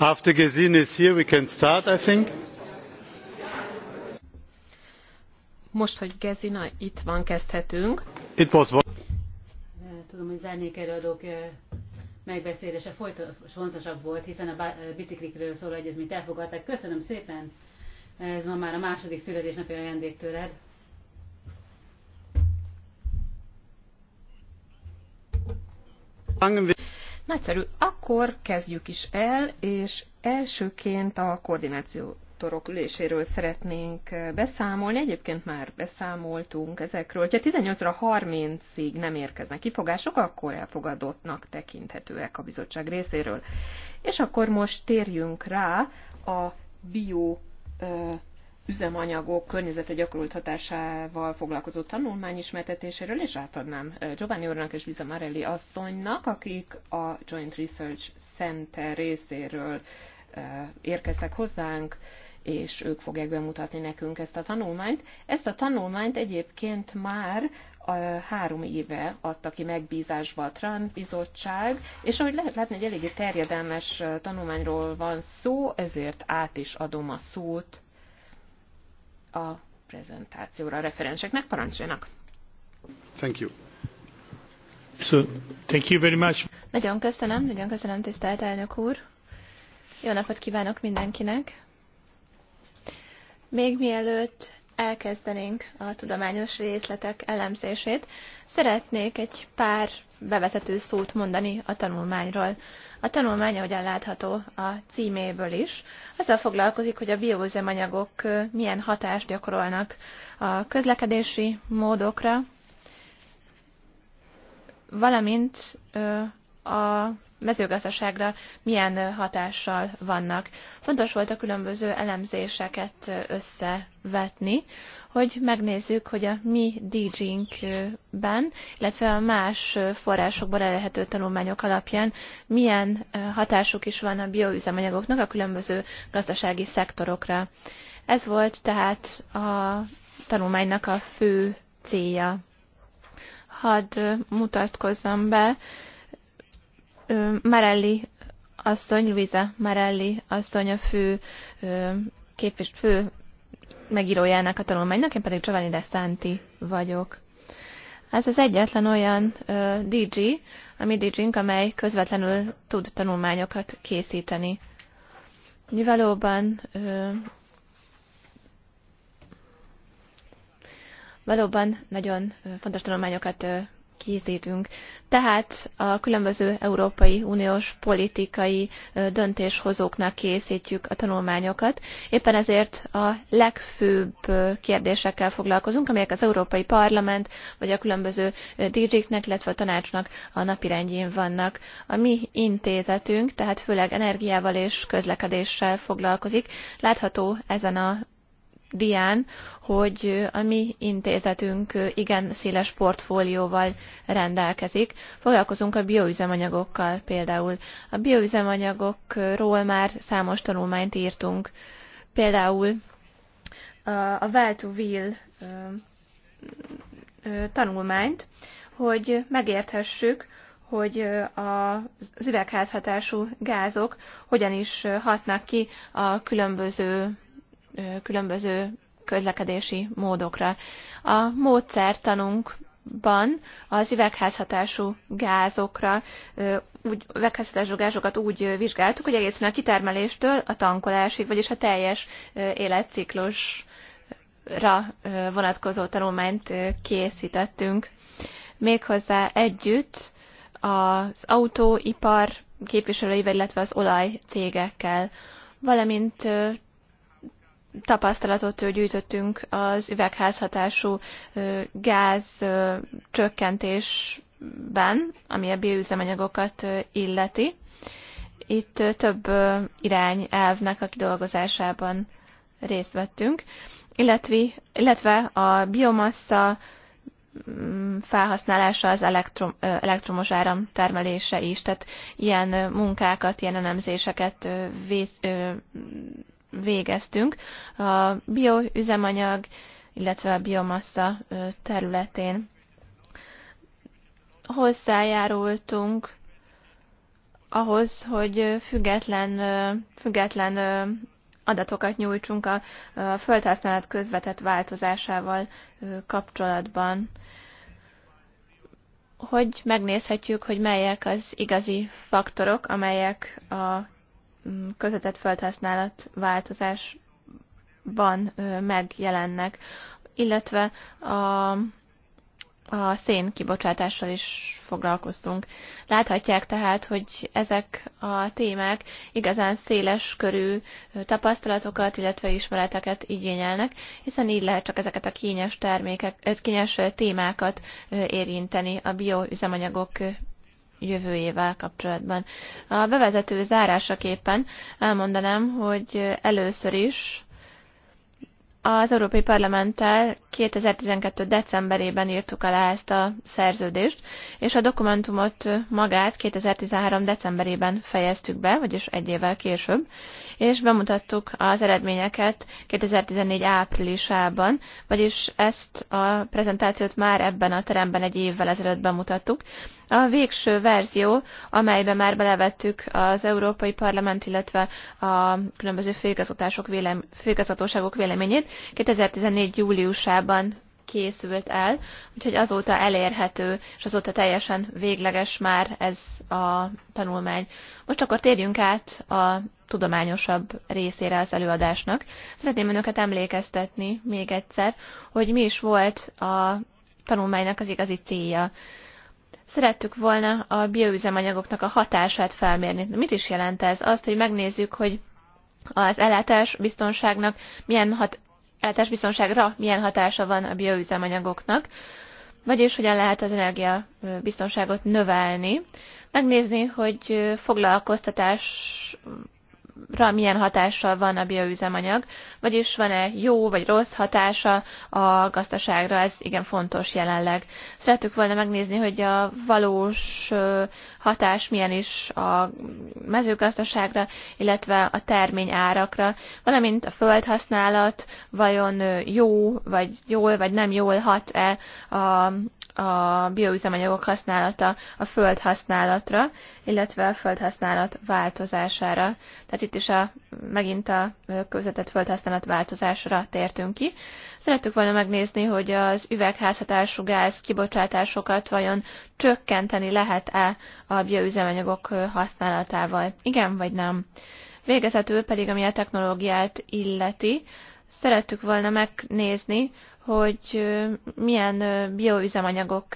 After Gesine is here, we can start, I think. Most, hogy Gesine itt van, kezdhetünk. It was what? Tudom, hogy zenékelőadók eh, megbeszélése folytos, fontosabb volt, hiszen a eh, biciklikről szóló egyezményt elfogadták. Köszönöm szépen! Ez ma már a második születésnapi ajándék tőled. Nagyszerű, akkor kezdjük is el, és elsőként a koordináció torok üléséről szeretnénk eh, beszámolni. Egyébként már beszámoltunk ezekről. Ha 18-ra 30-ig nem érkeznek kifogások, akkor elfogadottnak tekinthetőek a bizottság részéről. És akkor most térjünk rá a bio eh, üzemanyagok környezete gyakorolt hatásával foglalkozó tanulmány ismertetéséről, és átadnám eh, Giovanni úrnak és Liza Marelli asszonynak, akik a Joint Research Center részéről eh, érkeztek hozzánk, és ők fogják bemutatni nekünk ezt a tanulmányt. Ezt a tanulmányt egyébként már a eh, három éve adta ki megbízásba a Trump bizottság, és ahogy lehet látni, egy eléggé terjedelmes tanulmányról van szó, ezért át is adom a szót a prezentációra a referenseknek. Parancsoljanak! Thank you. So, thank you very much. Nagyon köszönöm, nagyon köszönöm, tisztelt elnök úr. Jó napot kívánok mindenkinek! Még mielőtt elkezdenénk a tudományos részletek elemzését, szeretnék egy pár bevezető szót mondani a tanulmányról. A tanulmány, ahogyan látható a címéből is, azzal foglalkozik, hogy a bioüzemanyagok milyen hatást gyakorolnak a közlekedési módokra, valamint a mezőgazdaságra milyen hatással vannak. Fontos volt a különböző elemzéseket összevetni, hogy megnézzük, hogy a mi DG-nkben, illetve a más forrásokból elérhető tanulmányok alapján milyen hatásuk is van a bioüzemanyagoknak a különböző gazdasági szektorokra. Ez volt tehát a tanulmánynak a fő célja. Hadd mutatkozzam be Marelli asszony, Luisa Marelli asszony a fő, képvis, fő megírójának a tanulmánynak, én pedig Giovanni De Santi vagyok. Ez az egyetlen olyan ö, DG, mi dg amely közvetlenül tud tanulmányokat készíteni. Valóban ö, valóban nagyon fontos tanulmányokat készítünk. Tehát a különböző Európai Uniós politikai döntéshozóknak készítjük a tanulmányokat. Éppen ezért a legfőbb kérdésekkel foglalkozunk, amelyek az Európai Parlament vagy a különböző DG-knek, illetve a tanácsnak a napirendjén vannak. A mi intézetünk, tehát főleg energiával és közlekedéssel foglalkozik. Látható ezen a dián, hogy a mi intézetünk igen széles portfólióval rendelkezik. Foglalkozunk a bioüzemanyagokkal például. A bioüzemanyagokról már számos tanulmányt írtunk. Például a Well to Wheel tanulmányt, hogy megérthessük, hogy az üvegházhatású gázok hogyan is hatnak ki a különböző különböző közlekedési módokra. A módszertanunkban az üvegházhatású gázokra, úgy, üvegházhatású gázokat úgy vizsgáltuk, hogy egészen a kitermeléstől a tankolásig, vagyis a teljes életciklusra vonatkozó tanulmányt készítettünk. Méghozzá együtt az autóipar képviselőivel, illetve az olajcégekkel, valamint tapasztalatot gyűjtöttünk az üvegházhatású gáz csökkentésben, ami a bioüzemanyagokat illeti. Itt több irány elvnek a kidolgozásában részt vettünk, illetve, illetve a biomassa mm, felhasználása az elektrom, elektromos áram termelése is, tehát ilyen munkákat, ilyen elemzéseket végeztünk a bioüzemanyag, illetve a biomassa területén. Hozzájárultunk ahhoz, hogy független, független adatokat nyújtsunk a földhasználat közvetett változásával kapcsolatban, hogy megnézhetjük, hogy melyek az igazi faktorok, amelyek a közvetett földhasználat változásban megjelennek, illetve a a szén kibocsátással is foglalkoztunk. Láthatják tehát, hogy ezek a témák igazán széles körű tapasztalatokat, illetve ismereteket igényelnek, hiszen így lehet csak ezeket a kényes termékek, kényes témákat érinteni a bioüzemanyagok jövőjével kapcsolatban. A bevezető zárásaképpen elmondanám, hogy először is az Európai Parlamenttel 2012. decemberében írtuk alá ezt a szerződést, és a dokumentumot magát 2013. decemberében fejeztük be, vagyis egy évvel később, és bemutattuk az eredményeket 2014. áprilisában, vagyis ezt a prezentációt már ebben a teremben egy évvel ezelőtt bemutattuk, a végső verzió, amelybe már belevettük az Európai Parlament, illetve a különböző főigazgatások vélem, főigazgatóságok véleményét, 2014. júliusában készült el, úgyhogy azóta elérhető, és azóta teljesen végleges már ez a tanulmány. Most akkor térjünk át a tudományosabb részére az előadásnak. Szeretném önöket emlékeztetni még egyszer, hogy mi is volt a tanulmánynak az igazi célja. Szerettük volna a bioüzemanyagoknak a hatását felmérni. Mit is jelent ez? Azt, hogy megnézzük, hogy az ellátás biztonságnak milyen hat, ellátás biztonságra milyen hatása van a bioüzemanyagoknak, vagyis hogyan lehet az energiabiztonságot növelni, megnézni, hogy foglalkoztatás ra milyen hatással van a bioüzemanyag, vagyis van-e jó vagy rossz hatása a gazdaságra, ez igen fontos jelenleg. Szerettük volna megnézni, hogy a valós hatás milyen is a mezőgazdaságra, illetve a termény árakra, valamint a földhasználat vajon jó, vagy jól, vagy nem jól hat-e a a bioüzemanyagok használata a földhasználatra, illetve a földhasználat változására. Tehát itt is a, megint a közvetett földhasználat változásra tértünk ki. Szerettük volna megnézni, hogy az üvegházhatású gáz kibocsátásokat vajon csökkenteni lehet-e a bioüzemanyagok használatával. Igen vagy nem? Végezetül pedig, ami a technológiát illeti, szerettük volna megnézni, hogy milyen bioüzemanyagok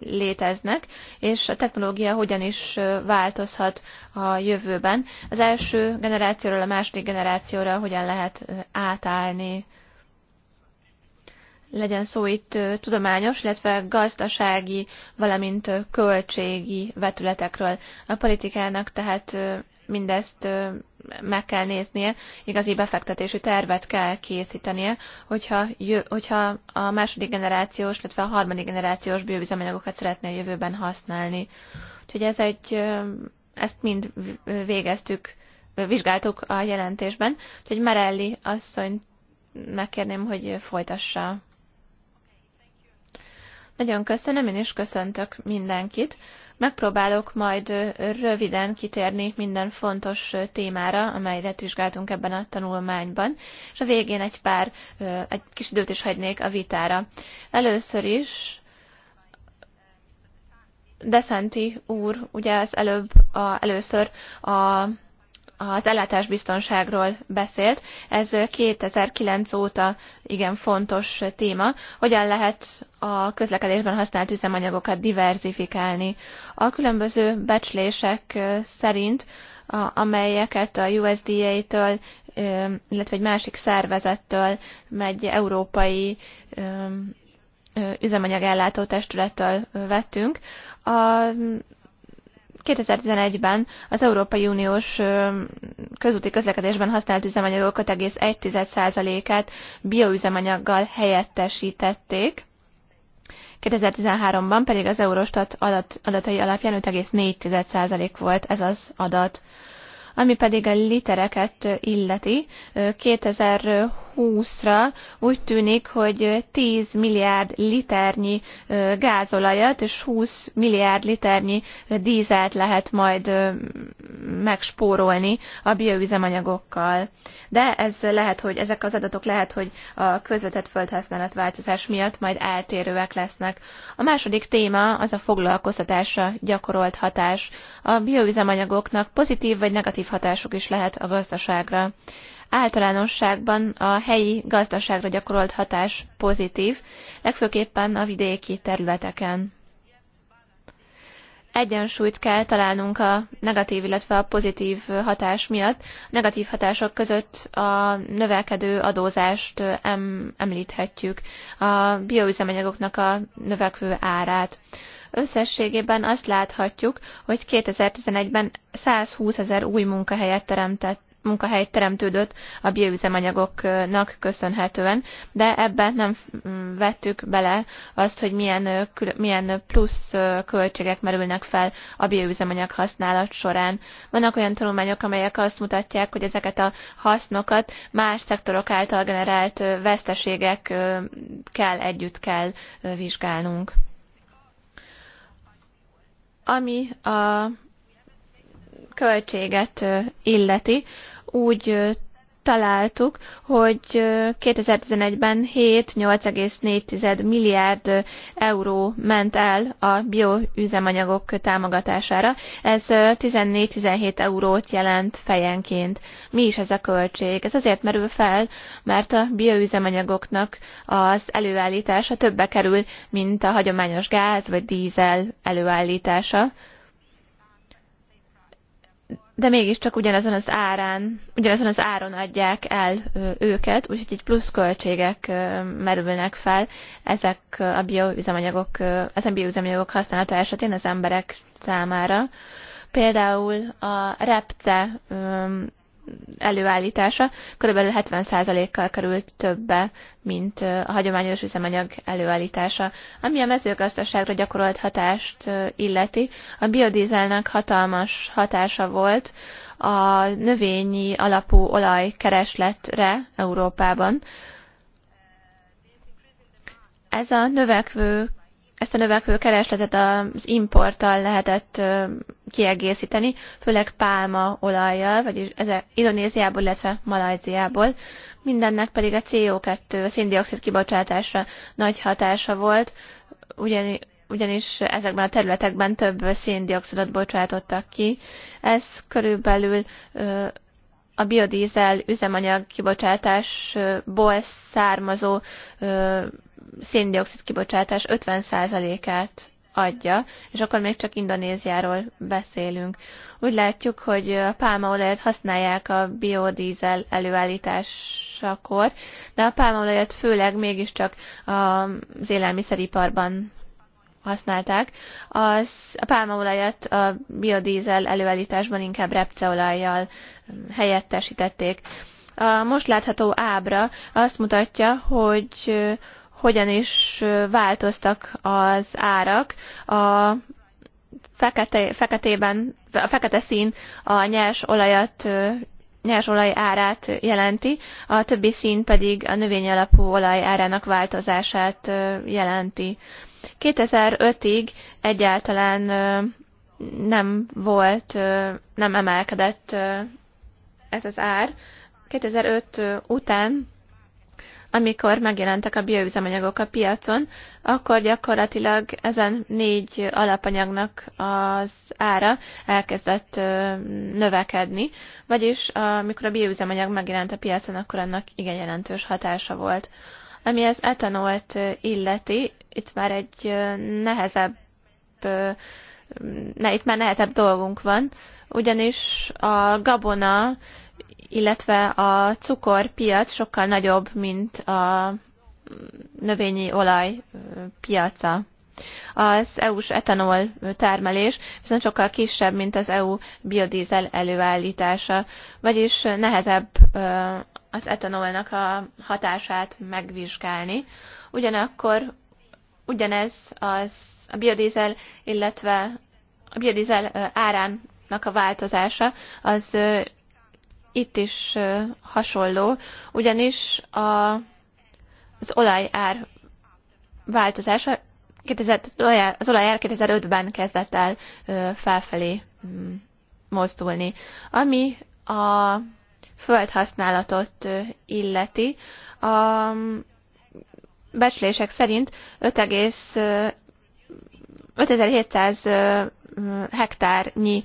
léteznek, és a technológia hogyan is változhat a jövőben. Az első generációról a második generációra hogyan lehet átállni legyen szó itt tudományos, illetve gazdasági, valamint költségi vetületekről. A politikának tehát mindezt meg kell néznie, igazi befektetési tervet kell készítenie, hogyha, jö, hogyha a második generációs, illetve a harmadik generációs bioüzemanyagokat szeretné a jövőben használni. Úgyhogy ez egy, ezt mind végeztük, vizsgáltuk a jelentésben, úgyhogy Merelli asszony megkérném, hogy folytassa nagyon köszönöm, én is köszöntök mindenkit. Megpróbálok majd röviden kitérni minden fontos témára, amelyet vizsgáltunk ebben a tanulmányban, és a végén egy pár, egy kis időt is hagynék a vitára. Először is Deszenti úr ugye az előbb a, először a az ellátásbiztonságról beszélt. Ez 2009 óta igen fontos téma. Hogyan lehet a közlekedésben használt üzemanyagokat diverzifikálni? A különböző becslések szerint, amelyeket a USDA-től, illetve egy másik szervezettől, egy európai üzemanyagellátó testülettől vettünk, a 2011-ben az Európai Uniós közúti közlekedésben használt üzemanyagokat egész 5,1%-át bioüzemanyaggal helyettesítették, 2013-ban pedig az Eurostat adat, adatai alapján 5,4% volt ez az adat. Ami pedig a litereket illeti, 2020-ra úgy tűnik, hogy 10 milliárd liternyi gázolajat és 20 milliárd liternyi dízelt lehet majd megspórolni a bioüzemanyagokkal. De ez lehet, hogy ezek az adatok lehet, hogy a közvetett földhasználat változás miatt majd eltérőek lesznek. A második téma az a foglalkoztatásra gyakorolt hatás. A bioüzemanyagoknak pozitív vagy negatív hatásuk is lehet a gazdaságra általánosságban a helyi gazdaságra gyakorolt hatás pozitív, legfőképpen a vidéki területeken. Egyensúlyt kell találnunk a negatív, illetve a pozitív hatás miatt. A negatív hatások között a növelkedő adózást em, említhetjük, a bioüzemanyagoknak a növekvő árát összességében azt láthatjuk, hogy 2011-ben 120 ezer új munkahelyet teremtett munkahely teremtődött a bioüzemanyagoknak köszönhetően, de ebben nem mm, vettük bele azt, hogy milyen, milyen plusz költségek merülnek fel a bioüzemanyag használat során. Vannak olyan tanulmányok, amelyek azt mutatják, hogy ezeket a hasznokat más szektorok által generált veszteségek kell együtt kell vizsgálnunk. Ami a költséget illeti, úgy találtuk, hogy 2011-ben 7-8,4 milliárd euró ment el a bioüzemanyagok támogatására. Ez 14-17 eurót jelent fejenként. Mi is ez a költség? Ez azért merül fel, mert a bioüzemanyagoknak az előállítása többe kerül, mint a hagyományos gáz vagy dízel előállítása de mégiscsak ugyanazon az árán, ugyanazon az áron adják el őket, úgyhogy így plusz költségek merülnek fel ezek a bioüzemanyagok, ezen bioüzemanyagok használata esetén az emberek számára. Például a repce előállítása körülbelül 70%-kal került többe, mint a hagyományos üzemanyag előállítása. Ami a mezőgazdaságra gyakorolt hatást illeti, a biodízelnek hatalmas hatása volt a növényi alapú olajkeresletre Európában. Ez a növekvő ezt a növekvő keresletet az importtal lehetett kiegészíteni, főleg olajjal vagyis ezek Indonéziából, illetve Malajziából. Mindennek pedig a CO2 széndiokszid kibocsátásra nagy hatása volt, ugyan, ugyanis ezekben a területekben több széndiokszidot bocsátottak ki. Ez körülbelül a biodízel üzemanyag kibocsátásból származó széndiokszid kibocsátás 50%-át adja, és akkor még csak Indonéziáról beszélünk. Úgy látjuk, hogy a pálmaolajat használják a biodízel előállításakor, de a pálmaolajat főleg mégiscsak az élelmiszeriparban használták. Az, a pálmaolajat a biodízel előállításban inkább repceolajjal helyettesítették. A most látható ábra azt mutatja, hogy hogyan is változtak az árak. A fekete, feketében, a fekete szín a nyers olajat nyers olaj árát jelenti, a többi szín pedig a növény alapú olaj árának változását jelenti. 2005-ig egyáltalán nem volt, nem emelkedett ez az ár. 2005 után amikor megjelentek a bioüzemanyagok a piacon, akkor gyakorlatilag ezen négy alapanyagnak az ára elkezdett növekedni, vagyis amikor a bioüzemanyag megjelent a piacon, akkor annak igen jelentős hatása volt. Ami az etanolt illeti, itt már egy nehezebb ne, itt már nehezebb dolgunk van, ugyanis a gabona illetve a cukorpiac sokkal nagyobb, mint a növényi olaj piaca. Az EU-s etanol termelés viszont sokkal kisebb, mint az EU biodízel előállítása, vagyis nehezebb az etanolnak a hatását megvizsgálni. Ugyanakkor ugyanez az a biodízel, illetve a biodízel árának a változása az itt is hasonló, ugyanis a, az olajár változása az olajár 2005-ben kezdett el felfelé mm, mozdulni. Ami a földhasználatot illeti, a becslések szerint 5700 hektárnyi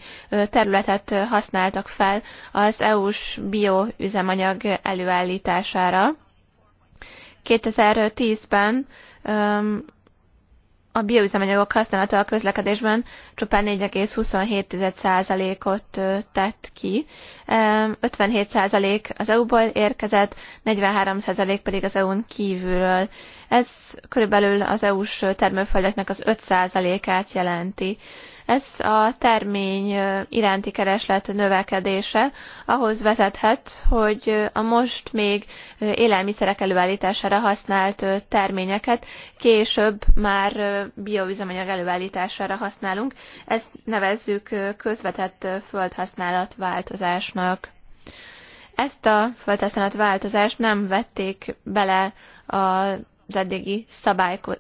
területet használtak fel az EU-s bioüzemanyag előállítására. 2010-ben a bioüzemanyagok használata a közlekedésben csupán 4,27%-ot tett ki. 57% az EU-ból érkezett, 43% pedig az EU-n kívülről. Ez körülbelül az EU-s termőföldeknek az 5%-át jelenti. Ez a termény iránti kereslet növekedése ahhoz vezethet, hogy a most még élelmiszerek előállítására használt terményeket később már bioüzemanyag előállítására használunk. Ezt nevezzük közvetett földhasználat változásnak ezt a földhasználat változást nem vették bele az eddigi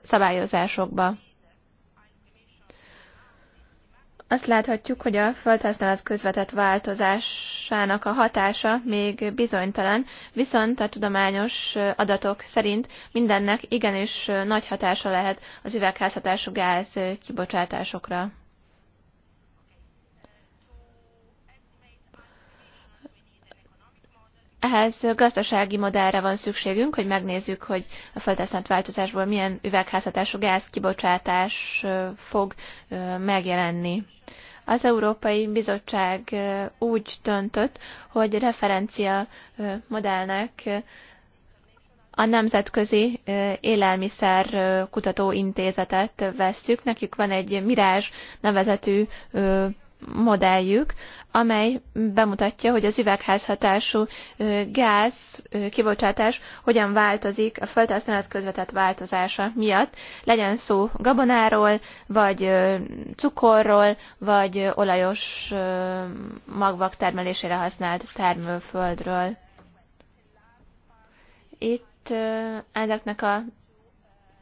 szabályozásokba azt láthatjuk, hogy a földhasználat közvetett változásának a hatása még bizonytalan, viszont a tudományos adatok szerint mindennek igenis nagy hatása lehet az üvegházhatású gáz kibocsátásokra. Ehhez gazdasági modellre van szükségünk, hogy megnézzük, hogy a földhasznált változásból milyen üvegházhatású gáz kibocsátás fog megjelenni. Az Európai Bizottság úgy döntött, hogy referencia modellnek a Nemzetközi Élelmiszer Kutatóintézetet vesszük. Nekik van egy Mirázs nevezetű modelljük, amely bemutatja, hogy az üvegházhatású gáz kibocsátás hogyan változik a földhasználat közvetett változása miatt, legyen szó gabonáról, vagy cukorról, vagy olajos magvak termelésére használt termőföldről. Itt ezeknek a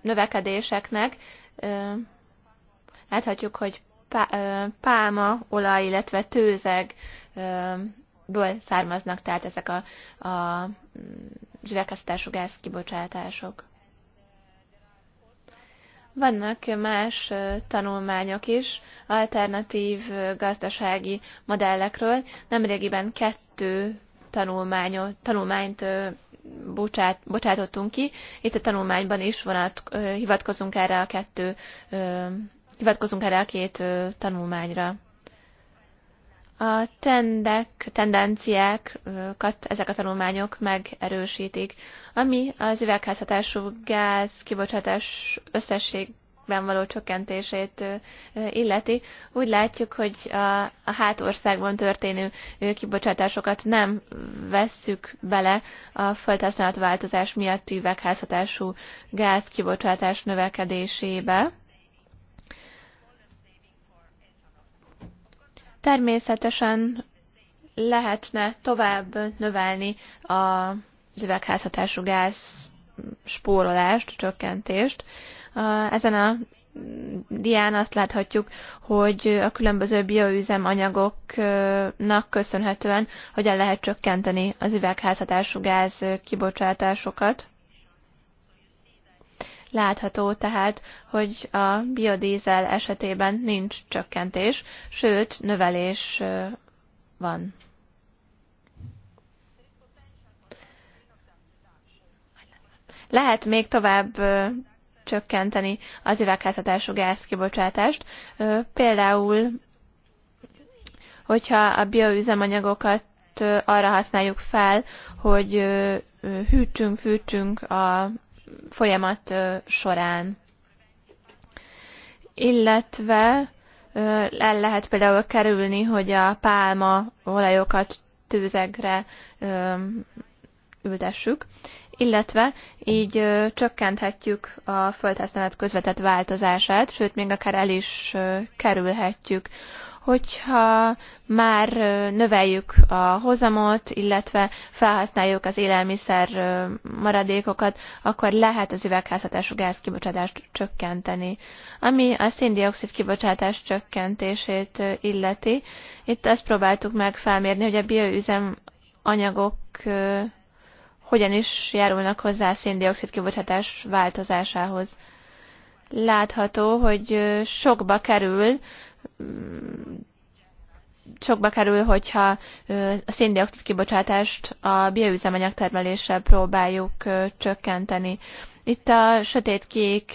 növekedéseknek láthatjuk, hogy pálma, olaj, illetve tőzegből származnak tehát ezek a, a mm, zsüvegkasztású gáz kibocsátások. Vannak más tanulmányok is alternatív gazdasági modellekről. Nemrégiben kettő tanulmányot, tanulmányt bocsát, bocsátottunk ki. Itt a tanulmányban is vonat, hivatkozunk erre a kettő Hivatkozunk erre a két tanulmányra. A tendek, tendenciákat ezek a tanulmányok megerősítik, ami az üvegházhatású gáz kibocsátás összességben való csökkentését illeti. Úgy látjuk, hogy a, a hátországban történő kibocsátásokat nem vesszük bele a földhasználat változás miatti üvegházhatású gáz kibocsátás növekedésébe Természetesen lehetne tovább növelni az üvegházhatású gáz spórolást, csökkentést. Ezen a dián azt láthatjuk, hogy a különböző bioüzemanyagoknak köszönhetően hogyan lehet csökkenteni az üvegházhatású gáz kibocsátásokat. Látható tehát, hogy a biodízel esetében nincs csökkentés, sőt, növelés van. Lehet még tovább csökkenteni az üvegházhatású gázkibocsátást, például, hogyha a bioüzemanyagokat arra használjuk fel, hogy hűtsünk, fűtsünk a folyamat során. Illetve el lehet például kerülni, hogy a pálma olajokat tűzegre ültessük, illetve így csökkenthetjük a földhasználat közvetett változását, sőt, még akár el is kerülhetjük hogyha már növeljük a hozamot, illetve felhasználjuk az élelmiszer maradékokat, akkor lehet az üvegházhatású gáz kibocsátást csökkenteni. Ami a széndiokszid kibocsátás csökkentését illeti, itt azt próbáltuk meg felmérni, hogy a bioüzem anyagok hogyan is járulnak hozzá a széndiokszid kibocsátás változásához. Látható, hogy sokba kerül Mm, sokba kerül, hogyha a széndiokszid kibocsátást a bioüzemanyag termeléssel próbáljuk csökkenteni. Itt a sötétkék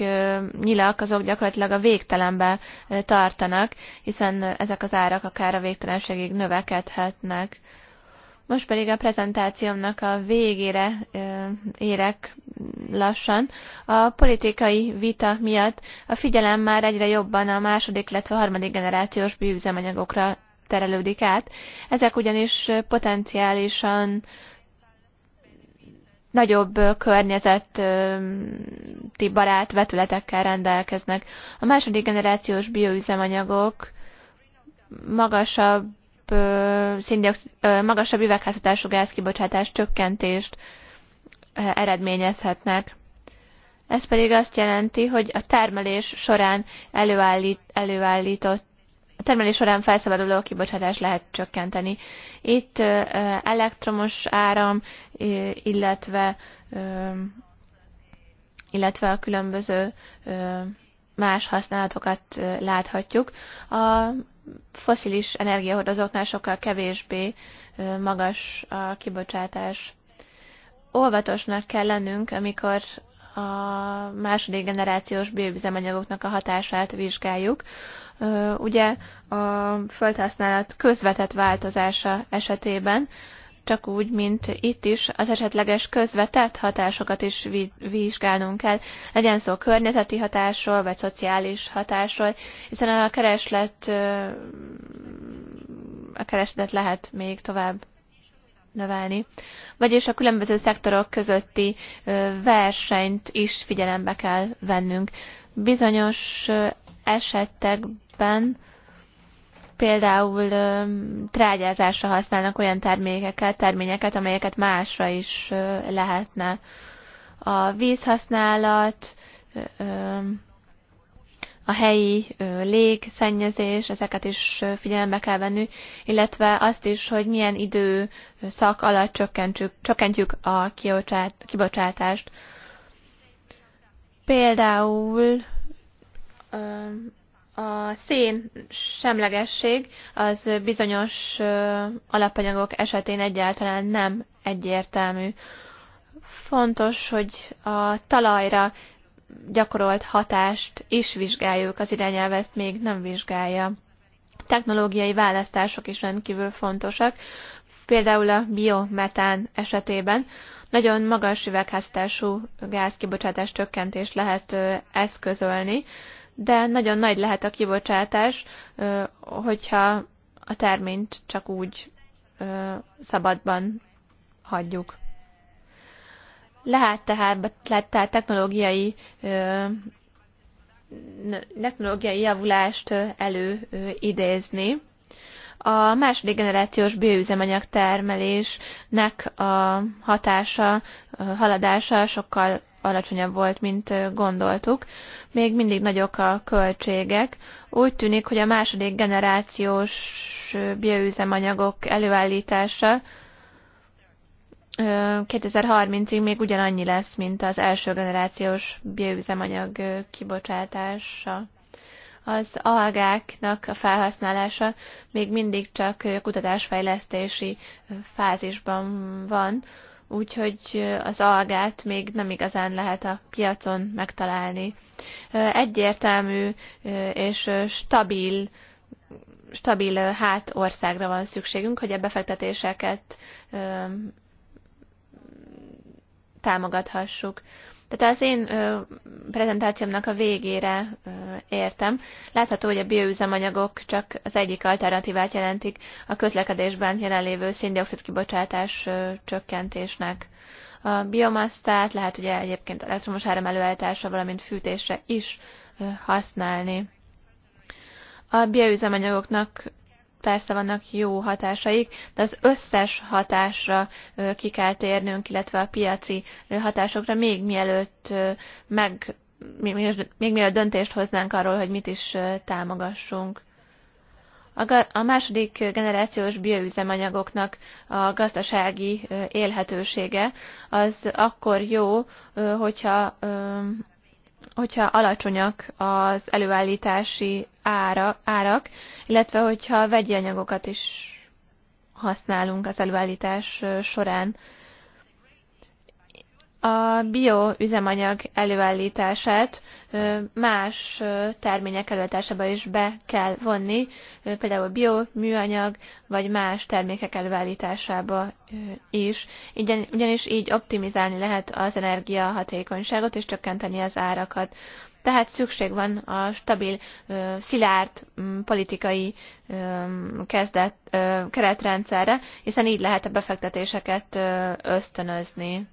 nyilak azok gyakorlatilag a végtelenbe tartanak, hiszen ezek az árak akár a végtelenségig növekedhetnek. Most pedig a prezentációmnak a végére érek lassan. A politikai vita miatt a figyelem már egyre jobban a második, illetve a harmadik generációs bűzemanyagokra terelődik át. Ezek ugyanis potenciálisan nagyobb környezeti barát vetületekkel rendelkeznek. A második generációs bioüzemanyagok magasabb szindioxid, magasabb üvegházhatású gázkibocsátás csökkentést eredményezhetnek. Ez pedig azt jelenti, hogy a termelés során előállít, előállított a termelés során felszabaduló kibocsátást lehet csökkenteni. Itt elektromos áram, illetve, illetve a különböző más használatokat láthatjuk. A foszilis energiahordozóknál sokkal kevésbé magas a kibocsátás. Óvatosnak kell lennünk, amikor a második generációs bővizemanyagoknak a hatását vizsgáljuk. Ugye a földhasználat közvetett változása esetében csak úgy, mint itt is, az esetleges közvetett hatásokat is vizsgálnunk kell, legyen szó környezeti hatásról, vagy szociális hatásról, hiszen a kereslet, a keresletet lehet még tovább növelni. Vagyis a különböző szektorok közötti versenyt is figyelembe kell vennünk. Bizonyos esetekben például trágyázásra használnak olyan termékeket, terményeket, amelyeket másra is lehetne. A vízhasználat, a helyi légszennyezés, ezeket is figyelembe kell venni, illetve azt is, hogy milyen idő szak alatt csökkentjük, csökkentjük a kibocsátást. Például a szén semlegesség az bizonyos alapanyagok esetén egyáltalán nem egyértelmű. Fontos, hogy a talajra gyakorolt hatást is vizsgáljuk, az irányelv ezt még nem vizsgálja. Technológiai választások is rendkívül fontosak, például a biometán esetében nagyon magas üvegháztású gázkibocsátás csökkentést lehet eszközölni, de nagyon nagy lehet a kibocsátás, hogyha a terményt csak úgy szabadban hagyjuk. Lehet tehát, lehet tehát technológiai technológiai javulást előidézni. A második generációs bőüzemanyag termelésnek a hatása, haladása sokkal alacsonyabb volt, mint gondoltuk. Még mindig nagyok a költségek. Úgy tűnik, hogy a második generációs bioüzemanyagok előállítása 2030-ig még ugyanannyi lesz, mint az első generációs bioüzemanyag kibocsátása. Az algáknak a felhasználása még mindig csak kutatásfejlesztési fázisban van úgyhogy az algát még nem igazán lehet a piacon megtalálni. Egyértelmű és stabil stabil hát országra van szükségünk, hogy a befektetéseket támogathassuk. Tehát az én ö, prezentációmnak a végére ö, értem. Látható, hogy a bioüzemanyagok csak az egyik alternatívát jelentik a közlekedésben jelenlévő széndiokszid kibocsátás ö, csökkentésnek. A biomasztát lehet ugye egyébként elektromos áram előállítása, valamint fűtésre is ö, használni. A bioüzemanyagoknak persze vannak jó hatásaik, de az összes hatásra ki kell térnünk, illetve a piaci hatásokra még mielőtt meg még mielőtt döntést hoznánk arról, hogy mit is támogassunk. A második generációs bioüzemanyagoknak a gazdasági élhetősége az akkor jó, hogyha hogyha alacsonyak az előállítási ára, árak, illetve hogyha vegyi anyagokat is használunk az előállítás során a bioüzemanyag előállítását más termények előállításába is be kell vonni, például bioműanyag, vagy más termékek előállításába is, ugyanis így optimizálni lehet az energiahatékonyságot és csökkenteni az árakat. Tehát szükség van a stabil, szilárd politikai kezdet, keretrendszerre, hiszen így lehet a befektetéseket ösztönözni.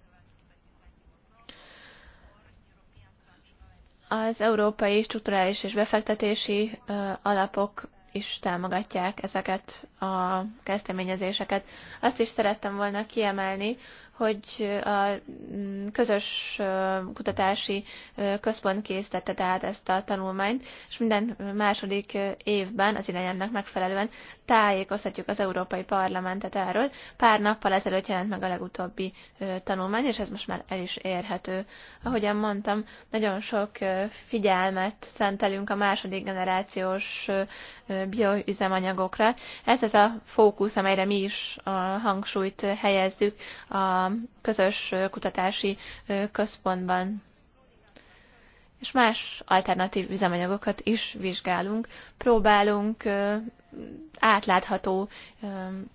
Az európai strukturális és befektetési alapok is támogatják ezeket a kezdeményezéseket. Azt is szerettem volna kiemelni, hogy a mm, közös kutatási központ készítette tehát ezt a tanulmányt, és minden második évben az irányának megfelelően tájékoztatjuk az Európai Parlamentet erről. Pár nappal ezelőtt jelent meg a legutóbbi tanulmány, és ez most már el is érhető. Ahogyan mondtam, nagyon sok figyelmet szentelünk a második generációs bioüzemanyagokra. Ez az a fókusz, amelyre mi is a hangsúlyt helyezzük a közös kutatási központban. És más alternatív üzemanyagokat is vizsgálunk. Próbálunk átlátható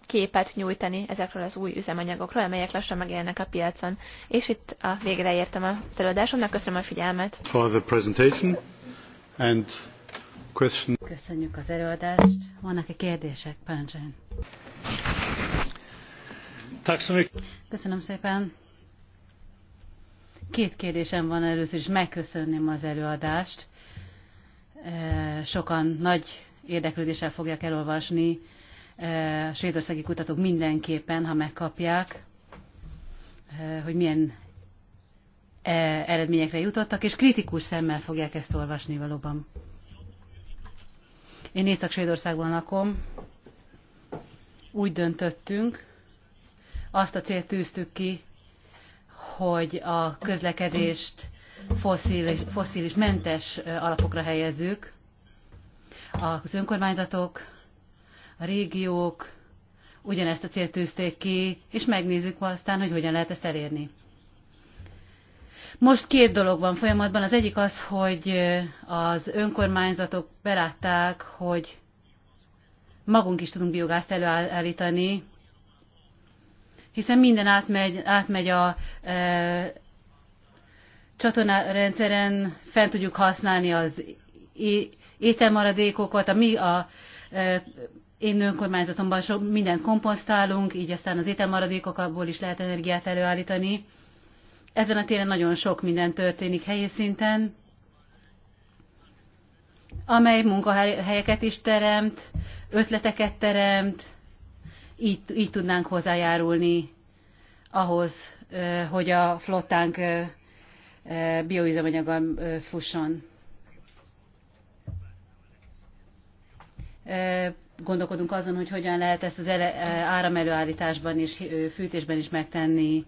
képet nyújtani ezekről az új üzemanyagokról, amelyek lassan megjelennek a piacon. És itt a végre értem a előadásomnak. Köszönöm a figyelmet. Köszönjük az előadást. Vannak-e kérdések? Parancsoljon. Köszönöm szépen. Két kérdésem van először is. Megköszönném az előadást. E, sokan nagy érdeklődéssel fogják elolvasni. E, a svédországi kutatók mindenképpen, ha megkapják, e, hogy milyen eredményekre jutottak, és kritikus szemmel fogják ezt olvasni valóban. Én Észak-Svédországban lakom. Úgy döntöttünk, azt a célt tűztük ki, hogy a közlekedést foszilis, foszilis mentes alapokra helyezzük. Az önkormányzatok, a régiók ugyanezt a célt tűzték ki, és megnézzük aztán, hogy hogyan lehet ezt elérni. Most két dolog van folyamatban. Az egyik az, hogy az önkormányzatok belátták, hogy magunk is tudunk biogázt előállítani, hiszen minden átmegy, átmegy a e, csatornarendszeren, fent tudjuk használni az ételmaradékokat, a mi a e, én önkormányzatomban sok mindent komposztálunk, így aztán az ételmaradékokból is lehet energiát előállítani. Ezen a téren nagyon sok minden történik helyi szinten, amely munkahelyeket is teremt, ötleteket teremt, így, így tudnánk hozzájárulni ahhoz, hogy a flottánk bioüzemanyaggal fusson. Gondolkodunk azon, hogy hogyan lehet ezt az áramelőállításban és fűtésben is megtenni.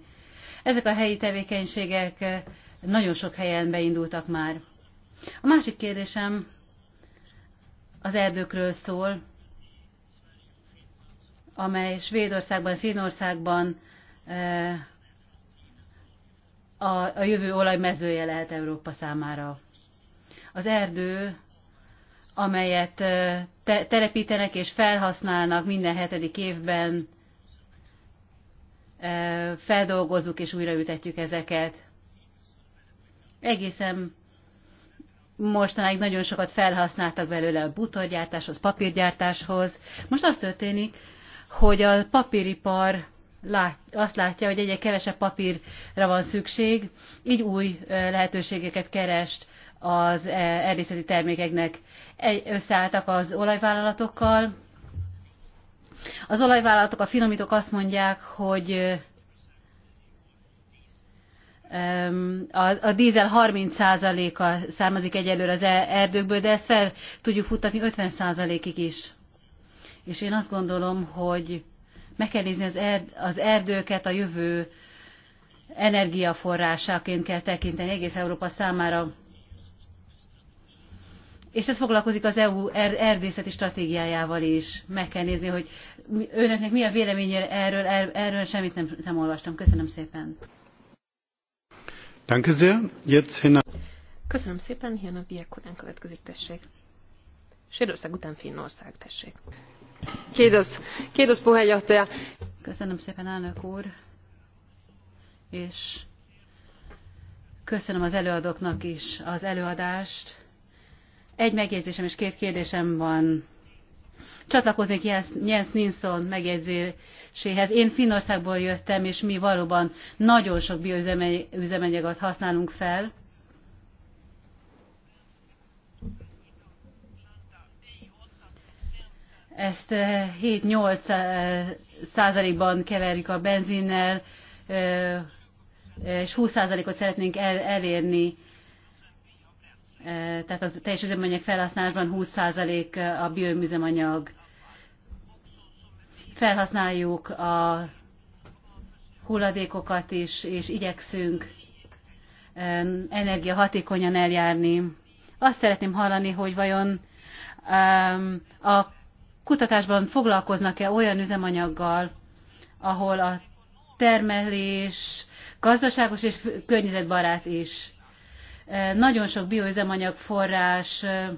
Ezek a helyi tevékenységek nagyon sok helyen beindultak már. A másik kérdésem az erdőkről szól amely Svédországban, Finnországban eh, a, a jövő olajmezője lehet Európa számára. Az erdő, amelyet eh, te, telepítenek és felhasználnak minden hetedik évben, eh, feldolgozzuk és újraültetjük ezeket. Egészen mostanáig nagyon sokat felhasználtak belőle a butorgyártáshoz, papírgyártáshoz. Most az történik, hogy a papíripar lát, azt látja, hogy egyre kevesebb papírra van szükség, így új lehetőségeket kerest az erdészeti termékeknek. Összeálltak az olajvállalatokkal. Az olajvállalatok, a finomítók azt mondják, hogy a, a dízel 30%-a származik egyelőre az e-, erdőkből, de ezt fel tudjuk futtatni 50%-ig is és én azt gondolom, hogy meg kell nézni az, erd, az erdőket a jövő energiaforrásaként, kell tekinteni egész Európa számára. És ez foglalkozik az EU er-, erdészeti stratégiájával is. Meg kell nézni, hogy önöknek mi a véleménye erről, er-, erről semmit nem, nem olvastam. Köszönöm szépen. Danke sehr. Jetzt Köszönöm szépen, Hina a következik, tessék. Sérőszeg után Finnország, tessék. Köszönöm szépen, elnök úr, és köszönöm az előadóknak is az előadást. Egy megjegyzésem és két kérdésem van. Csatlakoznék Jens Ninson megjegyzéséhez. Én Finnországból jöttem, és mi valóban nagyon sok bioüzemanyagot használunk fel, ezt 7-8 eh, eh, százalékban keverjük a benzinnel, eh, és 20 százalékot szeretnénk elérni, tehát a teljes üzemanyag felhasználásban 20 százalék a bioműzemanyag. Felhasználjuk a hulladékokat is, és igyekszünk energiahatékonyan eljárni. Azt szeretném hallani, hogy vajon a kutatásban foglalkoznak-e olyan üzemanyaggal, ahol a termelés gazdaságos és környezetbarát is. E, nagyon sok bioüzemanyag forrás e,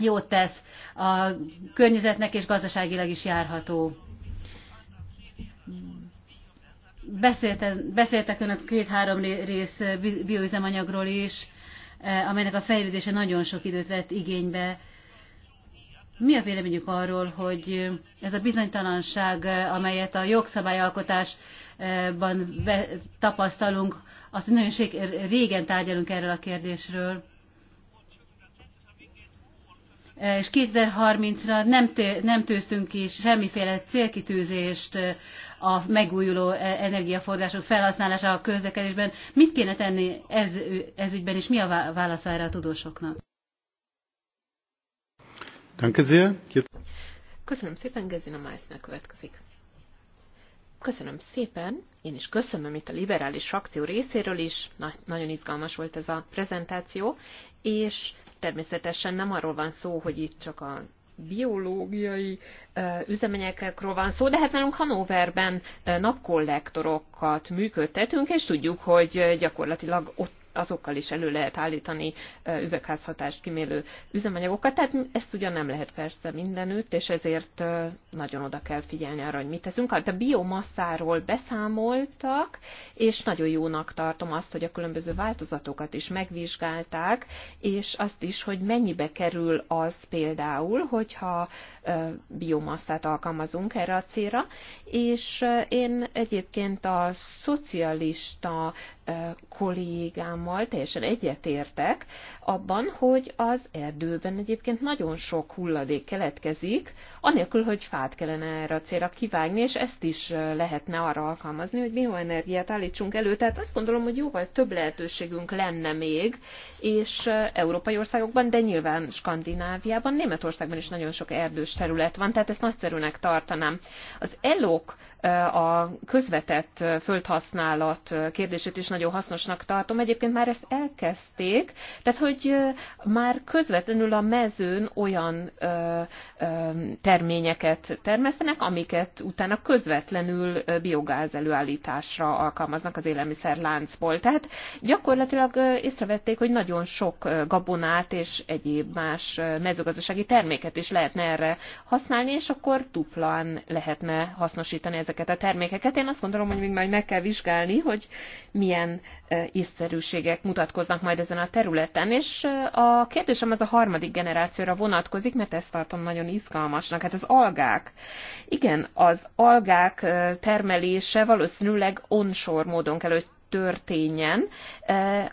jót tesz a környezetnek, és gazdaságilag is járható. Beszélten, beszéltek önök két-három rész bioüzemanyagról is, e, amelynek a fejlődése nagyon sok időt vett igénybe, mi a véleményük arról, hogy ez a bizonytalanság, amelyet a jogszabályalkotásban tapasztalunk, azt nagyon régen tárgyalunk erről a kérdésről, és 2030-ra nem, nem tűztünk ki semmiféle célkitűzést a megújuló energiaforrások felhasználása a közlekedésben. Mit kéne tenni ez, ez ügyben, és mi a válasz erre a tudósoknak? Danke sehr. Köszönöm szépen, Gezina Meissner következik. Köszönöm szépen, én is köszönöm itt a liberális frakció részéről is, Na, nagyon izgalmas volt ez a prezentáció, és természetesen nem arról van szó, hogy itt csak a biológiai üzemanyagokról van szó, de hát nálunk Hanoverben napkollektorokat működtetünk, és tudjuk, hogy gyakorlatilag ott azokkal is elő lehet állítani üvegházhatást kimélő üzemanyagokat, tehát ezt ugyan nem lehet persze mindenütt, és ezért nagyon oda kell figyelni arra, hogy mit teszünk. Hát a biomasszáról beszámoltak, és nagyon jónak tartom azt, hogy a különböző változatokat is megvizsgálták, és azt is, hogy mennyibe kerül az például, hogyha biomasszát alkalmazunk erre a célra, és én egyébként a szocialista kollégámmal teljesen egyetértek abban, hogy az erdőben egyébként nagyon sok hulladék keletkezik, anélkül, hogy fát kellene erre a célra kivágni, és ezt is lehetne arra alkalmazni, hogy bioenergiát állítsunk elő. Tehát azt gondolom, hogy jóval több lehetőségünk lenne még, és európai országokban, de nyilván Skandináviában, Németországban is nagyon sok erdős terület van, tehát ezt nagyszerűnek tartanám. Az elok a közvetett földhasználat kérdését is nagyon hasznosnak tartom. Egyébként már ezt elkezdték, tehát hogy már közvetlenül a mezőn olyan terményeket termesztenek, amiket utána közvetlenül biogáz előállításra alkalmaznak az élelmiszerláncból. Tehát gyakorlatilag észrevették, hogy nagyon sok gabonát és egyéb más mezőgazdasági terméket is lehetne erre használni, és akkor duplán lehetne hasznosítani ezeket a termékeket. Én azt gondolom, hogy még majd meg kell vizsgálni, hogy milyen e, észszerűségek mutatkoznak majd ezen a területen. És e, a kérdésem az a harmadik generációra vonatkozik, mert ezt tartom nagyon izgalmasnak. Hát az algák. Igen, az algák e, termelése valószínűleg onshore módon kell, hogy történjen.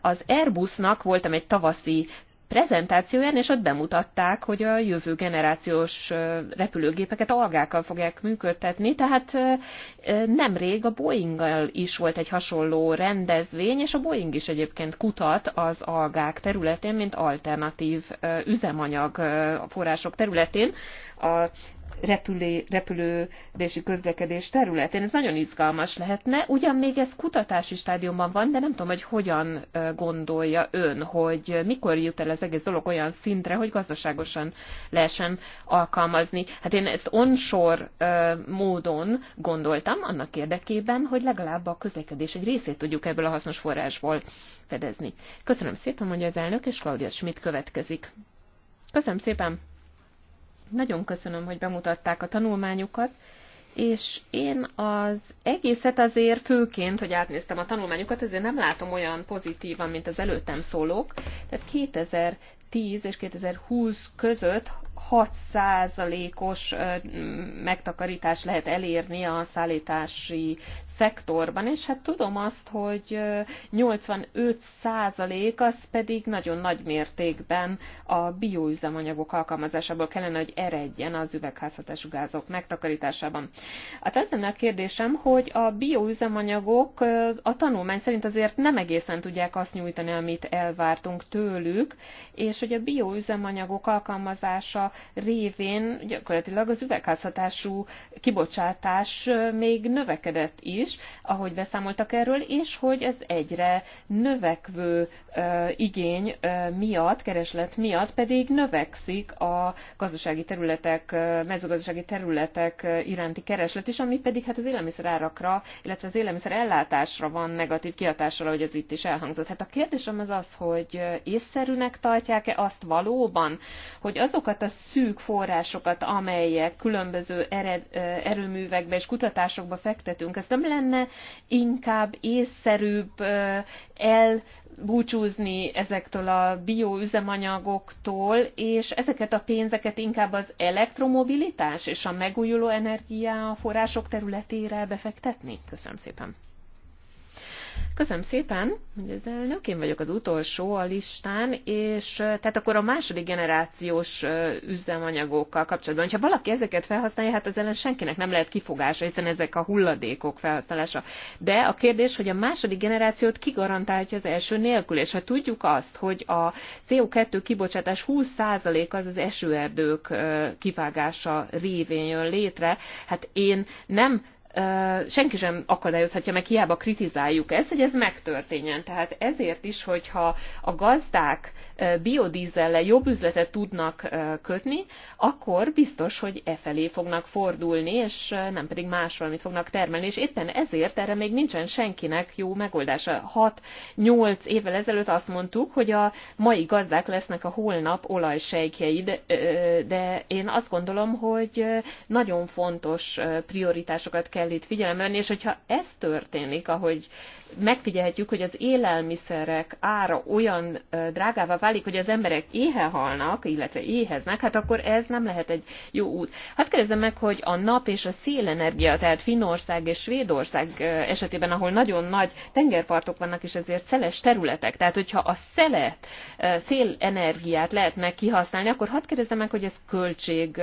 Az Airbusnak voltam egy tavaszi prezentációján, és ott bemutatták, hogy a jövő generációs repülőgépeket algákkal fogják működtetni, tehát nemrég a boeing is volt egy hasonló rendezvény, és a Boeing is egyébként kutat az algák területén, mint alternatív üzemanyag források területén a repülé, repülődési közlekedés területén. Ez nagyon izgalmas lehetne. Ugyan még ez kutatási stádiumban van, de nem tudom, hogy hogyan gondolja ön, hogy mikor jut el az egész dolog olyan szintre, hogy gazdaságosan lehessen alkalmazni. Hát én ezt onshore módon gondoltam annak érdekében, hogy legalább a közlekedés egy részét tudjuk ebből a hasznos forrásból fedezni. Köszönöm szépen, mondja az elnök, és Claudia Schmidt következik. Köszönöm szépen! Nagyon köszönöm, hogy bemutatták a tanulmányukat, és én az egészet azért főként, hogy átnéztem a tanulmányukat, azért nem látom olyan pozitívan, mint az előttem szólók. Tehát 2010 és 2020 között 6%-os megtakarítás lehet elérni a szállítási szektorban, és hát tudom azt, hogy 85 százalék az pedig nagyon nagy mértékben a bioüzemanyagok alkalmazásából kellene, hogy eredjen az üvegházhatású gázok megtakarításában. Hát az lenne a kérdésem, hogy a bioüzemanyagok a tanulmány szerint azért nem egészen tudják azt nyújtani, amit elvártunk tőlük, és hogy a bioüzemanyagok alkalmazása révén gyakorlatilag az üvegházhatású kibocsátás még növekedett is, is, ahogy beszámoltak erről, és hogy ez egyre növekvő igény miatt, kereslet miatt pedig növekszik a gazdasági területek, mezőgazdasági területek iránti kereslet is, ami pedig hát az árakra, illetve az élelmiszer ellátásra van negatív kihatással, ahogy ez itt is elhangzott. Hát a kérdésem az az, hogy észszerűnek tartják-e azt valóban, hogy azokat a szűk forrásokat, amelyek különböző ered, erőművekbe és kutatásokba fektetünk, ezt nem lenne inkább észszerűbb elbúcsúzni ezektől a bioüzemanyagoktól, és ezeket a pénzeket inkább az elektromobilitás és a megújuló energiaforrások területére befektetni? Köszönöm szépen. Köszönöm szépen, hogy az elnök, én vagyok az utolsó a listán, és tehát akkor a második generációs üzemanyagokkal kapcsolatban, hogyha valaki ezeket felhasználja, hát az ellen senkinek nem lehet kifogása, hiszen ezek a hulladékok felhasználása. De a kérdés, hogy a második generációt ki garantálja az első nélkül, és ha tudjuk azt, hogy a CO2 kibocsátás 20% az az esőerdők kivágása révén jön létre, hát én nem senki sem akadályozhatja meg, hiába kritizáljuk ezt, hogy ez megtörténjen. Tehát ezért is, hogyha a gazdák biodízellel jobb üzletet tudnak kötni, akkor biztos, hogy e felé fognak fordulni, és nem pedig más valamit fognak termelni, és éppen ezért erre még nincsen senkinek jó megoldása. 6-8 évvel ezelőtt azt mondtuk, hogy a mai gazdák lesznek a holnap olajsejkjeid, de, de én azt gondolom, hogy nagyon fontos prioritásokat kell itt figyelembe venni, és hogyha ez történik, ahogy megfigyelhetjük, hogy az élelmiszerek ára olyan drágává válik, hogy az emberek éhe halnak, illetve éheznek, hát akkor ez nem lehet egy jó út. Hát kérdezem meg, hogy a nap és a szélenergia, tehát Finnország és Svédország esetében, ahol nagyon nagy tengerpartok vannak, és ezért szeles területek, tehát hogyha a szelet, szélenergiát lehetne kihasználni, akkor hadd kérdezem meg, hogy ez költség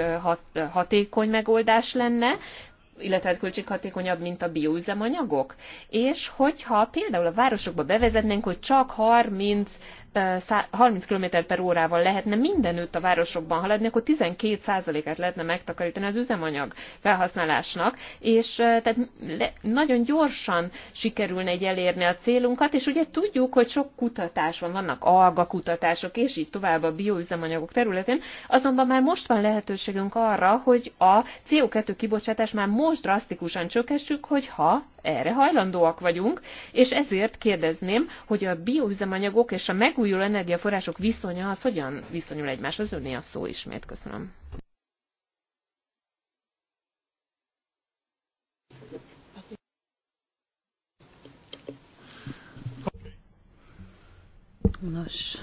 hatékony megoldás lenne, illetve hát költséghatékonyabb, mint a bioüzemanyagok? És hogyha például a városokba bevezetnénk, hogy csak 30 30 km per órával lehetne mindenütt a városokban haladni, akkor 12%-át lehetne megtakarítani az üzemanyag felhasználásnak, és tehát le, nagyon gyorsan sikerülne egy elérni a célunkat, és ugye tudjuk, hogy sok kutatás van, vannak algakutatások, és így tovább a bioüzemanyagok területén, azonban már most van lehetőségünk arra, hogy a CO2 kibocsátás már most drasztikusan csökessük, hogyha erre hajlandóak vagyunk, és ezért kérdezném, hogy a bioüzemanyagok és a megújuló energiaforrások viszonya az hogyan viszonyul egymáshoz? Önné a szó ismét, köszönöm. Nos,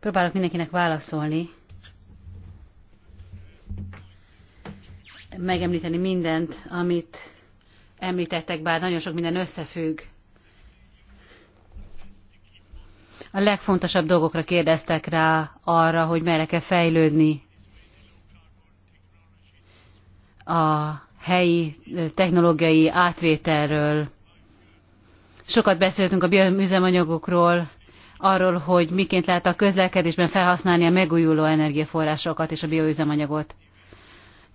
próbálok mindenkinek válaszolni. Megemlíteni mindent, amit említettek, bár nagyon sok minden összefügg. A legfontosabb dolgokra kérdeztek rá arra, hogy merre kell fejlődni a helyi technológiai átvételről. Sokat beszéltünk a bioüzemanyagokról, arról, hogy miként lehet a közlekedésben felhasználni a megújuló energiaforrásokat és a bioüzemanyagot.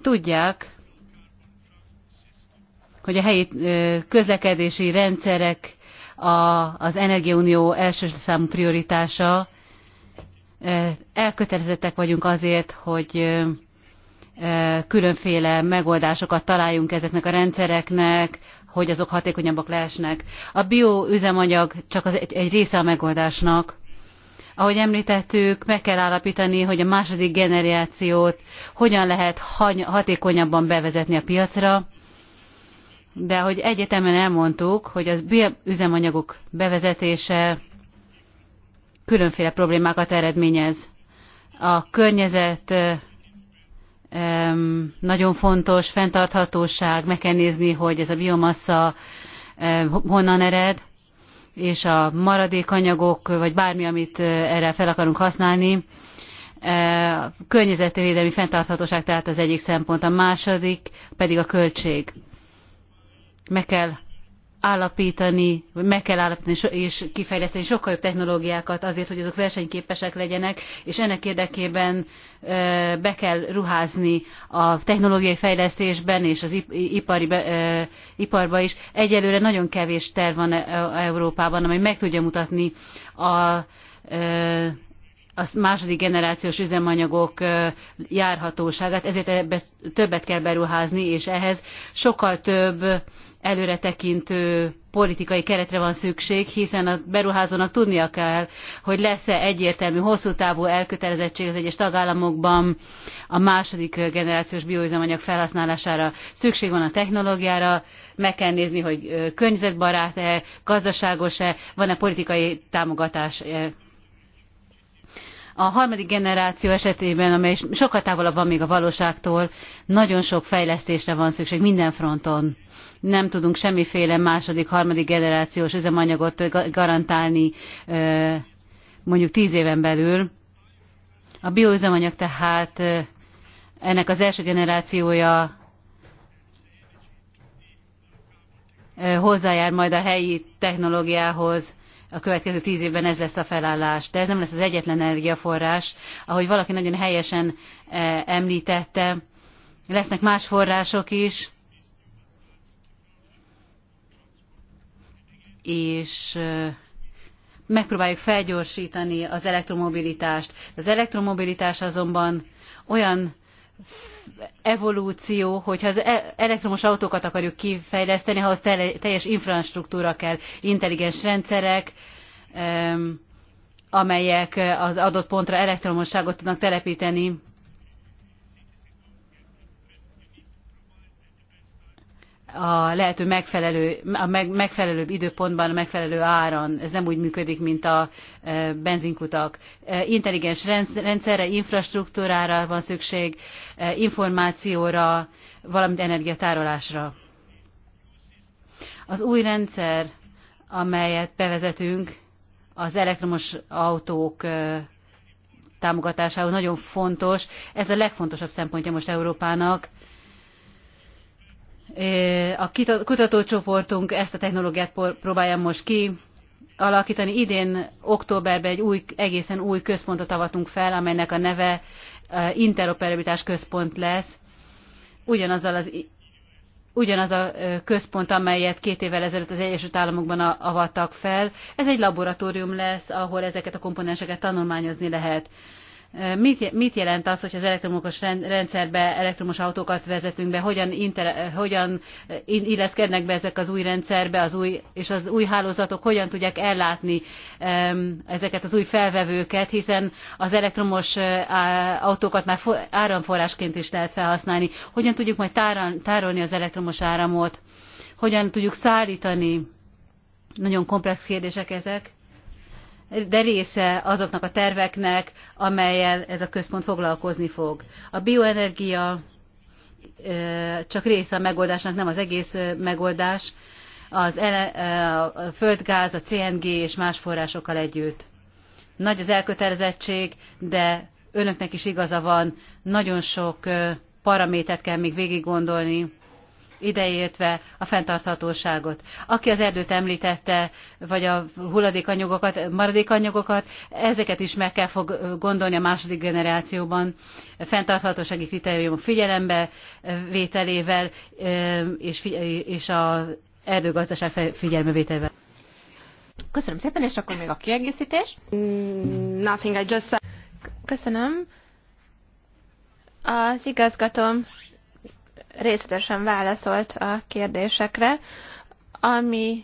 Tudják, hogy a helyi közlekedési rendszerek a, az Energiaunió első számú prioritása. Elkötelezettek vagyunk azért, hogy különféle megoldásokat találjunk ezeknek a rendszereknek, hogy azok hatékonyabbak lehessenek. A bioüzemanyag csak az egy, egy része a megoldásnak. Ahogy említettük, meg kell állapítani, hogy a második generációt hogyan lehet hatékonyabban bevezetni a piacra de hogy egyetemen elmondtuk, hogy az üzemanyagok bevezetése különféle problémákat eredményez. A környezet nagyon fontos, fenntarthatóság, meg kell nézni, hogy ez a biomassa honnan ered, és a maradék anyagok vagy bármi, amit erre fel akarunk használni. Környezetvédelmi fenntarthatóság tehát az egyik szempont, a második pedig a költség meg kell állapítani, meg kell állapítani és kifejleszteni sokkal jobb technológiákat azért, hogy azok versenyképesek legyenek, és ennek érdekében be kell ruházni a technológiai fejlesztésben és az ipari, iparba is. Egyelőre nagyon kevés terv van e- Európában, amely meg tudja mutatni a a második generációs üzemanyagok járhatóságát, ezért ebbe többet kell beruházni, és ehhez sokkal több előretekintő politikai keretre van szükség, hiszen a beruházónak tudnia kell, hogy lesz-e egyértelmű, hosszú távú elkötelezettség az egyes tagállamokban a második generációs bioüzemanyag felhasználására. Szükség van a technológiára, meg kell nézni, hogy környezetbarát-e, gazdaságos-e, van-e politikai támogatás -e. A harmadik generáció esetében, amely sokkal távolabb van még a valóságtól, nagyon sok fejlesztésre van szükség minden fronton nem tudunk semmiféle második, harmadik generációs üzemanyagot garantálni mondjuk tíz éven belül. A bioüzemanyag tehát ennek az első generációja hozzájár majd a helyi technológiához, a következő tíz évben ez lesz a felállás. De ez nem lesz az egyetlen energiaforrás. Ahogy valaki nagyon helyesen említette, lesznek más források is, és megpróbáljuk felgyorsítani az elektromobilitást. Az elektromobilitás azonban olyan evolúció, hogyha az e- elektromos autókat akarjuk kifejleszteni, ahhoz teljes infrastruktúra kell, intelligens rendszerek, amelyek az adott pontra elektromosságot tudnak telepíteni. a lehető megfelelő, a meg, megfelelőbb időpontban, a megfelelő áron. Ez nem úgy működik, mint a e, benzinkutak. E, intelligens rendszerre, infrastruktúrára van szükség, e, információra, valamint energiatárolásra. Az új rendszer, amelyet bevezetünk, az elektromos autók e, támogatásához nagyon fontos. Ez a legfontosabb szempontja most Európának E, a kutatócsoportunk ezt a technológiát próbálja most ki, alakítani. Idén októberben egy új, egészen új központot avatunk fel, amelynek a neve e, Interoperabilitás Központ lesz. Ugyanazzal az ugyanaz a e, központ, amelyet két évvel ezelőtt az Egyesült Államokban avattak fel. Ez egy laboratórium lesz, ahol ezeket a komponenseket tanulmányozni lehet. Mit, mit jelent az, hogy az elektromos rendszerbe elektromos autókat vezetünk be, hogyan, inter, hogyan eh, illeszkednek be ezek az új rendszerbe, az új, és az új hálózatok hogyan tudják ellátni ezeket az új felvevőket, hiszen az elektromos eh, autókat már áramforrásként is lehet felhasználni. Hogyan tudjuk majd tárolni az elektromos áramot? Hogyan tudjuk szállítani? Nagyon komplex kérdések ezek de része azoknak a terveknek, amelyel ez a központ foglalkozni fog. A bioenergia csak része a megoldásnak, nem az egész megoldás, az ele, a földgáz, a CNG és más forrásokkal együtt. Nagy az elkötelezettség, de önöknek is igaza van, nagyon sok paramétert kell még végig gondolni, ideértve a fenntarthatóságot. Aki az erdőt említette, vagy a hulladékanyagokat, maradékanyagokat, ezeket is meg kell fog gondolni a második generációban, fenntarthatósági kritérium figyelembe vételével, és, és a erdőgazdaság figyelmevételével. Köszönöm szépen, és akkor még a kiegészítés. Mm, nothing, I just... Köszönöm. Az igazgatom részletesen válaszolt a kérdésekre, ami,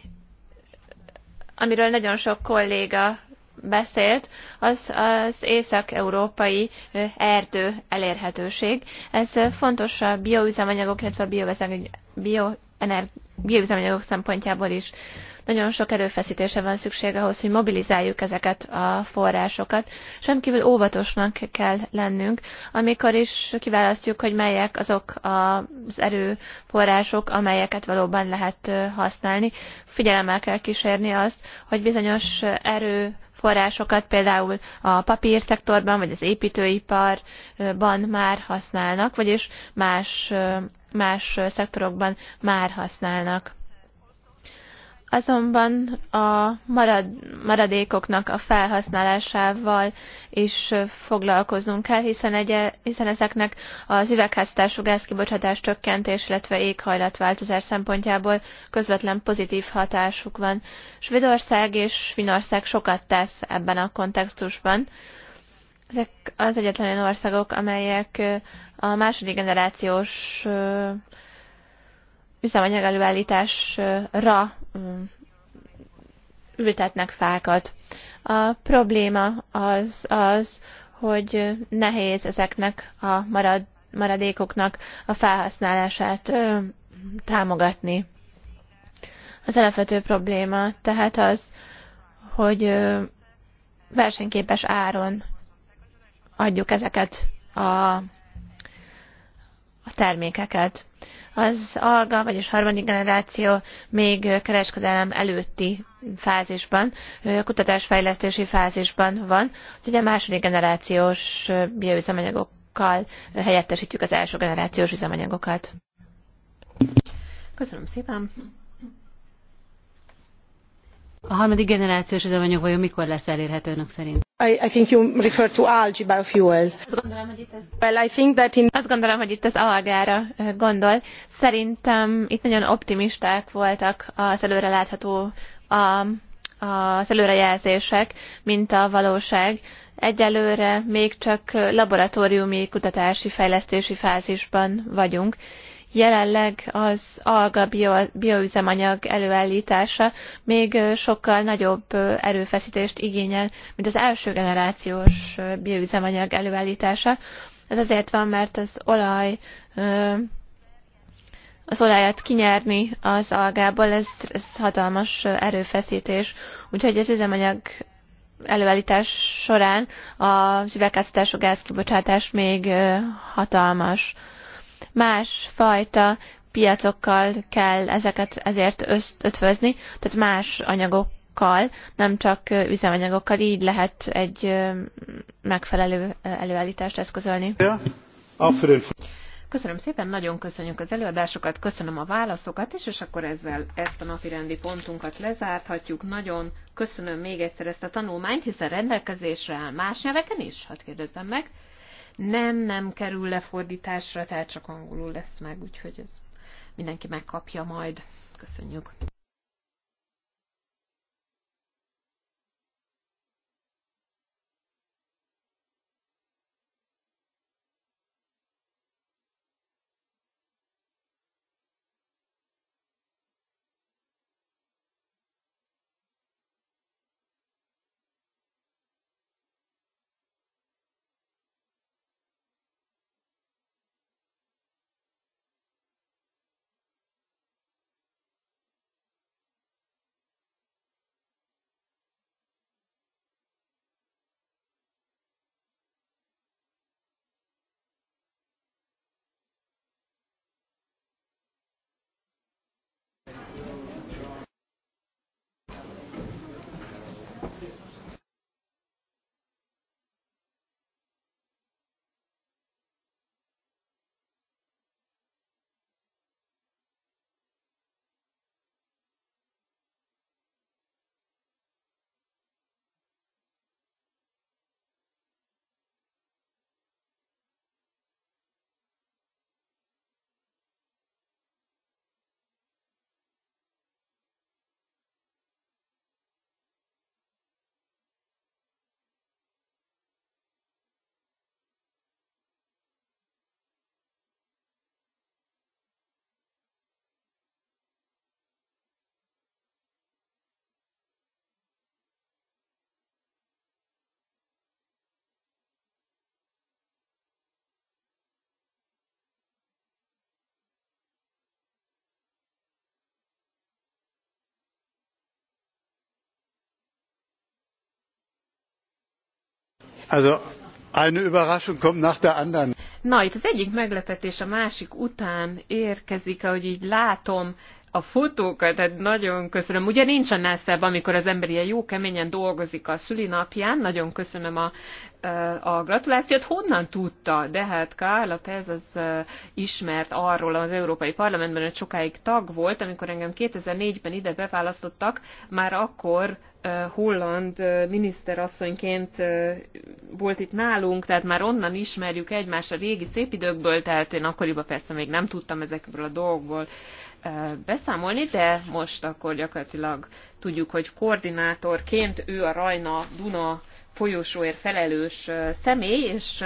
amiről nagyon sok kolléga beszélt, az az észak-európai erdő elérhetőség. Ez fontos a bioüzemanyagok, illetve a bioüzemanyagok szempontjából is. Nagyon sok erőfeszítése van szükség ahhoz, hogy mobilizáljuk ezeket a forrásokat. Semkívül óvatosnak kell lennünk, amikor is kiválasztjuk, hogy melyek azok az erőforrások, amelyeket valóban lehet használni. Figyelemmel kell kísérni azt, hogy bizonyos erő forrásokat például a papírszektorban vagy az építőiparban már használnak, vagyis más, más szektorokban már használnak. Azonban a marad, maradékoknak a felhasználásával is foglalkoznunk kell, hiszen, egy, hiszen ezeknek az üvegháztású gázkibocsátás csökkentés, illetve éghajlatváltozás szempontjából közvetlen pozitív hatásuk van. Svédország és Finország sokat tesz ebben a kontextusban. Ezek az egyetlen országok, amelyek a második generációs üzemanyag előállításra ültetnek fákat. A probléma az az, hogy nehéz ezeknek a marad, maradékoknak a felhasználását ö, támogatni. Az alapvető probléma tehát az, hogy ö, versenyképes áron adjuk ezeket a a termékeket. Az alga, vagyis harmadik generáció még kereskedelem előtti fázisban, kutatásfejlesztési fázisban van, úgyhogy a második generációs bioüzemanyagokkal helyettesítjük az első generációs üzemanyagokat. Köszönöm szépen! A harmadik generációs üzemanyag vajon mikor lesz elérhető önök szerint? I, I think you refer to algae biofuels. well, I think that in... Azt gondolom, hogy itt az algára gondol. Szerintem itt nagyon optimisták voltak az előrelátható a az előrejelzések, mint a valóság. Egyelőre még csak laboratóriumi kutatási fejlesztési fázisban vagyunk, jelenleg az alga bio, bioüzemanyag előállítása még sokkal nagyobb erőfeszítést igényel, mint az első generációs bioüzemanyag előállítása. Ez azért van, mert az olaj az olajat kinyerni az algából, ez, ez hatalmas erőfeszítés. Úgyhogy az üzemanyag előállítás során a üvegházhatású gázkibocsátás még hatalmas más fajta piacokkal kell ezeket ezért ötvözni, tehát más anyagokkal, nem csak üzemanyagokkal, így lehet egy megfelelő előállítást eszközölni. Köszönöm szépen, nagyon köszönjük az előadásokat, köszönöm a válaszokat is, és akkor ezzel ezt a napi rendi pontunkat lezárhatjuk. Nagyon köszönöm még egyszer ezt a tanulmányt, hiszen rendelkezésre áll más nyelveken is, hadd kérdezzem meg nem, nem kerül lefordításra, tehát csak angolul lesz meg, úgyhogy ez mindenki megkapja majd. Köszönjük! Also, eine Überraschung kommt nach der anderen. Na, itt az egyik meglepetés a másik után érkezik, ahogy így látom a fotókat, tehát nagyon köszönöm. Ugye nincs annál e szebb, amikor az ember ilyen jó keményen dolgozik a szülinapján, nagyon köszönöm a, a gratulációt. Honnan tudta? De hát Kála ez az ismert arról az Európai Parlamentben, hogy sokáig tag volt, amikor engem 2004-ben ide beválasztottak, már akkor holland miniszterasszonyként volt itt nálunk, tehát már onnan ismerjük egymást a régi szép időkből, tehát én akkoriban persze még nem tudtam ezekből a dolgokból beszámolni, de most akkor gyakorlatilag tudjuk, hogy koordinátorként ő a Rajna-Duna folyosóért felelős személy, és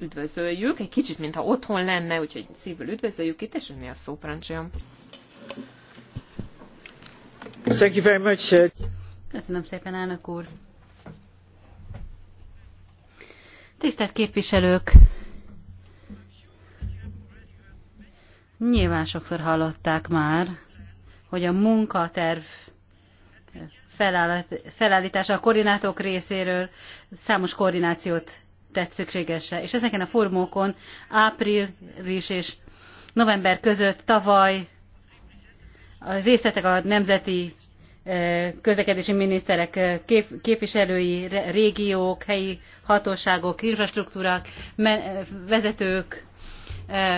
üdvözöljük, egy kicsit, mintha otthon lenne, úgyhogy szívből üdvözöljük itt, és önni a szó, Thank you very much. Uh, Köszönöm szépen, elnök úr. Tisztelt képviselők! Nyilván sokszor hallották már, hogy a munkaterv felállítása a koordinátok részéről számos koordinációt tett szükségesre. És ezeken a formókon április és november között tavaly a részletek a nemzeti közlekedési miniszterek képviselői, régiók, helyi hatóságok, infrastruktúrák, vezetők,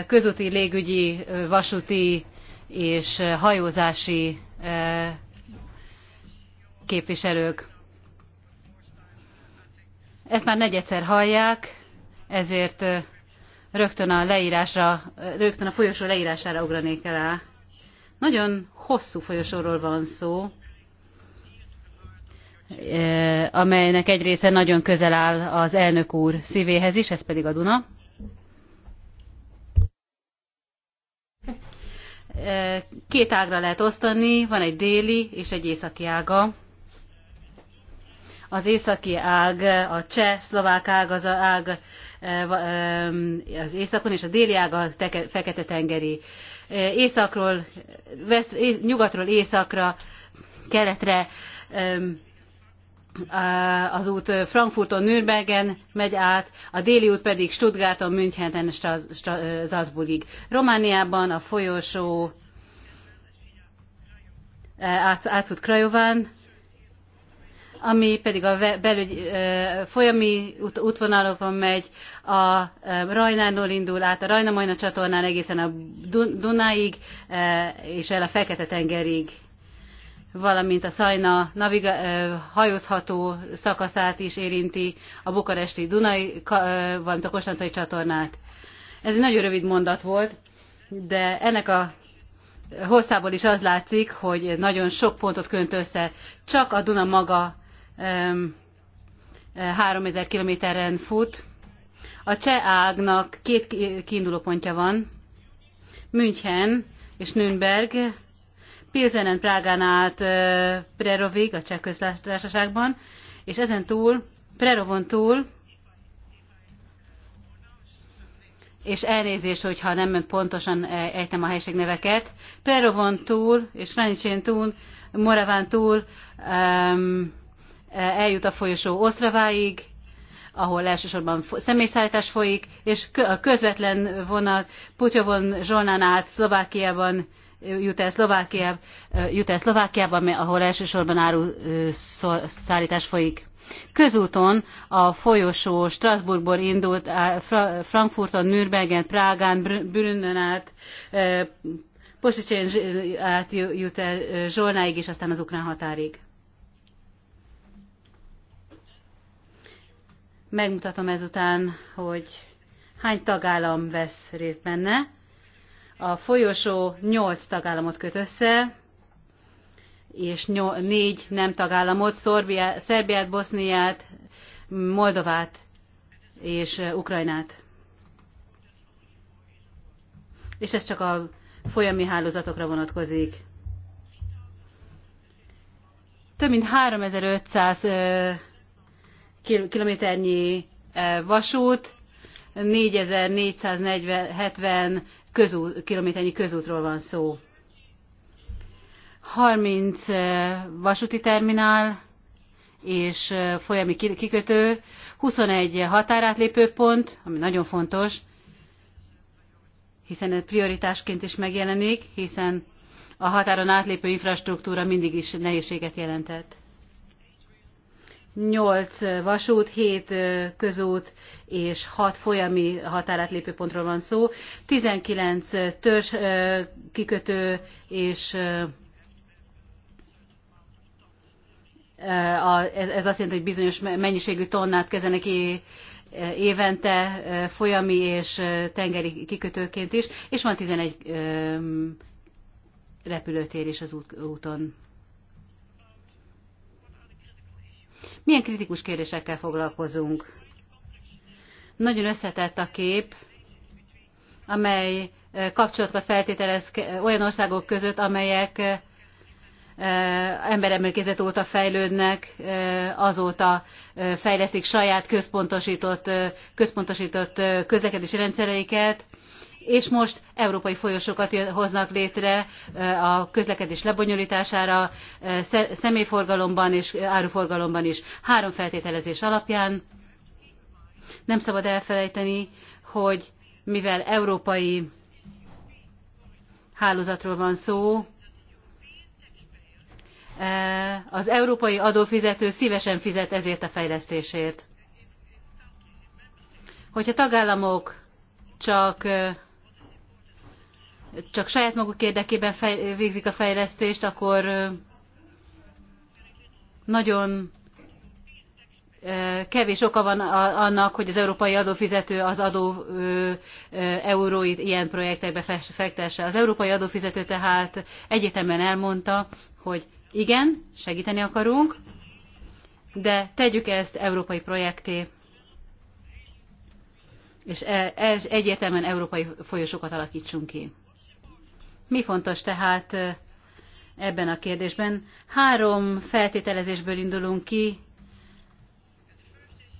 közúti, légügyi, vasúti és hajózási képviselők. Ezt már negyedszer hallják, ezért rögtön a leírásra, rögtön a folyosó leírására ugranék el. Nagyon hosszú folyosóról van szó, Eh, amelynek egy része nagyon közel áll az elnök úr szívéhez is, ez pedig a Duna. Eh, két ágra lehet osztani, van egy déli és egy északi ága. Az északi ág, a cseh-szlovák ág az ág eh, az északon, és a déli ág a fekete-tengeri. Északról, nyugatról északra, keletre az út Frankfurton Nürnbergen megy át, a déli út pedig Stuttgarton, Münchenen, Salzburgig. Romániában a folyosó át, átfut Krajován, ami pedig a belügy, folyami út, útvonalokon megy, a Rajnánról indul át a Rajna-Majna csatornán egészen a Dunáig, és el a Fekete-tengerig valamint a Szajna naviga- hajózható szakaszát is érinti, a bukaresti Dunai, valamint a Kostancai csatornát. Ez egy nagyon rövid mondat volt, de ennek a hosszából is az látszik, hogy nagyon sok pontot könt össze. Csak a Duna maga 3000 kilométeren fut. A cseh ágnak két kiindulópontja van, München és Nürnberg, Pilzenen Prágán át Prerovig, a cseh köztársaságban, és ezen túl, Prerovon túl, és elnézést, hogyha nem pontosan e, ejtem a neveket, Prerovon túl és Franicsén túl, Moraván túl um, eljut a folyosó Osztraváig, ahol elsősorban személyszállítás folyik, és a közvetlen vonat Putyovon Zsolnán át Szlovákiában jut el Szlovákiába, jut el Szlovákiába ahol elsősorban szállítás folyik. Közúton a folyosó Strasbourgból indult, Frankfurton, Nürnbergen, Prágán, Brünnen át, Posicsén átjut el Zsolnáig, és aztán az ukrán határig. Megmutatom ezután, hogy hány tagállam vesz részt benne. A folyosó nyolc tagállamot köt össze, és négy nem tagállamot, Szorbiá, Szerbiát, Boszniát, Moldovát és Ukrajnát. És ez csak a folyami hálózatokra vonatkozik. Több mint 3500 kilométernyi vasút, 4470 közút, kilométernyi közútról van szó. 30 eh, vasúti terminál és eh, folyami kikötő, 21 eh, határátlépő pont, ami nagyon fontos, hiszen ez prioritásként is megjelenik, hiszen a határon átlépő infrastruktúra mindig is nehézséget jelentett. 8 vasút, 7 közút és 6 folyami határátlépő pontról van szó, 19 törzs kikötő és ez azt jelenti, hogy bizonyos mennyiségű tonnát kezenek évente folyami és tengeri kikötőként is, és van 11 repülőtér is az úton. milyen kritikus kérdésekkel foglalkozunk. Nagyon összetett a kép, amely eh, kapcsolatokat feltételez olyan országok között, amelyek eh, emberemlékezet óta fejlődnek, eh, azóta fejlesztik saját központosított, központosított közlekedési rendszereiket, és most európai folyosókat hoznak létre a közlekedés lebonyoltására személyforgalomban és áruforgalomban is. Három feltételezés alapján nem szabad elfelejteni, hogy mivel európai hálózatról van szó, az európai adófizető szívesen fizet ezért a fejlesztésért. Hogyha tagállamok csak csak saját maguk érdekében fej, végzik a fejlesztést, akkor nagyon kevés oka van annak, hogy az európai adófizető az adó euróit ilyen projektekbe fektesse. Az európai adófizető tehát egyetemen elmondta, hogy igen, segíteni akarunk, de tegyük ezt európai projekté, és e, e, egyértelműen európai folyosokat alakítsunk ki. Mi fontos tehát ebben a kérdésben? Három feltételezésből indulunk ki.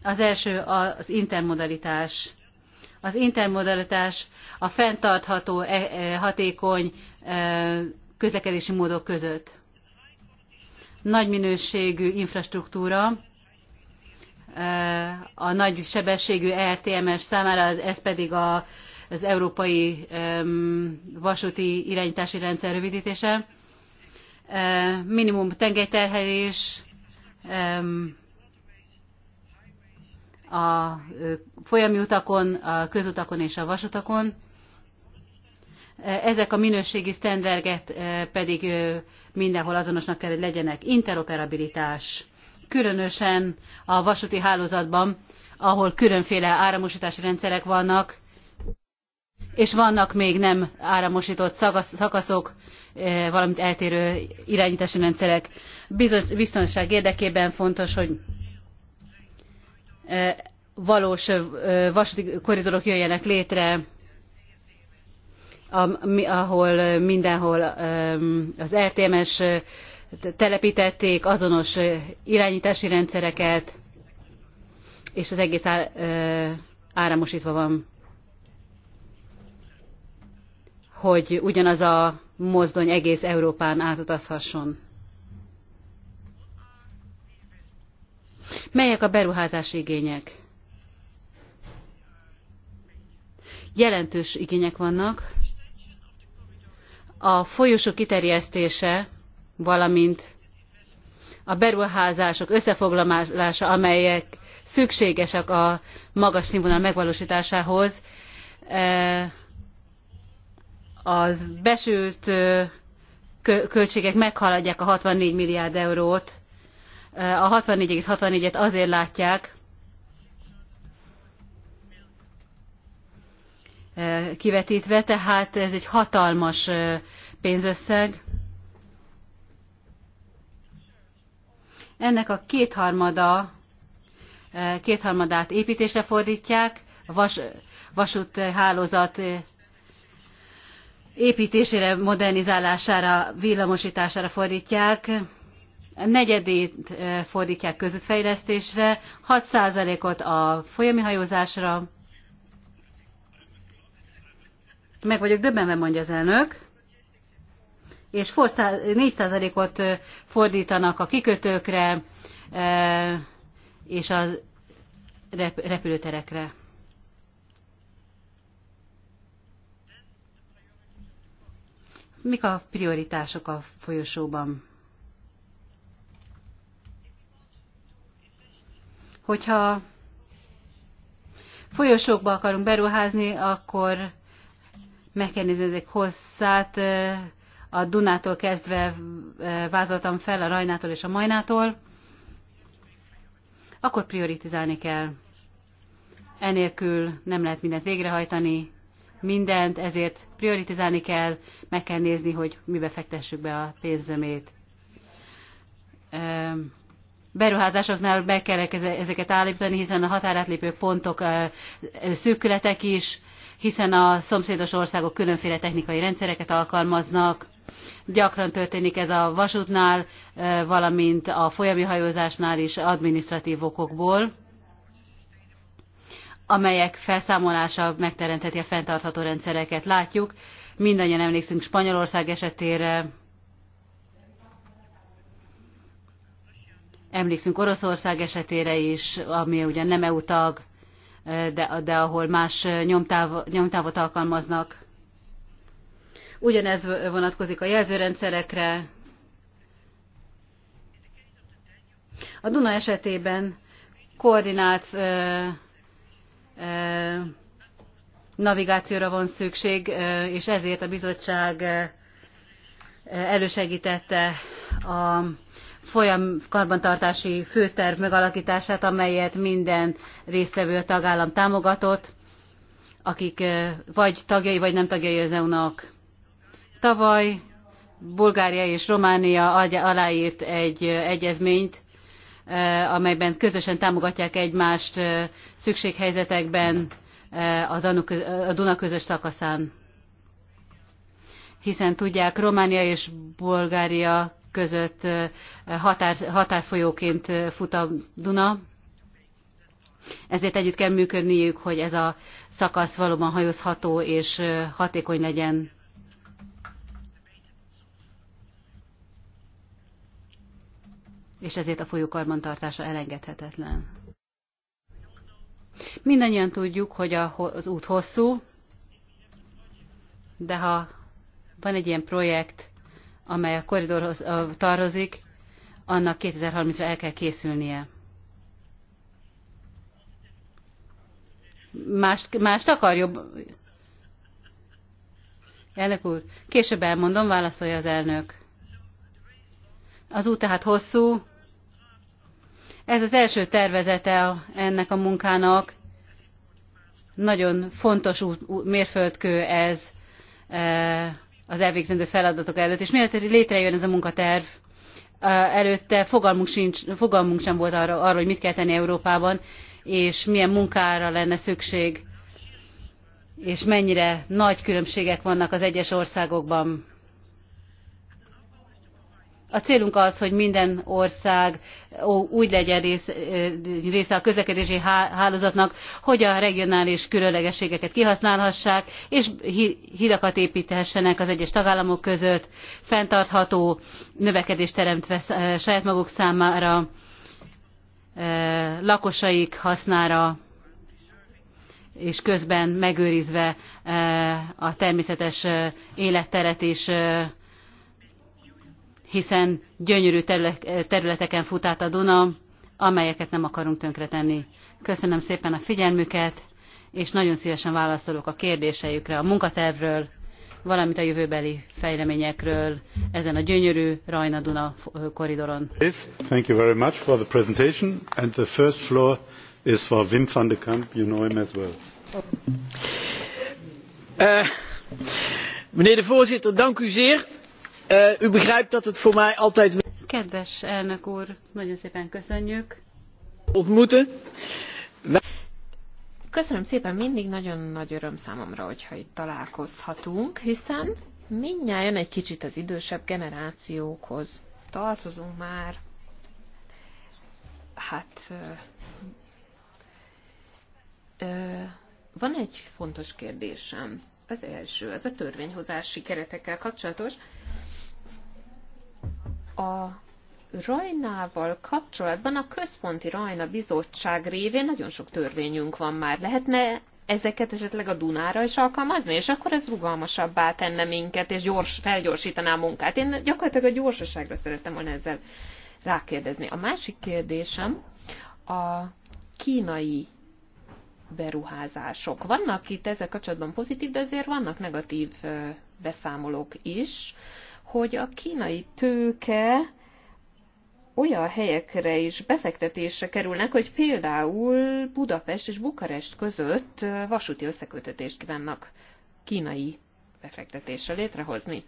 Az első az intermodalitás. Az intermodalitás a fenntartható, e, e, hatékony közlekedési módok között. Nagy minőségű infrastruktúra, a nagy sebességű RTMS számára, ez pedig a az európai vasúti irányítási rendszer rövidítése, minimum tengelyterhelés, a folyami utakon, a közutakon és a vasutakon. Ezek a minőségi sztenderget pedig mindenhol azonosnak kell, hogy legyenek. Interoperabilitás, különösen a vasúti hálózatban, ahol különféle áramosítási rendszerek vannak, és vannak még nem áramosított szakaszok, eh, valamint eltérő irányítási rendszerek. Biztonság érdekében fontos, hogy eh, valós eh, vasúti koridorok jöjjenek létre, ahol mindenhol ehm, az RTMS er telepítették azonos irányítási rendszereket, és az egész áramosítva van. hogy ugyanaz a mozdony egész Európán átutazhasson. Melyek a beruházási igények? Jelentős igények vannak. A folyosok kiterjesztése, valamint a beruházások összefoglalása, amelyek szükségesek a magas színvonal megvalósításához, eh, az besült költségek meghaladják a 64 milliárd eurót. A 64,64-et azért látják, kivetítve, tehát ez egy hatalmas pénzösszeg. Ennek a kétharmada, kétharmadát építésre fordítják, vas, vasúthálózat építésére, modernizálására, villamosítására fordítják, a negyedét eh, fordítják közöttfejlesztésre, 6%-ot a folyami hajózásra. Meg vagyok döbbenve, mondja az elnök. És 4%-ot eh, fordítanak a kikötőkre eh, és a repülőterekre. Mik a prioritások a folyosóban? Hogyha folyosókba akarunk beruházni, akkor meg kell nézni ezek hosszát, a Dunától kezdve vázoltam fel, a Rajnától és a Majnától, akkor prioritizálni kell. Enélkül nem lehet mindent végrehajtani, mindent, ezért prioritizálni kell, meg kell nézni, hogy mibe fektessük be a pénzömét. Ehm, beruházásoknál be kell ezeket állítani, hiszen a határátlépő pontok eh, szűkületek is, hiszen a szomszédos országok különféle technikai rendszereket alkalmaznak. Gyakran történik ez a vasútnál, eh, valamint a folyami hajózásnál is adminisztratív okokból amelyek felszámolása megteremtheti a fenntartható rendszereket. Látjuk, mindannyian emlékszünk Spanyolország esetére, emlékszünk Oroszország esetére is, ami ugyan nem EU tag, de, de ahol más nyomtáv, nyomtávot alkalmaznak. Ugyanez vonatkozik a jelzőrendszerekre. A Duna esetében koordinált navigációra van szükség, és ezért a bizottság elősegítette a folyam karbantartási főterv megalakítását, amelyet minden résztvevő tagállam támogatott, akik vagy tagjai, vagy nem tagjai az EU-nak. Tavaly Bulgária és Románia aláírt egy egyezményt, Eh, amelyben közösen támogatják egymást eh, szükséghelyzetekben eh, a Duna közös szakaszán. Hiszen tudják, Románia és Bulgária között határ, határfolyóként fut a Duna, ezért együtt kell működniük, hogy ez a szakasz valóban hajózható és hatékony legyen és ezért a folyó karbantartása elengedhetetlen. Mindannyian tudjuk, hogy az út hosszú, de ha van egy ilyen projekt, amely a koridorhoz tartozik, annak 2030-ra el kell készülnie. Mást, mást akar jobb? Elnök úr, később elmondom, válaszolja az elnök. Az út tehát hosszú, ez az első tervezete ennek a munkának. Nagyon fontos mérföldkő ez e, az elvégzendő feladatok előtt, és miért létrejön ez a munkaterv, e, előtte fogalmunk, sincs, fogalmunk sem volt arra, arra, hogy mit kell tenni Európában, és milyen munkára lenne szükség, és mennyire nagy különbségek vannak az egyes országokban a célunk az, hogy minden ország úgy legyen rész, része a közlekedési hálózatnak, hogy a regionális különlegességeket kihasználhassák, és hidakat építhessenek az egyes tagállamok között, fenntartható növekedést teremtve saját maguk számára, lakosaik hasznára, és közben megőrizve a természetes életteret és hiszen gyönyörű területeken fut át a Duna, amelyeket nem akarunk tönkretenni. Köszönöm szépen a figyelmüket, és nagyon szívesen válaszolok a kérdéseikre a munkatervről, valamint a jövőbeli fejleményekről ezen a gyönyörű Rajna Duna koridoron. Thank you very much for the presentation and the first floor is for Wim van de Kamp, you know him as well. Uh, meneer de voorzitter, dank u zeer Eh, u begrijpt dat het voor mij altijd... Kedves elnök úr, nagyon szépen köszönjük. Köszönöm szépen, mindig nagyon nagy öröm számomra, hogyha itt találkozhatunk, hiszen mindnyájan egy kicsit az idősebb generációkhoz tartozunk már. Hát ö, ö, van egy fontos kérdésem. Az első, ez a törvényhozási keretekkel kapcsolatos a Rajnával kapcsolatban a Központi Rajna Bizottság révén nagyon sok törvényünk van már. Lehetne ezeket esetleg a Dunára is alkalmazni, és akkor ez rugalmasabbá tenne minket, és gyors, felgyorsítaná a munkát. Én gyakorlatilag a gyorsaságra szerettem volna ezzel rákérdezni. A másik kérdésem a kínai beruházások. Vannak itt ezzel kapcsolatban pozitív, de azért vannak negatív beszámolók is hogy a kínai tőke olyan helyekre is befektetésre kerülnek, hogy például Budapest és Bukarest között vasúti összekötetést kívánnak kínai befektetésre létrehozni.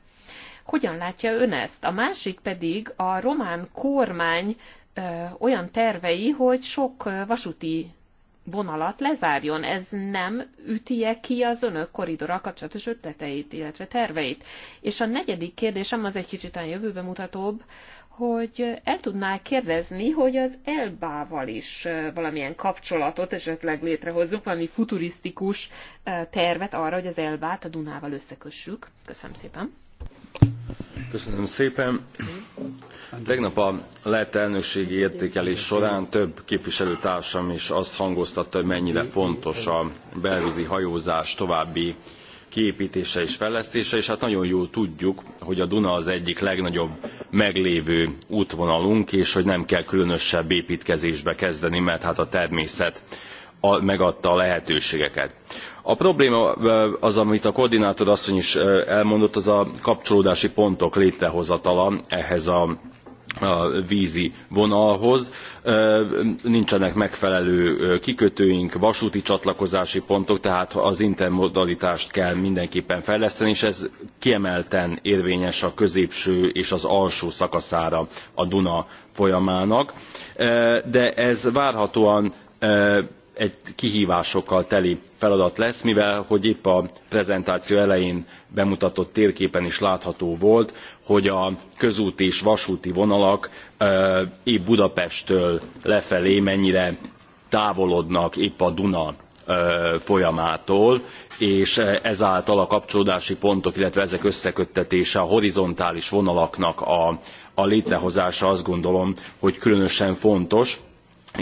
Hogyan látja ön ezt? A másik pedig a román kormány olyan tervei, hogy sok vasúti vonalat lezárjon. Ez nem üti-e ki az önök koridora kapcsolatos ötleteit, illetve terveit. És a negyedik kérdésem az egy kicsit a jövőbe mutatóbb, hogy el tudnál kérdezni, hogy az elbával is valamilyen kapcsolatot esetleg létrehozzunk, valami futurisztikus tervet arra, hogy az elbát a Dunával összekössük. Köszönöm szépen. Köszönöm szépen. Tegnap a lett elnökségi értékelés során több képviselőtársam is azt hangoztatta, hogy mennyire fontos a belvízi hajózás további kiéptése és fejlesztése, és hát nagyon jól tudjuk, hogy a Duna az egyik legnagyobb meglévő útvonalunk, és hogy nem kell különösebb építkezésbe kezdeni, mert hát a természet megadta a lehetőségeket. a probléma az amit a koordinátor asszony is elmondott az a kapcsolódási pontok létrehozatala ehhez a a vízi vonalhoz. Nincsenek megfelelő kikötőink, vasúti csatlakozási pontok, tehát az intermodalitást kell mindenképpen fejleszteni, és ez kiemelten érvényes a középső és az alsó szakaszára a Duna folyamának. De ez várhatóan egy kihvásokkal teli feladat lesz mivel hogy épp a prezentáció elején bemutatott térképen is látható volt hogy a közúti és vasúti vonalak épp budapesttől lefelé mennyire távolodnak épp a duna folyamától és ezáltal a kapcsolódási pontok illetve ezek összeköttetése a horizontális vonalaknak a, a létrehozása azt gondolom hogy különösen fontos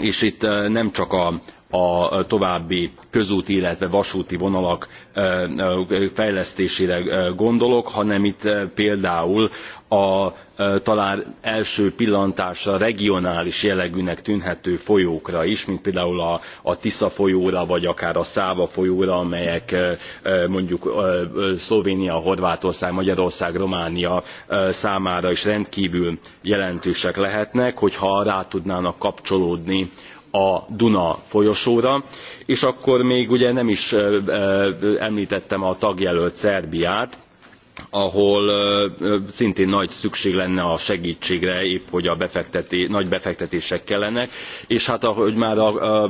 és itt nem csak a, a további közúti illetve vasúti vonalak eh, eh, fejlesztésére eh, gondolok hanem itt például a talán első pillantásra regionális jellegűnek tűnhető folyókra is mint például a, tisza folyóra vagy akár a száva folyóra amelyek mondjuk szlovénia horvátország magyarország románia számára is rendkvül jelentősek lehetnek hogyha rá tudnának kapcsolódni a Duna folyosóra, és akkor még ugye nem is említettem a tagjelölt Szerbiát, ahol szintén nagy szükség lenne a segítségre, épp hogy a befekteté, nagy befektetések kellenek és hát ahogy már a,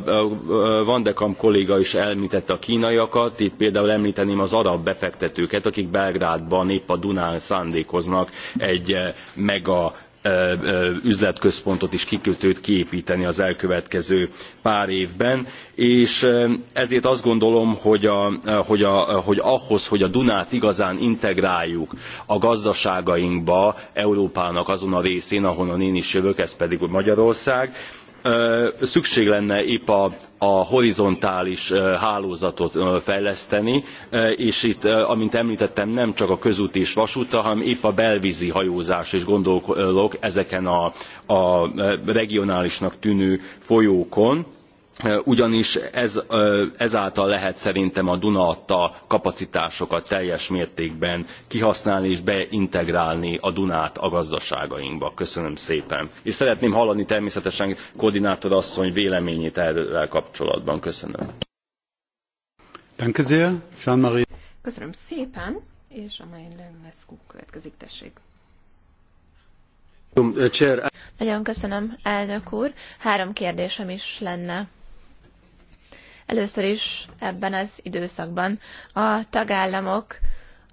a, kolléga is említette a kínaiakat, itt például említeném az arab befektetőket akik belgrádban épp a dunán szándékoznak egy mega üzletközpontot és kikötőt kiépteni az elkövetkező pár évben és ezért azt gondolom hogy, a, hogy, a, hogy ahhoz hogy a dunát igazán integráljuk a gazdaságainkba európának azon a részén ahonnan én is jövök ez pedig magyarország szükség lenne épp a, a horizontális hálózatot fejleszteni és itt amint emltettem nem csak a közúti és vasútra hanem épp a belvzi hajózásra is gondolok ezeken a, a regionálisnak tűnő folyókon ugyanis ezáltal lehet szerintem a duna adta kapacitásokat teljes mértékben kihasználni és beintegrálni a dunát a gazdaságainkba. köszönöm szépen. és szeretném hallani természetesen koordinátor asszony véleményét erről kapcsolatban. köszönöm. Köszönöm szépen, és mai Lenescu következik, tessék. Nagyon köszönöm, elnök úr. Három kérdésem is lenne. Először is ebben az időszakban a tagállamok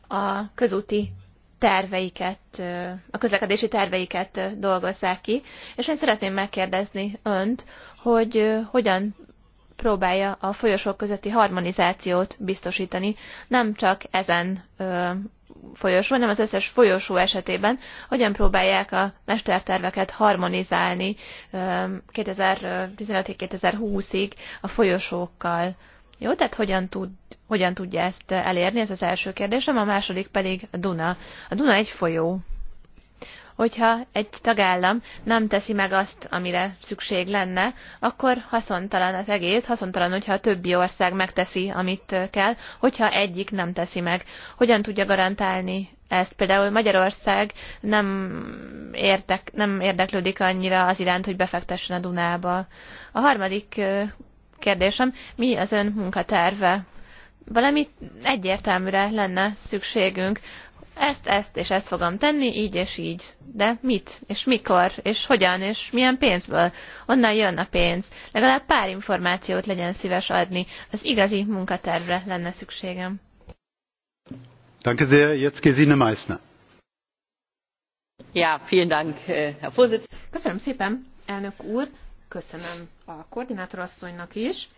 a közúti terveiket, a közlekedési terveiket dolgozzák ki, és én szeretném megkérdezni önt, hogy hogyan próbálja a folyosók közötti harmonizációt biztosítani, nem csak ezen folyosó, hanem az összes folyosó esetében hogyan próbálják a mesterterveket harmonizálni 2015-2020-ig a folyosókkal. Jó, tehát hogyan, tud, hogyan tudja ezt elérni, ez az első kérdésem, a második pedig a Duna. A Duna egy folyó, hogyha egy tagállam nem teszi meg azt, amire szükség lenne, akkor haszontalan az egész, haszontalan, hogyha a többi ország megteszi, amit kell, hogyha egyik nem teszi meg. Hogyan tudja garantálni ezt. Például Magyarország nem, értek, nem érdeklődik annyira az iránt, hogy befektessen a Dunába. A harmadik kérdésem, mi az ön munkaterve? Valami egyértelműre lenne szükségünk ezt, ezt és ezt fogom tenni, így és így. De mit, és mikor, és hogyan, és milyen pénzből? Onnan jön a pénz. Legalább pár információt legyen szíves adni. Az igazi munkatervre lenne szükségem. Danke sehr, jetzt Gesine Meissner. Ja, vielen Dank, äh, Herr Vorsitzender. Köszönöm szépen, elnök úr. Köszönöm a koordinátorasszonynak is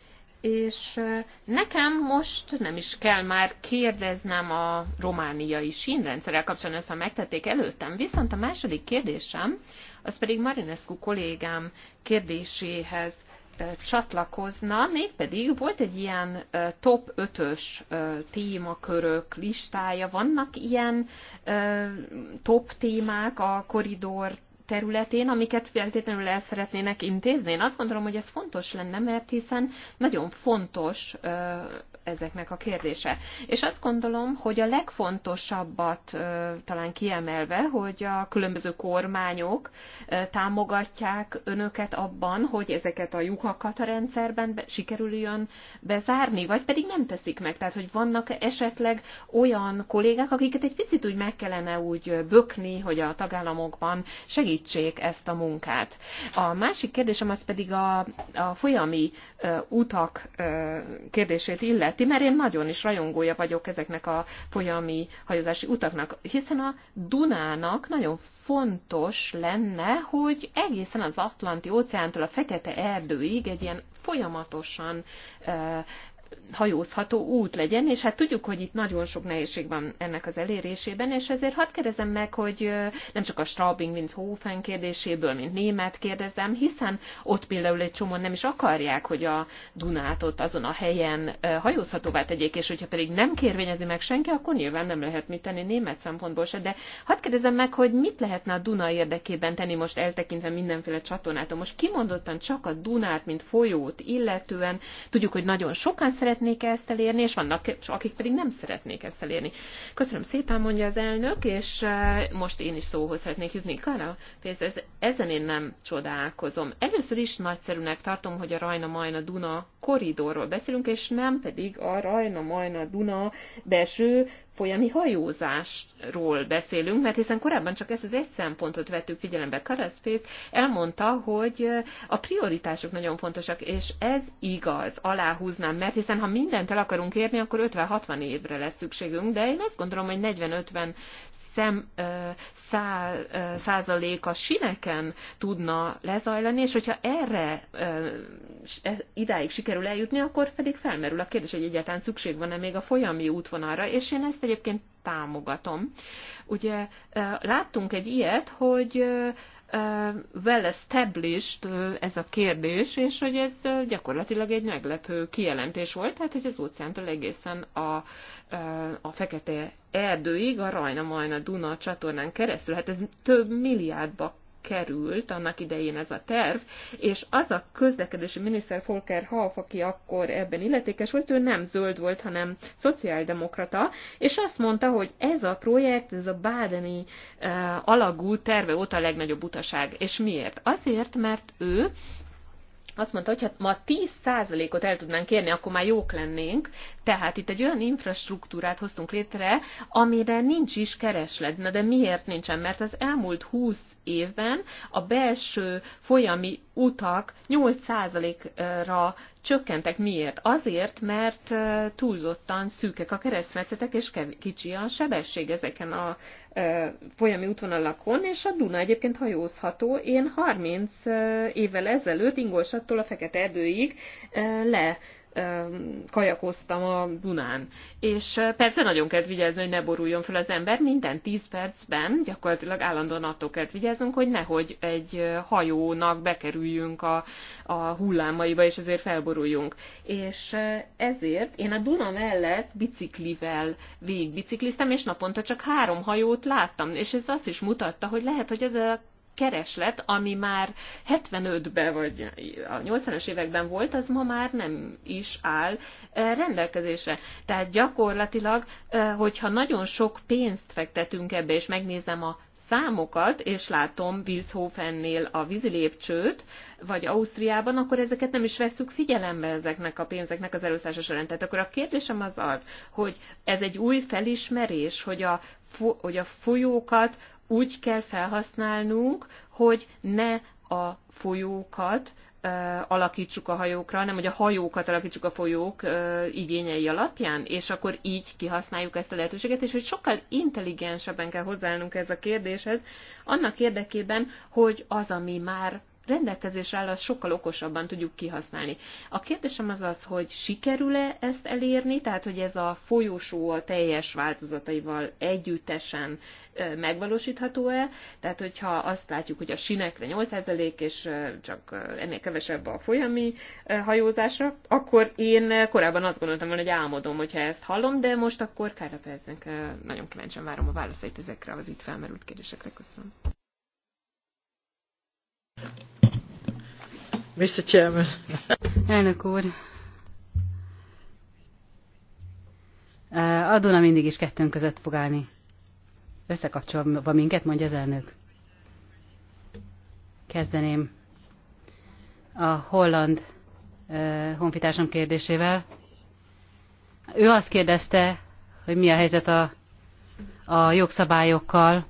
és nekem most nem is kell már kérdeznem a romániai sínrendszerrel kapcsolatban, ezt ha megtették előttem. Viszont a második kérdésem, az pedig Marinescu kollégám kérdéséhez csatlakozna, mégpedig volt egy ilyen top 5-ös témakörök listája, vannak ilyen top témák a koridor területén, amiket feltétlenül el szeretnének intézni. Én azt gondolom, hogy ez fontos lenne, mert hiszen nagyon fontos ö, ezeknek a kérdése. És azt gondolom, hogy a legfontosabbat ö, talán kiemelve, hogy a különböző kormányok ö, támogatják önöket abban, hogy ezeket a lyukakat a rendszerben be, sikerüljön bezárni, vagy pedig nem teszik meg. Tehát, hogy vannak esetleg olyan kollégák, akiket egy picit úgy meg kellene úgy bökni, hogy a tagállamokban segít segítsék ezt a munkát. A másik kérdésem az pedig a, a folyami ö, utak ö, kérdését illeti, mert én nagyon is rajongója vagyok ezeknek a folyami hajózási utaknak, hiszen a Dunának nagyon fontos lenne, hogy egészen az Atlanti óceántól a Fekete Erdőig egy ilyen folyamatosan ö, hajózható út legyen, és hát tudjuk, hogy itt nagyon sok nehézség van ennek az elérésében, és ezért hadd kérdezem meg, hogy nem csak a Straubing, mint Hofen kérdéséből, mint német kérdezem, hiszen ott például egy csomó nem is akarják, hogy a Dunát ott azon a helyen hajózhatóvá tegyék, és hogyha pedig nem kérvényezi meg senki, akkor nyilván nem lehet mit tenni német szempontból se, de hadd kérdezem meg, hogy mit lehetne a Duna érdekében tenni most eltekintve mindenféle csatornától. Most kimondottan csak a Dunát, mint folyót illetően, tudjuk, hogy nagyon sokan szeretnék ezt elérni, és vannak, akik pedig nem szeretnék ezt elérni. Köszönöm szépen, mondja az elnök, és eh, most én is szóhoz szeretnék jutni. Kara, ez, ezen én nem csodálkozom. Először is nagyszerűnek tartom, hogy a Rajna-Majna-Duna korridorról beszélünk, és nem pedig a Rajna-Majna-Duna belső folyami hajózásról beszélünk, mert hiszen korábban csak ezt az egy szempontot vettük figyelembe. Karaszpész elmondta, hogy eh, a prioritások nagyon fontosak, és ez igaz, aláhúznám, mert hiszen hiszen ha mindent el akarunk érni, akkor 50-60 évre lesz szükségünk, de én azt gondolom, hogy 40-50 szem, szá, százalék a sineken tudna lezajlani, és hogyha erre e, idáig sikerül eljutni, akkor pedig felmerül a kérdés, hogy egyáltalán szükség van-e még a folyami útvonalra, és én ezt egyébként támogatom. Ugye láttunk egy ilyet, hogy well established ez a kérdés, és hogy ez gyakorlatilag egy meglepő kijelentés volt, tehát hogy az óceántól egészen a, a fekete erdőig, a Rajna-Majna Duna csatornán keresztül, hát ez több milliárdba került annak idején ez a terv, és az a közlekedési miniszter Volker Hauf, aki akkor ebben illetékes volt, ő nem zöld volt, hanem szociáldemokrata, és azt mondta, hogy ez a projekt, ez a bádeni uh, eh, alagú terve óta a legnagyobb utaság. És miért? Azért, mert ő azt mondta, hogy ha hát ma 10%-ot el tudnánk érni, akkor már jók lennénk. Tehát itt egy olyan infrastruktúrát hoztunk létre, amire nincs is kereslet. Na de miért nincsen? Mert az elmúlt 20 évben a belső folyami utak 8%-ra csökkentek. Miért? Azért, mert túlzottan szűkek a keresztmetszetek, és kicsi a sebesség ezeken a folyami útvonalakon, és a Duna egyébként hajózható. Én 30 évvel ezelőtt Ingolstattól a Fekete Erdőig le kajakoztam a Dunán. És persze nagyon kellett vigyázni, hogy ne boruljon fel az ember. Minden 10 percben gyakorlatilag állandóan attól kellett vigyáznunk, hogy nehogy egy hajónak bekerüljünk a, a hullámaiba, és ezért felboruljunk. És ezért én a Duna mellett biciklivel végigbicikliztem, és naponta csak három hajót láttam. És ez azt is mutatta, hogy lehet, hogy ez a kereslet, ami már 75-ben vagy a 80-as években volt, az ma már nem is áll eh, rendelkezésre. Tehát gyakorlatilag, eh, hogyha nagyon sok pénzt fektetünk ebbe, és megnézem a számokat, és látom Wilshofennél a vízilépcsőt, vagy Ausztriában, akkor ezeket nem is veszük figyelembe ezeknek a pénzeknek az elosztása során. Tehát akkor a kérdésem az az, hogy ez egy új felismerés, hogy a, hogy a folyókat úgy kell felhasználnunk, hogy ne a folyókat alakítsuk a hajókra, hanem hogy a hajókat alakítsuk a folyók igényei alapján, és akkor így kihasználjuk ezt a lehetőséget, és hogy sokkal intelligensebben kell hozzáállnunk ez a kérdéshez, annak érdekében, hogy az, ami már rendelkezésre áll, azt sokkal okosabban tudjuk kihasználni. A kérdésem az az, hogy sikerül-e ezt elérni, tehát hogy ez a folyosó a teljes változataival együttesen megvalósítható-e, tehát hogyha azt látjuk, hogy a sinekre 8% és csak ennél kevesebb a folyami hajózásra, akkor én korábban azt gondoltam volna, hogy álmodom, hogyha ezt hallom, de most akkor kárra Percnek nagyon kíváncsian várom a válaszait ezekre az itt felmerült kérdésekre. Köszönöm. Mr. Chairman. Elnök úr. A Duna mindig is kettőnk között fog állni. Összekapcsolva minket, mondja az elnök. Kezdeném a holland uh, honfitársam kérdésével. Ő azt kérdezte, hogy mi a helyzet a, a jogszabályokkal,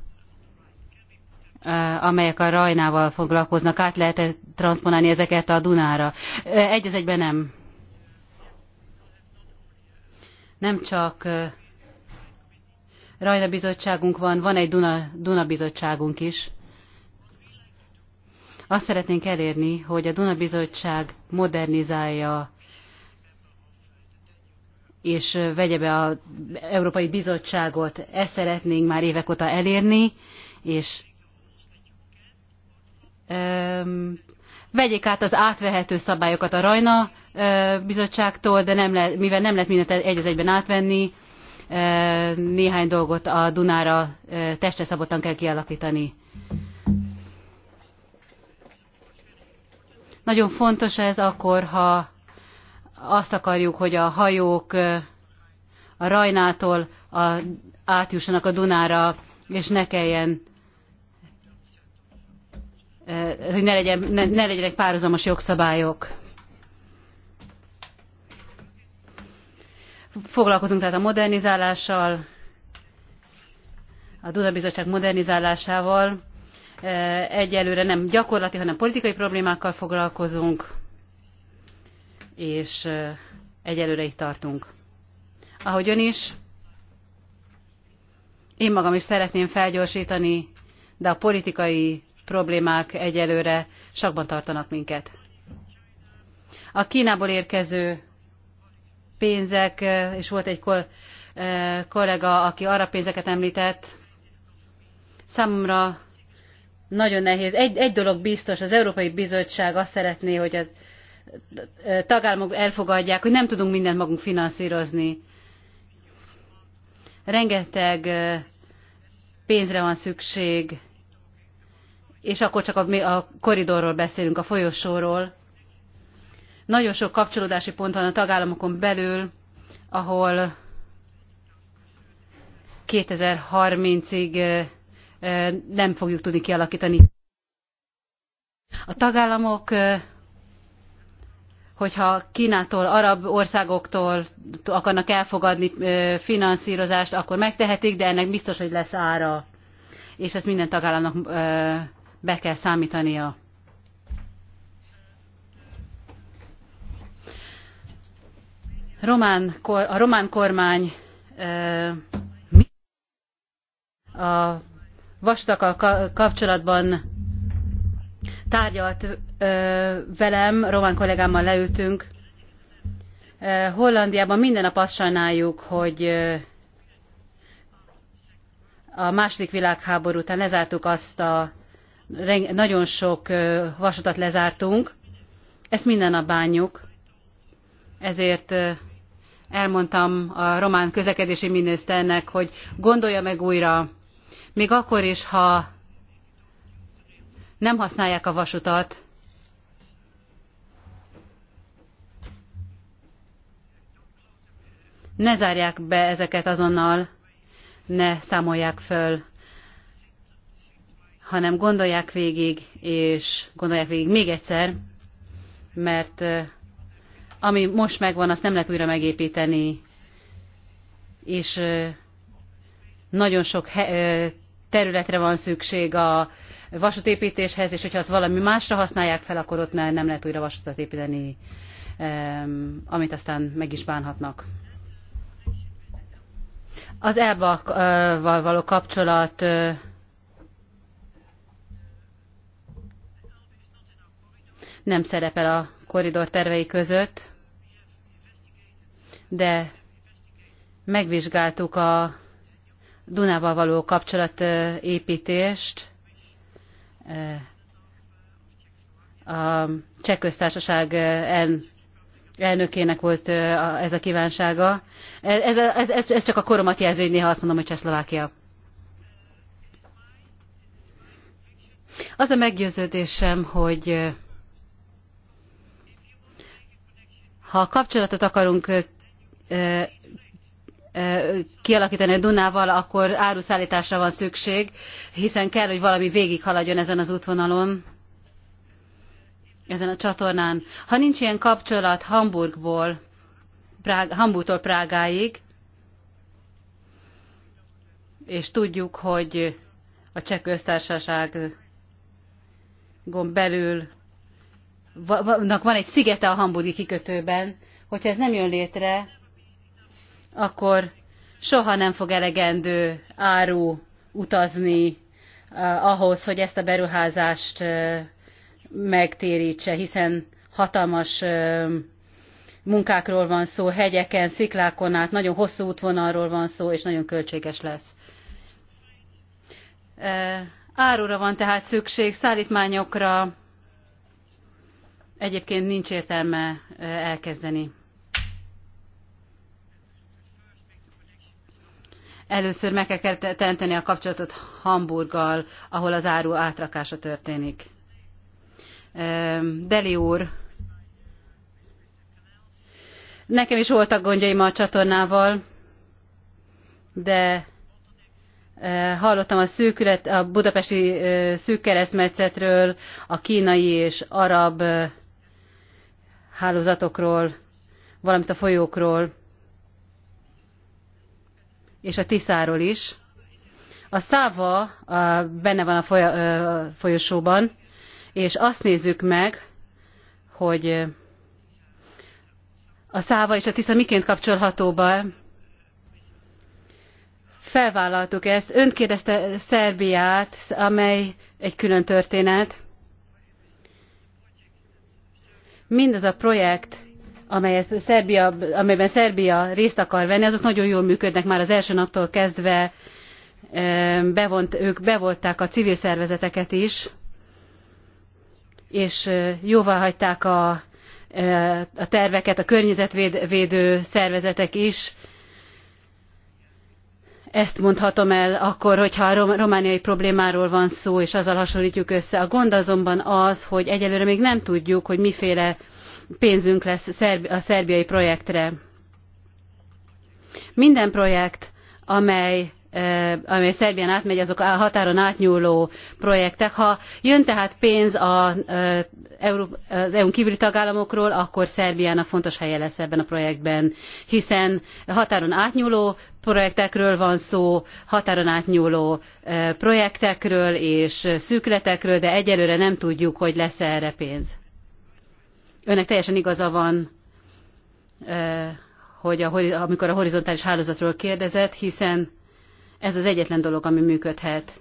Eh, amelyek a Rajnával foglalkoznak, át lehet -e transponálni ezeket a Dunára? Eh, egy az egyben nem. Nem csak eh, Rajna bizottságunk van, van egy Duna, Duna bizottságunk is. Azt szeretnénk elérni, hogy a Duna bizottság modernizálja és vegye be az Európai Bizottságot. Ezt szeretnénk már évek óta elérni, és vegyék át az átvehető szabályokat a Rajna bizottságtól, de nem lehet, mivel nem lehet mindent egy az egyben átvenni, néhány dolgot a Dunára testre szabottan kell kialakítani. Nagyon fontos ez akkor, ha azt akarjuk, hogy a hajók a Rajnától a, átjussanak a Dunára, és ne kelljen hogy ne, legyen, ne, ne legyenek párhuzamos jogszabályok. Foglalkozunk tehát a modernizálással, a Duda Bizottság modernizálásával. Egyelőre nem gyakorlati, hanem politikai problémákkal foglalkozunk, és egyelőre itt tartunk. Ahogy ön is, én magam is szeretném felgyorsítani, de a politikai problémák egyelőre sakban tartanak minket. A Kínából érkező pénzek, és volt egy eh, kollega, aki arra pénzeket említett, számomra nagyon nehéz. Egy, egy dolog biztos, az Európai Bizottság azt szeretné, hogy az eh, tagállamok elfogadják, hogy nem tudunk mindent magunk finanszírozni. Rengeteg eh, pénzre van szükség és akkor csak a, a koridorról beszélünk, a folyosóról. Nagyon sok kapcsolódási pont van a tagállamokon belül, ahol 2030-ig nem fogjuk tudni kialakítani. A tagállamok, hogyha Kínától, arab országoktól akarnak elfogadni finanszírozást, akkor megtehetik, de ennek biztos, hogy lesz ára. És ezt minden tagállamnak be kell számítania. Román, a román kormány a vastakkal kapcsolatban tárgyalt velem, román kollégámmal leültünk. Hollandiában minden nap azt sajnáljuk, hogy a második világháború után lezártuk azt a nagyon sok vasutat lezártunk, ezt minden nap bánjuk, ezért elmondtam a román közlekedési miniszternek, hogy gondolja meg újra, még akkor is, ha nem használják a vasutat, ne zárják be ezeket azonnal, ne számolják föl hanem gondolják végig, és gondolják végig még egyszer, mert ami most megvan, azt nem lehet újra megépíteni, és nagyon sok területre van szükség a vasútépítéshez, és hogyha azt valami másra használják fel, akkor ott nem lehet újra vasutat építeni, amit aztán meg is bánhatnak. Az elba való kapcsolat nem szerepel a koridor tervei között, de megvizsgáltuk a Dunával való kapcsolatépítést, a Cseh köztársaság elnökének volt ez a kívánsága. E, ez, ez, ez, ez csak a koromat jelző, hogy néha azt mondom, hogy Csehszlovákia. Az a meggyőződésem, hogy Ha kapcsolatot akarunk kialakítani a Dunával, akkor áruszállításra van szükség, hiszen kell, hogy valami végighaladjon ezen az útvonalon, ezen a csatornán. Ha nincs ilyen kapcsolat Hamburgból, Prá Hamburgtól Prágáig, és tudjuk, hogy a cseh köztársaság belül van egy szigete a hamburgi kikötőben, hogyha ez nem jön létre, akkor soha nem fog elegendő áru utazni eh, ahhoz, hogy ezt a beruházást eh, megtérítse, hiszen hatalmas eh, munkákról van szó, hegyeken, sziklákon át, nagyon hosszú útvonalról van szó, és nagyon költséges lesz. Eh, árura van tehát szükség, szállítmányokra, Egyébként nincs értelme elkezdeni. Először meg kell teremteni a kapcsolatot Hamburggal, ahol az áru átrakása történik. Deli úr, nekem is voltak gondjaim a csatornával, de hallottam a, szűkület, a budapesti szűk a kínai és arab hálózatokról, valamint a folyókról, és a Tiszáról is. A száva benne van a folyosóban, és azt nézzük meg, hogy a száva és a Tisza miként kapcsolható be. Felvállaltuk ezt. Önt kérdezte Szerbiát, amely egy külön történet mindaz a projekt, amelyet Szerbia, amelyben Szerbia részt akar venni, azok nagyon jól működnek már az első naptól kezdve, bevont, ők bevonták a civil szervezeteket is, és jóvá hagyták a, a terveket, a környezetvédő szervezetek is, ezt mondhatom el akkor, hogyha a romániai problémáról van szó, és azzal hasonlítjuk össze. A gond azonban az, hogy egyelőre még nem tudjuk, hogy miféle pénzünk lesz a szerbiai projektre. Minden projekt, amely e, amely Szerbián átmegy, azok a határon átnyúló projektek. Ha jön tehát pénz e, az EU-n kívüli tagállamokról, akkor Szerbiának fontos helye lesz ebben a projektben, hiszen határon átnyúló projektekről van szó, határon átnyúló projektekről és szűkületekről, de egyelőre nem tudjuk, hogy lesz -e erre pénz. Önnek teljesen igaza van, hogy a, amikor a horizontális hálózatról kérdezett, hiszen ez az egyetlen dolog, ami működhet.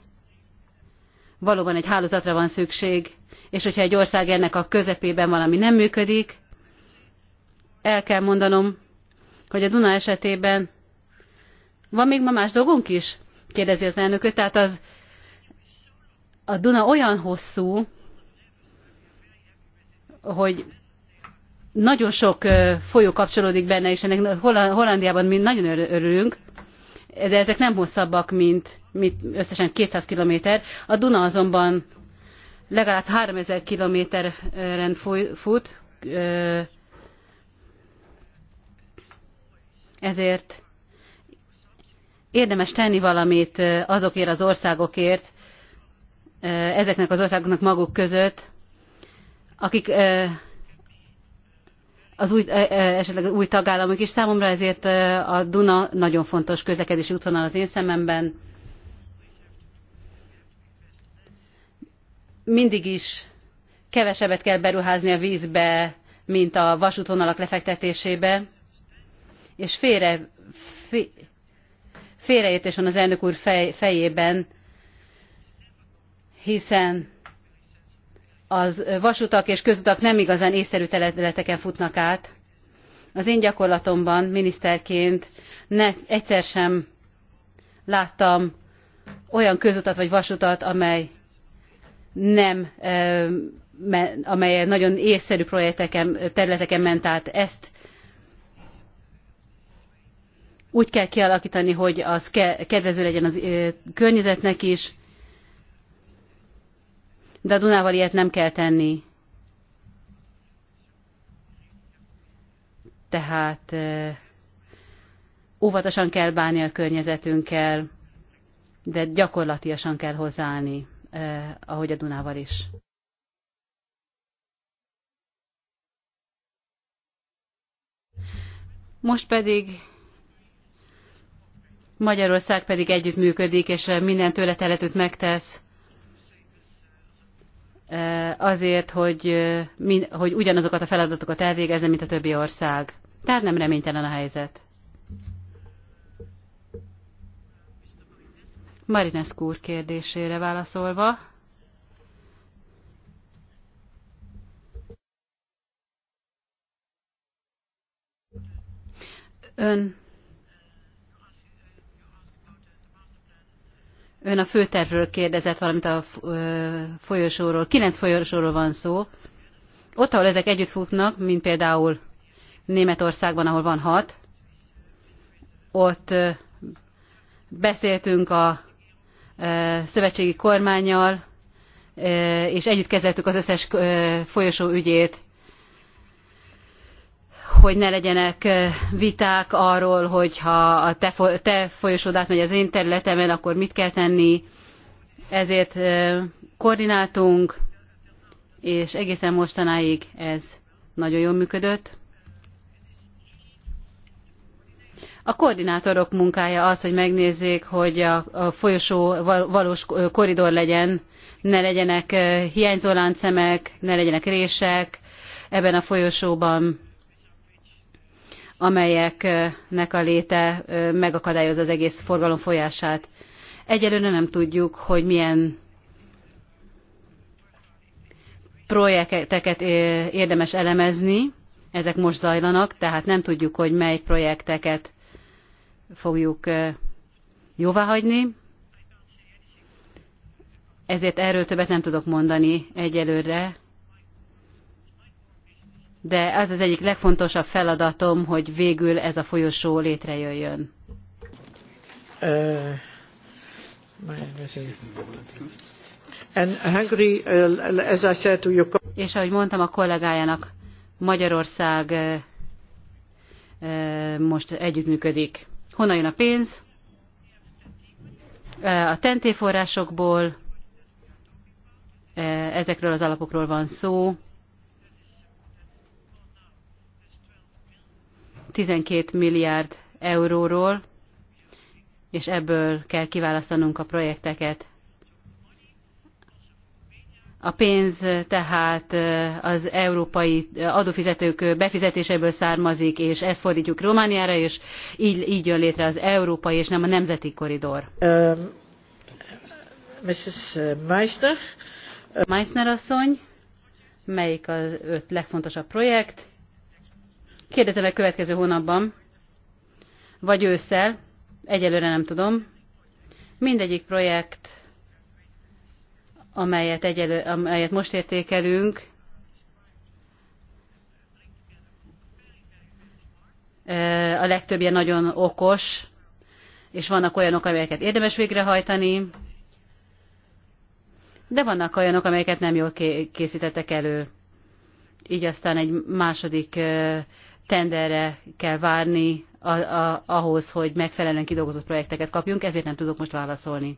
Valóban egy hálózatra van szükség, és hogyha egy ország ennek a közepében valami nem működik, el kell mondanom, hogy a Duna esetében van még ma más dolgunk is? kérdezi az elnököt. Tehát az, a Duna olyan hosszú, hogy nagyon sok folyó kapcsolódik benne, és ennek Hollandiában mi nagyon örülünk, de ezek nem hosszabbak, mint, mint összesen 200 kilométer. A Duna azonban legalább 3000 kilométeren fut, ezért érdemes tenni valamit azokért az országokért, ezeknek az országoknak maguk között, akik az új, esetleg új tagállamok is. Számomra ezért a Duna nagyon fontos közlekedési útvonal az én szememben. Mindig is kevesebbet kell beruházni a vízbe, mint a vasútvonalak lefektetésébe, és félre, félre félreértés van az elnök úr fej, fejében, hiszen az vasutak és közutak nem igazán észszerű területeken futnak át. Az én gyakorlatomban miniszterként ne, egyszer sem láttam olyan közutat vagy vasutat, amely nem amely nagyon észszerű projekteken, területeken ment át. Ezt úgy kell kialakítani, hogy az kedvező legyen az környezetnek is, de a Dunával ilyet nem kell tenni. Tehát óvatosan kell bánni a környezetünkkel, de gyakorlatiasan kell hozzáállni, ahogy a Dunával is. Most pedig Magyarország pedig együttműködik, és eh, minden tőle teletőt megtesz eh, azért, hogy, eh, hogy ugyanazokat a feladatokat elvégezze, mint a többi ország. Tehát nem reménytelen a helyzet. Marinescu úr kérdésére válaszolva. Ön Ön a főtervről kérdezett, valamint a folyosóról. Kilenc folyosóról van szó. Ott, ahol ezek együtt futnak, mint például Németországban, ahol van hat, ott beszéltünk a szövetségi kormányjal, és együtt kezeltük az összes folyosó ügyét hogy ne legyenek viták arról, hogyha a te, te folyosód átmegy az én területemen, akkor mit kell tenni. Ezért koordináltunk, és egészen mostanáig ez nagyon jól működött. A koordinátorok munkája az, hogy megnézzék, hogy a, folyosó valós koridor legyen, ne legyenek hiányzó láncszemek, ne legyenek rések ebben a folyosóban amelyeknek a léte megakadályozza az egész forgalom folyását. Egyelőre nem tudjuk, hogy milyen projekteket érdemes elemezni, ezek most zajlanak, tehát nem tudjuk, hogy mely projekteket fogjuk hagyni. Ezért erről többet nem tudok mondani egyelőre, de az az egyik legfontosabb feladatom, hogy végül ez a folyosó létrejöjjön. Uh, And uh, as I said to És ahogy mondtam a kollégájának, Magyarország uh, uh, most együttműködik. Honnan jön a pénz? A tenté forrásokból ezekről az alapokról van szó. 12 milliárd euróról, és ebből kell kiválasztanunk a projekteket. A pénz tehát az európai adófizetők befizetéseiből származik, és ezt fordítjuk Romániára, és így, így jön létre az európai, és nem a nemzeti koridor. Um, Mrs. Meissner. Meissner asszony, melyik az öt legfontosabb projekt? Kérdezem meg következő hónapban, vagy ősszel, egyelőre nem tudom. Mindegyik projekt, amelyet, egyelő, amelyet most értékelünk, a legtöbbje nagyon okos, és vannak olyanok, amelyeket érdemes végrehajtani, de vannak olyanok, amelyeket nem jól készítettek elő. Így aztán egy második tenderre kell várni a, a, ahhoz, hogy megfelelően kidolgozott projekteket kapjunk, ezért nem tudok most válaszolni.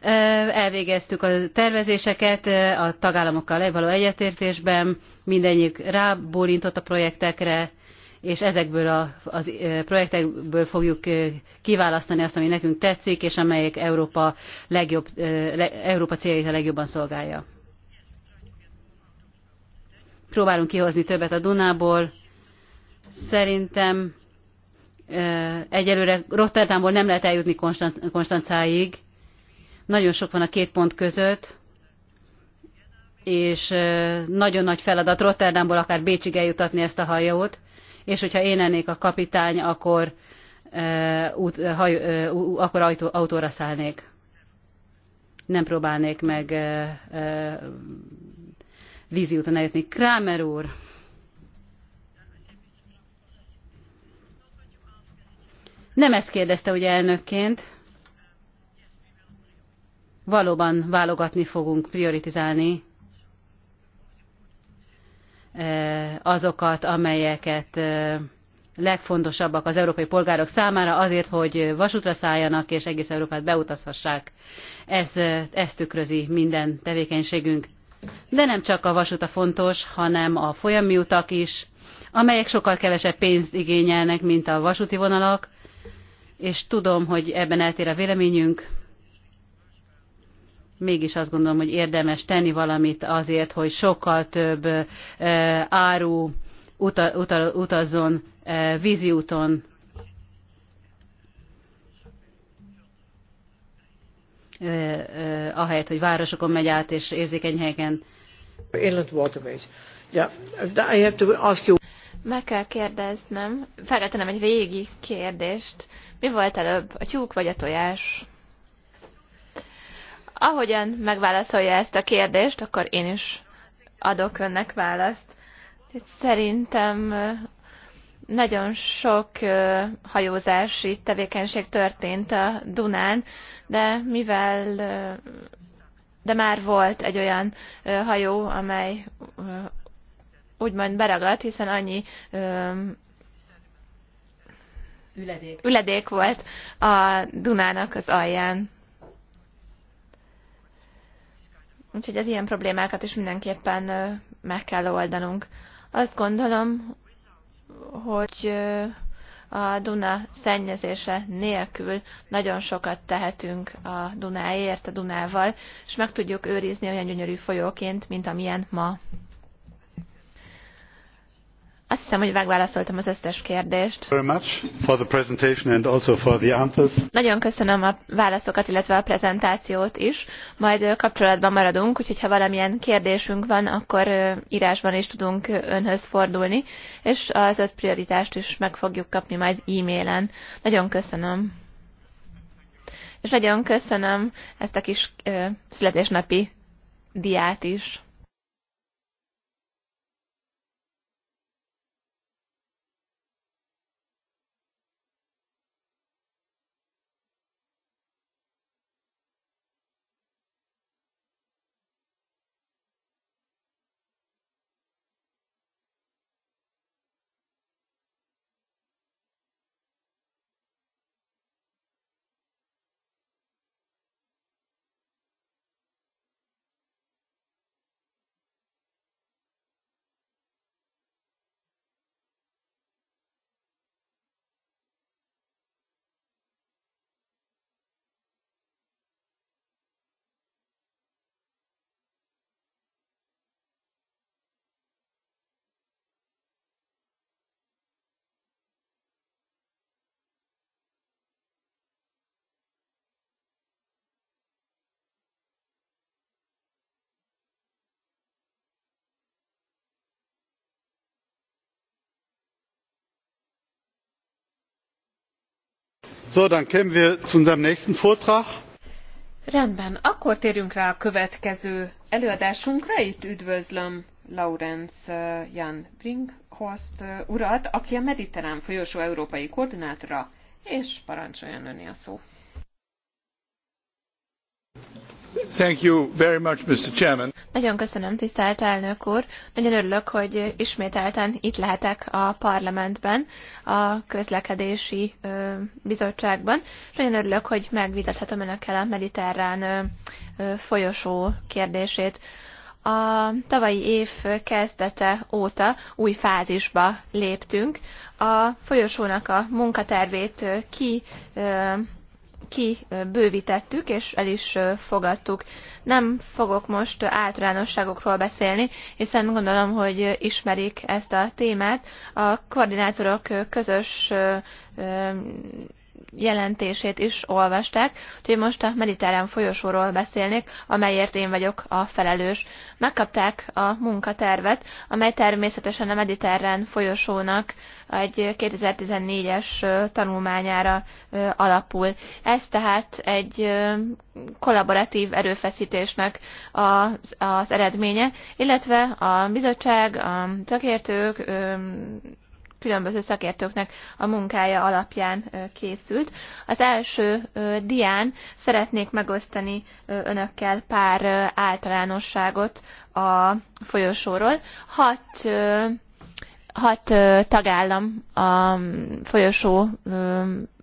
Elvégeztük a tervezéseket a tagállamokkal való egyetértésben, mindegyik rábólintott a projektekre, és ezekből a az projektekből fogjuk kiválasztani azt, ami nekünk tetszik, és amelyek Európa, legjobb, Európa céljait a legjobban szolgálja próbálunk kihozni többet a Dunából. Szerintem egyelőre Rotterdamból nem lehet eljutni Konstancáig. Nagyon sok van a két pont között, és nagyon nagy feladat Rotterdamból akár Bécsig eljutatni ezt a hajót, és hogyha én lennék a kapitány, akkor, út, haj, akkor autó, autóra szállnék. Nem próbálnék meg vízi után eljutni. Krámer úr! Nem ezt kérdezte, hogy elnökként. Valóban válogatni fogunk, prioritizálni e, azokat, amelyeket e, legfontosabbak az európai polgárok számára azért, hogy vasútra szálljanak és egész Európát beutazhassák. Ez, e, ez tükrözi minden tevékenységünk de nem csak a vasút a fontos, hanem a folyami utak is, amelyek sokkal kevesebb pénzt igényelnek, mint a vasúti vonalak, és tudom, hogy ebben eltér a véleményünk. Mégis azt gondolom, hogy érdemes tenni valamit azért, hogy sokkal több eh, áru uta, uta, utazzon eh, vízi úton ahelyett, hogy városokon megy át és érzékeny helyeken. Inland waterways. Yeah, I have to ask you. Meg kell kérdeznem, feltenem egy régi kérdést. Mi volt előbb, a tyúk vagy a tojás? Ahogyan megválaszolja ezt a kérdést, akkor én is adok önnek választ. Szerintem nagyon sok hajózási tevékenység történt a Dunán, de mivel de már volt egy olyan hajó, amely úgymond beragadt, hiszen annyi üledék. üledék volt a Dunának az alján. Úgyhogy az ilyen problémákat is mindenképpen meg kell oldanunk. Azt gondolom, hogy a Duna szennyezése nélkül nagyon sokat tehetünk a Dunáért, a Dunával, és meg tudjuk őrizni olyan gyönyörű folyóként, mint amilyen ma. Azt hiszem, hogy megválaszoltam az összes kérdést. Very much for the presentation and also for the answers. Nagyon köszönöm a válaszokat, illetve a prezentációt is. Majd kapcsolatban maradunk, úgyhogy ha valamilyen kérdésünk van, akkor írásban is tudunk önhöz fordulni, és az öt prioritást is meg fogjuk kapni majd e-mailen. Nagyon köszönöm. És nagyon köszönöm ezt a kis ö, születésnapi diát is. So, dann kämen wir zu unserem nächsten Vortrag. Rendben, akkor térjünk rá a következő előadásunkra. Itt üdvözlöm Laurence uh, Jan Brinkhorst uh, urat, aki a Mediterrán folyosó európai koordinátora, és parancsoljon önni a szó. Nagyon köszönöm, tisztelt elnök úr. Nagyon örülök, hogy ismételten itt lehetek a parlamentben, a közlekedési ö, bizottságban. És nagyon örülök, hogy megvitathatom önökkel a mediterrán ö, ö, folyosó kérdését. A tavalyi év kezdete óta új fázisba léptünk. A folyosónak a munkatervét ki kibővítettük, és el is fogadtuk. Nem fogok most általánosságokról beszélni, hiszen gondolom, hogy ismerik ezt a témát. A koordinátorok közös jelentését is olvasták, úgyhogy most a mediterrán folyosóról beszélnék, amelyért én vagyok a felelős. Megkapták a munkatervet, amely természetesen a mediterrán folyosónak egy 2014-es tanulmányára alapul. Ez tehát egy kollaboratív erőfeszítésnek az, az eredménye, illetve a bizottság, a szakértők, különböző szakértőknek a munkája alapján készült. Az első dián szeretnék megosztani önökkel pár általánosságot a folyosóról. Hat hat tagállam a folyosó,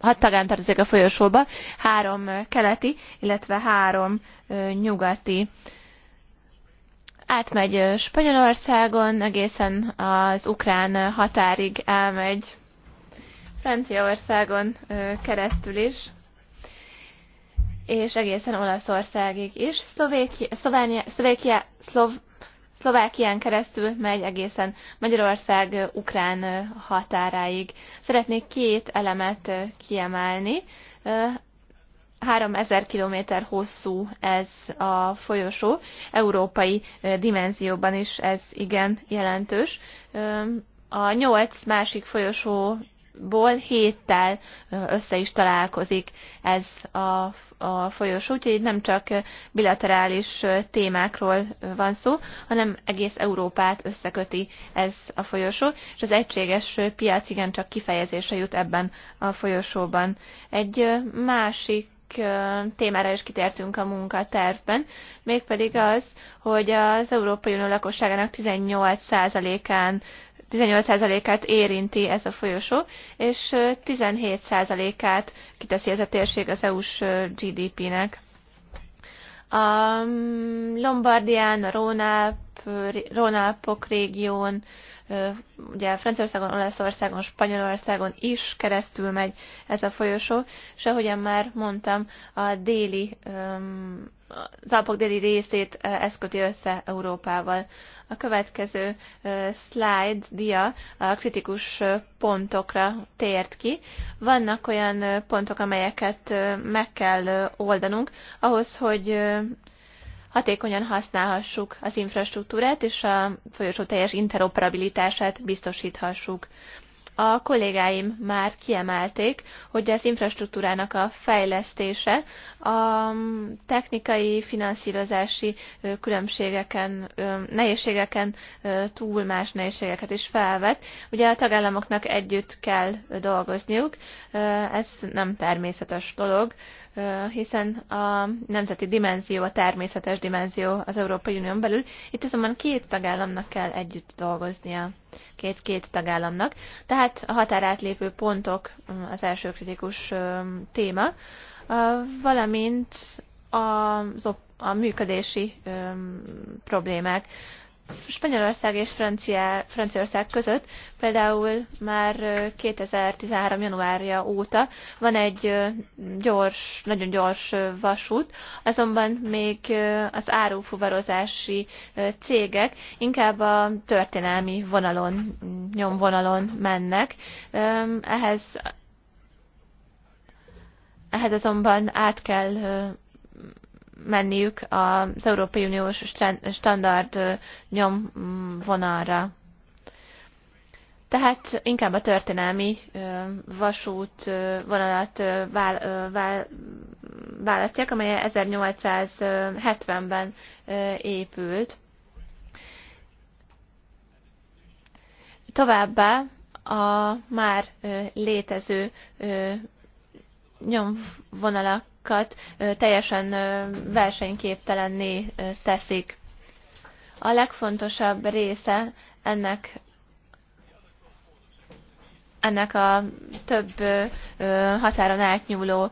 hat tagállam tartozik a folyosóba, három keleti, illetve három nyugati átmegy Spanyolországon, egészen az ukrán határig elmegy Franciaországon keresztül is, és egészen Olaszországig is. Szlovéki, Szlovánia, Szlov, Szlovákián keresztül megy egészen Magyarország ukrán határáig. Szeretnék két elemet kiemelni. 3000 km hosszú ez a folyosó, európai dimenzióban is ez igen jelentős. A nyolc másik folyosóból héttel össze is találkozik ez a, a folyosó, úgyhogy itt nem csak bilaterális témákról van szó, hanem egész Európát összeköti ez a folyosó, és az egységes piac csak kifejezése jut ebben a folyosóban. Egy másik témára is kitértünk a munkatervben, mégpedig az, hogy az Európai Unió lakosságának 18%-án 18%-át érinti ez a folyosó, és 17%-át kiteszi ez a térség az EU-s GDP-nek. A mm, Lombardián, a Rónál, Rónálpok régión, ugye Franciaországon, Olaszországon, Spanyolországon is keresztül megy ez a folyosó, és ahogyan már mondtam, a déli, az Alpok déli részét ez köti össze Európával. A következő slide, dia a kritikus pontokra tért ki. Vannak olyan pontok, amelyeket meg kell oldanunk ahhoz, hogy hatékonyan használhassuk az infrastruktúrát, és a folyosó teljes interoperabilitását biztosthassuk a kollégáim már kiemelték, hogy az infrastruktúrának a fejlesztése a technikai, finanszírozási különbségeken, nehézségeken túl más nehézségeket is felvet. Ugye a tagállamoknak együtt kell dolgozniuk, ez nem természetes dolog, hiszen a nemzeti dimenzió, a természetes dimenzió az Európai Unión belül, itt azonban két tagállamnak kell együtt dolgoznia két-két tagállamnak. Tehát a határátlépő pontok mm, az első kritikus téma, valamint az a működési problémák, Spanyolország és Francia, Franciaország között például már 2013. januárja óta van egy gyors, nagyon gyors vasút, azonban még az árufuvarozási cégek inkább a történelmi vonalon, nyomvonalon mennek. Ehhez, ehhez azonban át kell menniük az Európai Uniós standard nyomvonalra. Tehát inkább a történelmi vasút vonalat választják, amely 1870-ben épült. Továbbá a már létező nyomvonalak árakat teljesen versenyképtelenné teszik. A legfontosabb része ennek ennek a több határon átnyúló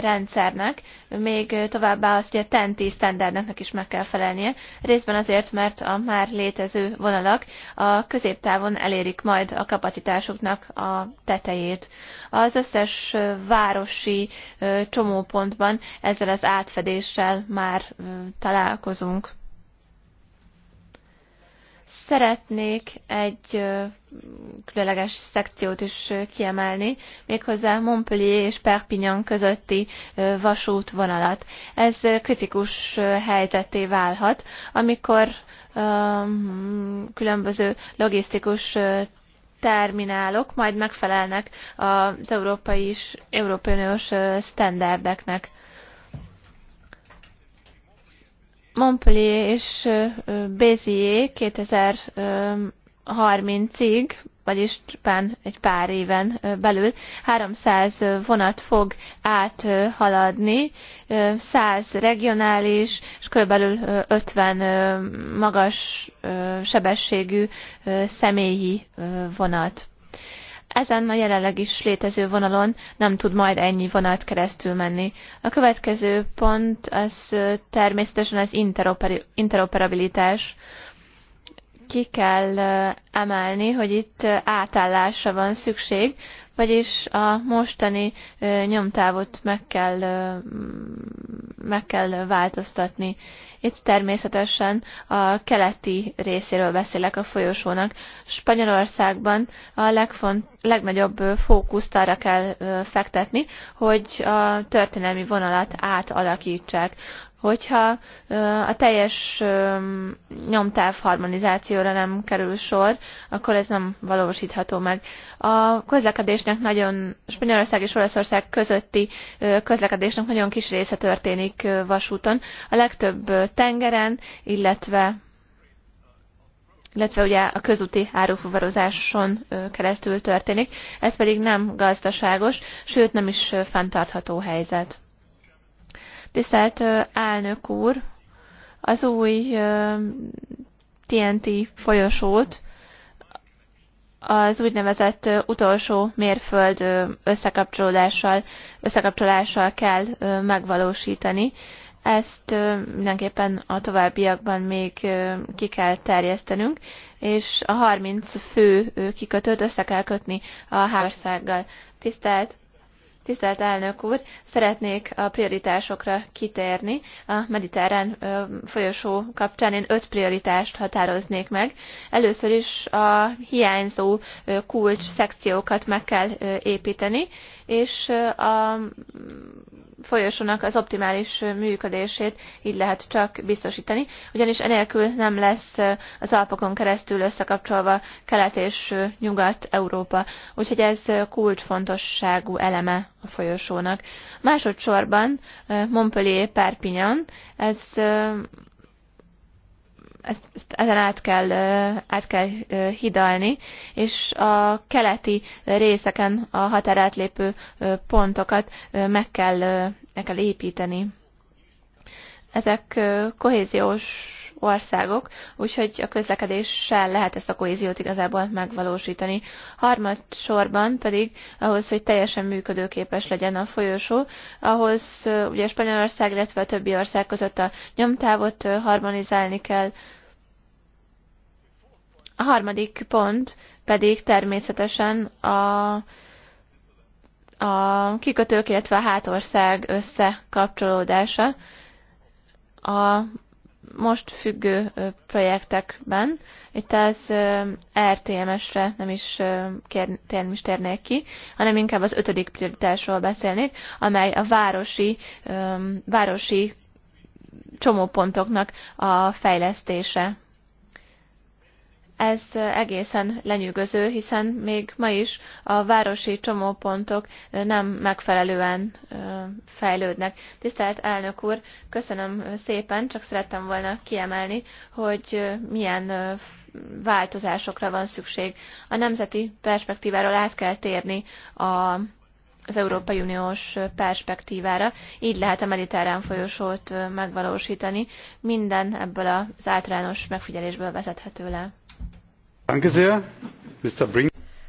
rendszernek, még továbbá azt, hogy a TENTI standardnak is meg kell felelnie, részben azért, mert a már létező vonalak a középtávon elérik majd a kapacitásuknak a tetejét. Az összes városi csomópontban ezzel az átfedéssel már találkozunk. Szeretnék egy különleges szekciót is kiemelni, méghozzá Montpellier és Perpignan közötti vasútvonalat. Ez kritikus helyzeté válhat, amikor különböző logisztikus terminálok majd megfelelnek az európai, Európai Uniós sztenderdeknek. Montpellier és Bézier 2030-ig, vagyis csupán egy pár éven belül 300 vonat fog áthaladni, 100 regionális, és körülbelül 50 magas sebességű személyi vonat ezen a jelenleg is létező vonalon nem tud majd ennyi vonat keresztül menni. A következő pont az természetesen az interoperabilitás. Ki kell emelni, hogy itt átállásra van szükség, vagyis a mostani nyomtávot meg kell, meg kell változtatni. Itt természetesen a keleti részéről beszélek a folyosónak. Spanyolországban a legfont, legnagyobb fókuszt arra kell fektetni, hogy a történelmi vonalat átalakítsák hogyha a teljes nyomtáv harmonizációra nem kerül sor, akkor ez nem valósítható meg. A közlekedésnek nagyon, Spanyolország és Olaszország közötti közlekedésnek nagyon kis része történik vasúton. A legtöbb tengeren, illetve illetve ugye a közúti árufuvarozáson keresztül történik, ez pedig nem gazdaságos, sőt nem is fenntartható helyzet. Tisztelt elnök úr, az új TNT folyosót, az úgynevezett utolsó mérföld összekapcsolódással, összekapcsolással kell megvalósítani. Ezt mindenképpen a továbbiakban még ki kell terjesztenünk, és a 30 fő kikötőt össze kell kötni a hárszággal. Tisztelt Tisztelt elnök úr, szeretnék a prioritásokra kitérni. A mediterrán folyosó kapcsán én öt prioritást határoznék meg. Először is a hiányzó kulcs szekciókat meg kell építeni, és a folyosónak az optimális működését így lehet csak biztosítani, ugyanis enélkül nem lesz az Alpokon keresztül összekapcsolva Kelet és Nyugat-Európa, úgyhogy ez kulcsfontosságú eleme a folyosónak. Másodszorban Montpellier-Perpignan, ez ezt, ezt ezen át kell, át kell hidalni, és a keleti részeken a határátlépő pontokat meg kell, meg kell építeni. Ezek kohéziós országok, úgyhogy a közlekedéssel lehet ezt a kohéziót igazából megvalósítani. Harmadsorban pedig ahhoz, hogy teljesen működőképes legyen a folyosó, ahhoz ugye Spanyolország, illetve a többi ország között a nyomtávot harmonizálni kell. A harmadik pont pedig természetesen a a kikötők, illetve a hátország összekapcsolódása. A most függő projektekben. Itt az RTMS-re nem is, kér, is térnék ki, hanem inkább az ötödik prioritásról beszélnék, amely a városi, városi csomópontoknak a fejlesztése. Ez egészen lenyűgöző, hiszen még ma is a városi csomópontok nem megfelelően fejlődnek. Tisztelt elnök úr, köszönöm szépen, csak szerettem volna kiemelni, hogy milyen változásokra van szükség. A nemzeti perspektíváról át kell térni a az Európai Uniós perspektívára. Így lehet a mediterrán folyosót megvalósítani. Minden ebből az általános megfigyelésből vezethető le.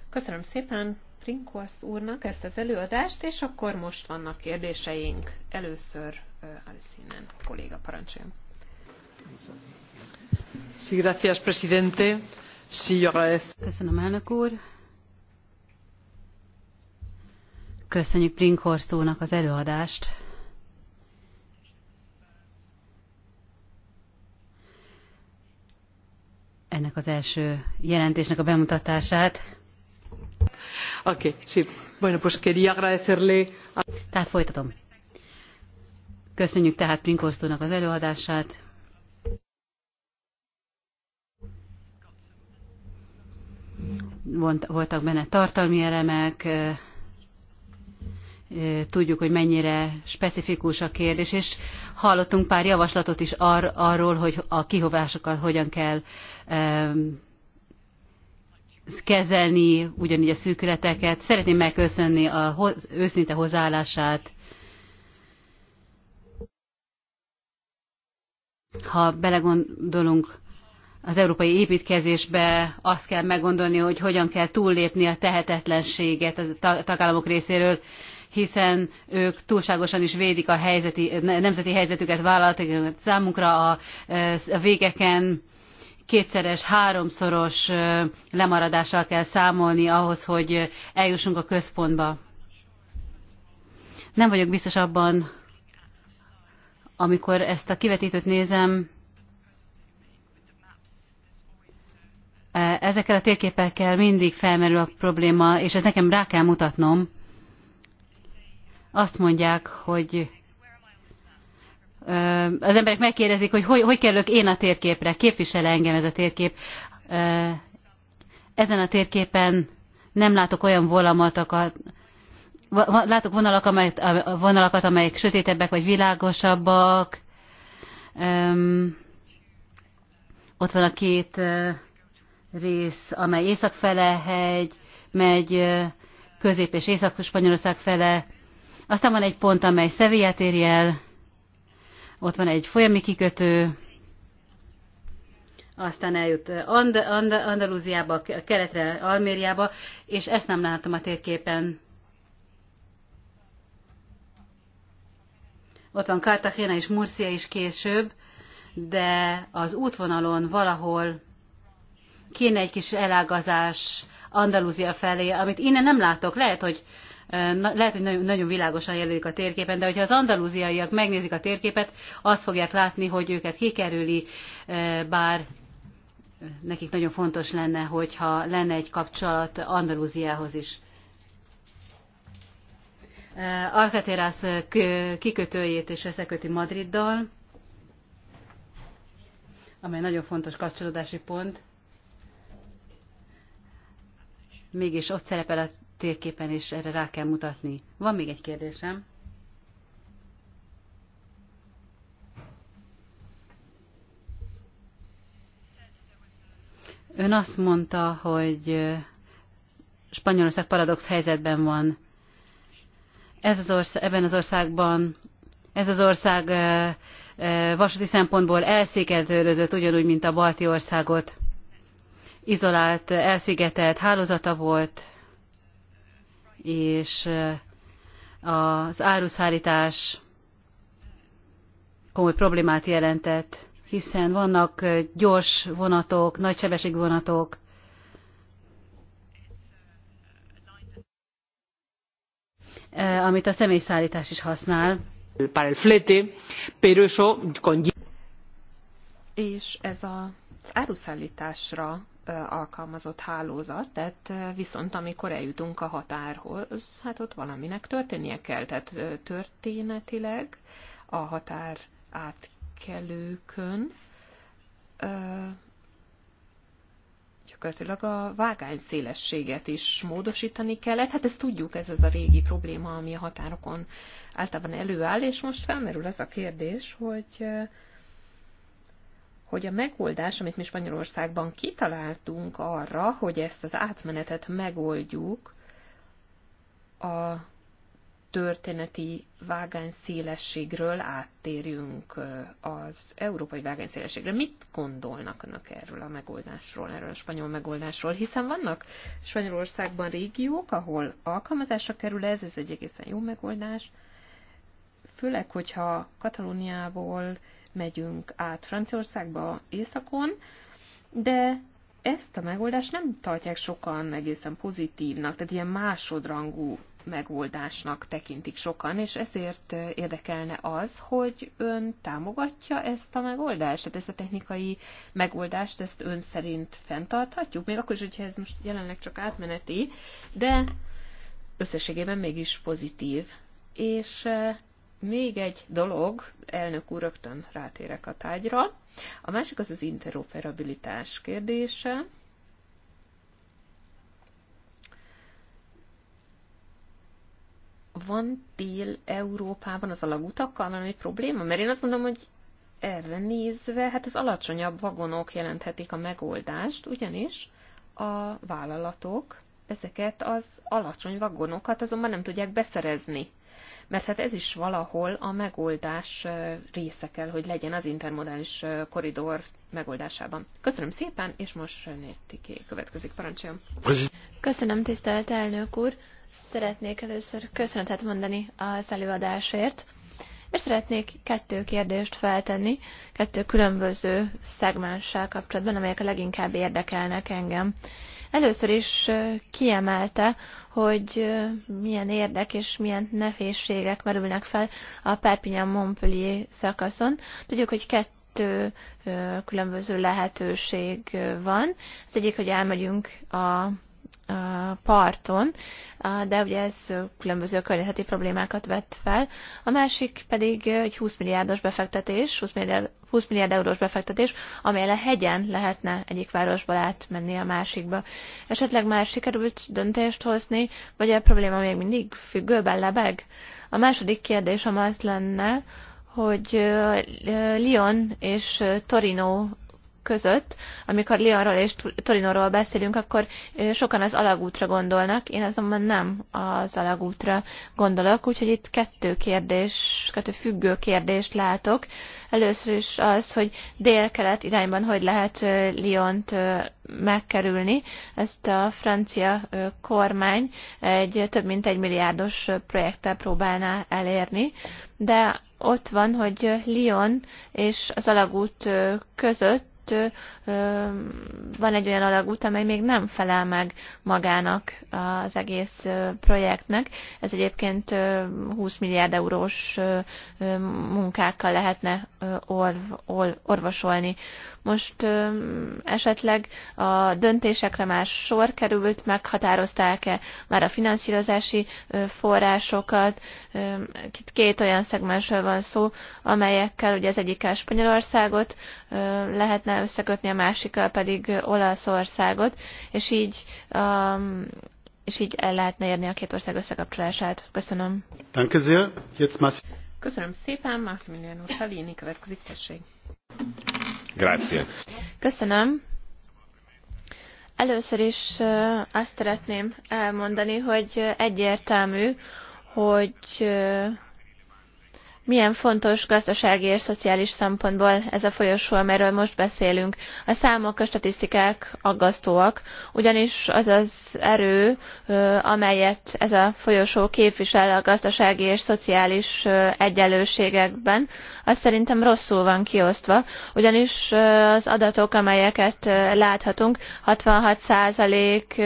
Köszönöm szépen Brinkhorst úrnak ezt az előadást, és akkor most vannak kérdéseink. Először uh, Alicinen kolléga parancsoljon. Sí, gracias, presidente. Sí, Köszönöm, elnök úr. Köszönjük Brinkhorst úrnak az előadást. ennek az első jelentésnek a bemutatását. Oké, okay, sí. Bueno, pues quería agradecerle... A... Tehát folytatom. Köszönjük tehát Prinkosztónak az előadását. Voltak benne tartalmi elemek, tudjuk, hogy mennyire specifikus a kérdés, és hallottunk pár javaslatot is ar- arról, hogy a kihovásokat hogyan kell um, kezelni, ugyanígy a szűkületeket. Szeretném megköszönni a hoz- őszinte hozzáállását. Ha belegondolunk az európai építkezésbe azt kell meggondolni, hogy hogyan kell túllépni a tehetetlenséget a tagállamok részéről hiszen ők túlságosan is védik a helyzeti, nemzeti helyzetüket, vállalatok számunkra a, a végeken kétszeres, háromszoros lemaradással kell számolni ahhoz, hogy eljussunk a központba. Nem vagyok biztos abban, amikor ezt a kivetítőt nézem, e, ezekkel a térképekkel mindig felmerül a probléma, és ez nekem rá kell mutatnom, azt mondják, hogy az emberek megkérdezik, hogy hogy, hogy kerülök én a térképre, képvisel engem ez a térkép. Ezen a térképen nem látok olyan volamatokat, látok vonalak, amely, vonalakat, amelyek sötétebbek vagy világosabbak. Ott van a két rész, amely észak hegy, megy közép és észak Spanyolország fele aztán van egy pont, amely Szevillát éri el, ott van egy folyami kikötő, aztán eljut And- And- Andalúziába, keletre Almériába, és ezt nem látom a térképen. Ott van Cartagena és Murcia is később, de az útvonalon valahol kéne egy kis elágazás Andalúzia felé, amit innen nem látok. Lehet, hogy lehet, hogy nagyon, világosan jelölik a térképen, de hogyha az andalúziaiak megnézik a térképet, azt fogják látni, hogy őket kikerüli, bár nekik nagyon fontos lenne, hogyha lenne egy kapcsolat Andalúziához is. Alcaterász kikötőjét és összeköti Madriddal, amely nagyon fontos kapcsolódási pont. Mégis ott szerepel a térképen, és erre rá kell mutatni. Van még egy kérdésem. Ön azt mondta, hogy Spanyolország paradox helyzetben van. Ez az ország, ebben az országban, ez az ország vasúti szempontból elszigetelődött, ugyanúgy, mint a balti országot. Izolált, elszigetelt hálózata volt, és az áruszállítás komoly problémát jelentett, hiszen vannak gyors vonatok, nagysebességű vonatok, amit a személyszállítás is használ. Para el flete, pero eso con... És ez a, az áruszállításra alkalmazott hálózat, tehát viszont amikor eljutunk a határhoz, hát ott valaminek történnie kell. Tehát történetileg a határ átkelőkön gyakorlatilag a vágány szélességet is módosítani kellett. Hát ezt tudjuk, ez az a régi probléma, ami a határokon általában előáll, és most felmerül ez a kérdés, hogy hogy a megoldás, amit mi Spanyolországban kitaláltunk arra, hogy ezt az átmenetet megoldjuk a történeti vágányszélességről áttérjünk az európai vágányszélességre. Mit gondolnak önök erről a megoldásról, erről a spanyol megoldásról? Hiszen vannak Spanyolországban régiók, ahol alkalmazásra kerül ez, ez egy egészen jó megoldás, főleg, hogyha Katalóniából megyünk át Franciaországba északon, de ezt a megoldást nem tartják sokan egészen pozitívnak, tehát ilyen másodrangú megoldásnak tekintik sokan, és ezért érdekelne az, hogy ön támogatja ezt a megoldást, tehát ezt a technikai megoldást, ezt ön szerint fenntarthatjuk, még akkor is, hogyha ez most jelenleg csak átmeneti, de összességében mégis pozitív. És eh, még egy dolog, elnök úr, rögtön rátérek a tájra. A másik az az interoperabilitás kérdése. Van tél Európában az alagutakkal valami probléma? Mert én azt gondolom, hogy erre nézve, hát az alacsonyabb vagonok jelenthetik a megoldást, ugyanis a vállalatok ezeket az alacsony vagonokat azonban nem tudják beszerezni mert hát ez is valahol a megoldás része kell, hogy legyen az intermodális koridor megoldásában. Köszönöm szépen, és most ké következik, parancsoljon. Köszönöm, tisztelt elnök úr! Szeretnék először köszönetet mondani az előadásért, és szeretnék kettő kérdést feltenni, kettő különböző szegmenssel kapcsolatban, amelyek a leginkább érdekelnek engem. Először is kiemelte, hogy milyen érdek és milyen nehézségek merülnek fel a Perpignan-Montpellier szakaszon. Tudjuk, hogy kettő különböző lehetőség van. Az egyik, hogy elmegyünk a parton, de ugye ez különböző környezeti problémákat vett fel. A másik pedig egy 20 milliárdos befektetés, 20 milliárd, 20 milliárd eurós befektetés, amely a hegyen lehetne egyik városból átmenni a másikba. Esetleg már sikerült döntést hozni, vagy a probléma még mindig függőben lebeg? A második kérdésem az lenne, hogy Lyon és Torino között, amikor Lyonról és Torinóról beszélünk, akkor sokan az alagútra gondolnak, én azonban nem az alagútra gondolok, úgyhogy itt kettő kérdés, kettő függő kérdést látok. Először is az, hogy dél-kelet irányban hogy lehet Lyont megkerülni. Ezt a francia kormány egy több mint egy milliárdos projekttel próbálná elérni, de ott van, hogy Lyon és az alagút között előtt van egy olyan alagút, amely még nem felel meg magának az egész projektnek. Ez egyébként 20 milliárd eurós munkákkal lehetne orvosolni. Most esetleg a döntésekre már sor került, meghatározták-e már a finanszírozási forrásokat. Itt két olyan szegmensről van szó, amelyekkel ugye az egyikkel Spanyolországot lehetne kellene összekötni, a másikkal pedig Olaszországot, és így, um, és így el lehetne érni a két ország összekapcsolását. Köszönöm. Köszönöm szépen, Massimiliano Salini következik, tessék. Grazie. Köszönöm. Először is uh, azt szeretném elmondani, hogy egyértelmű, hogy uh, milyen fontos gazdasági és szociális szempontból ez a folyosó, amiről most beszélünk. A számok, a statisztikák aggasztóak, ugyanis az az erő, amelyet ez a folyosó képvisel a gazdasági és szociális egyenlőségekben, az szerintem rosszul van kiosztva, ugyanis az adatok, amelyeket láthatunk, 66 százalék,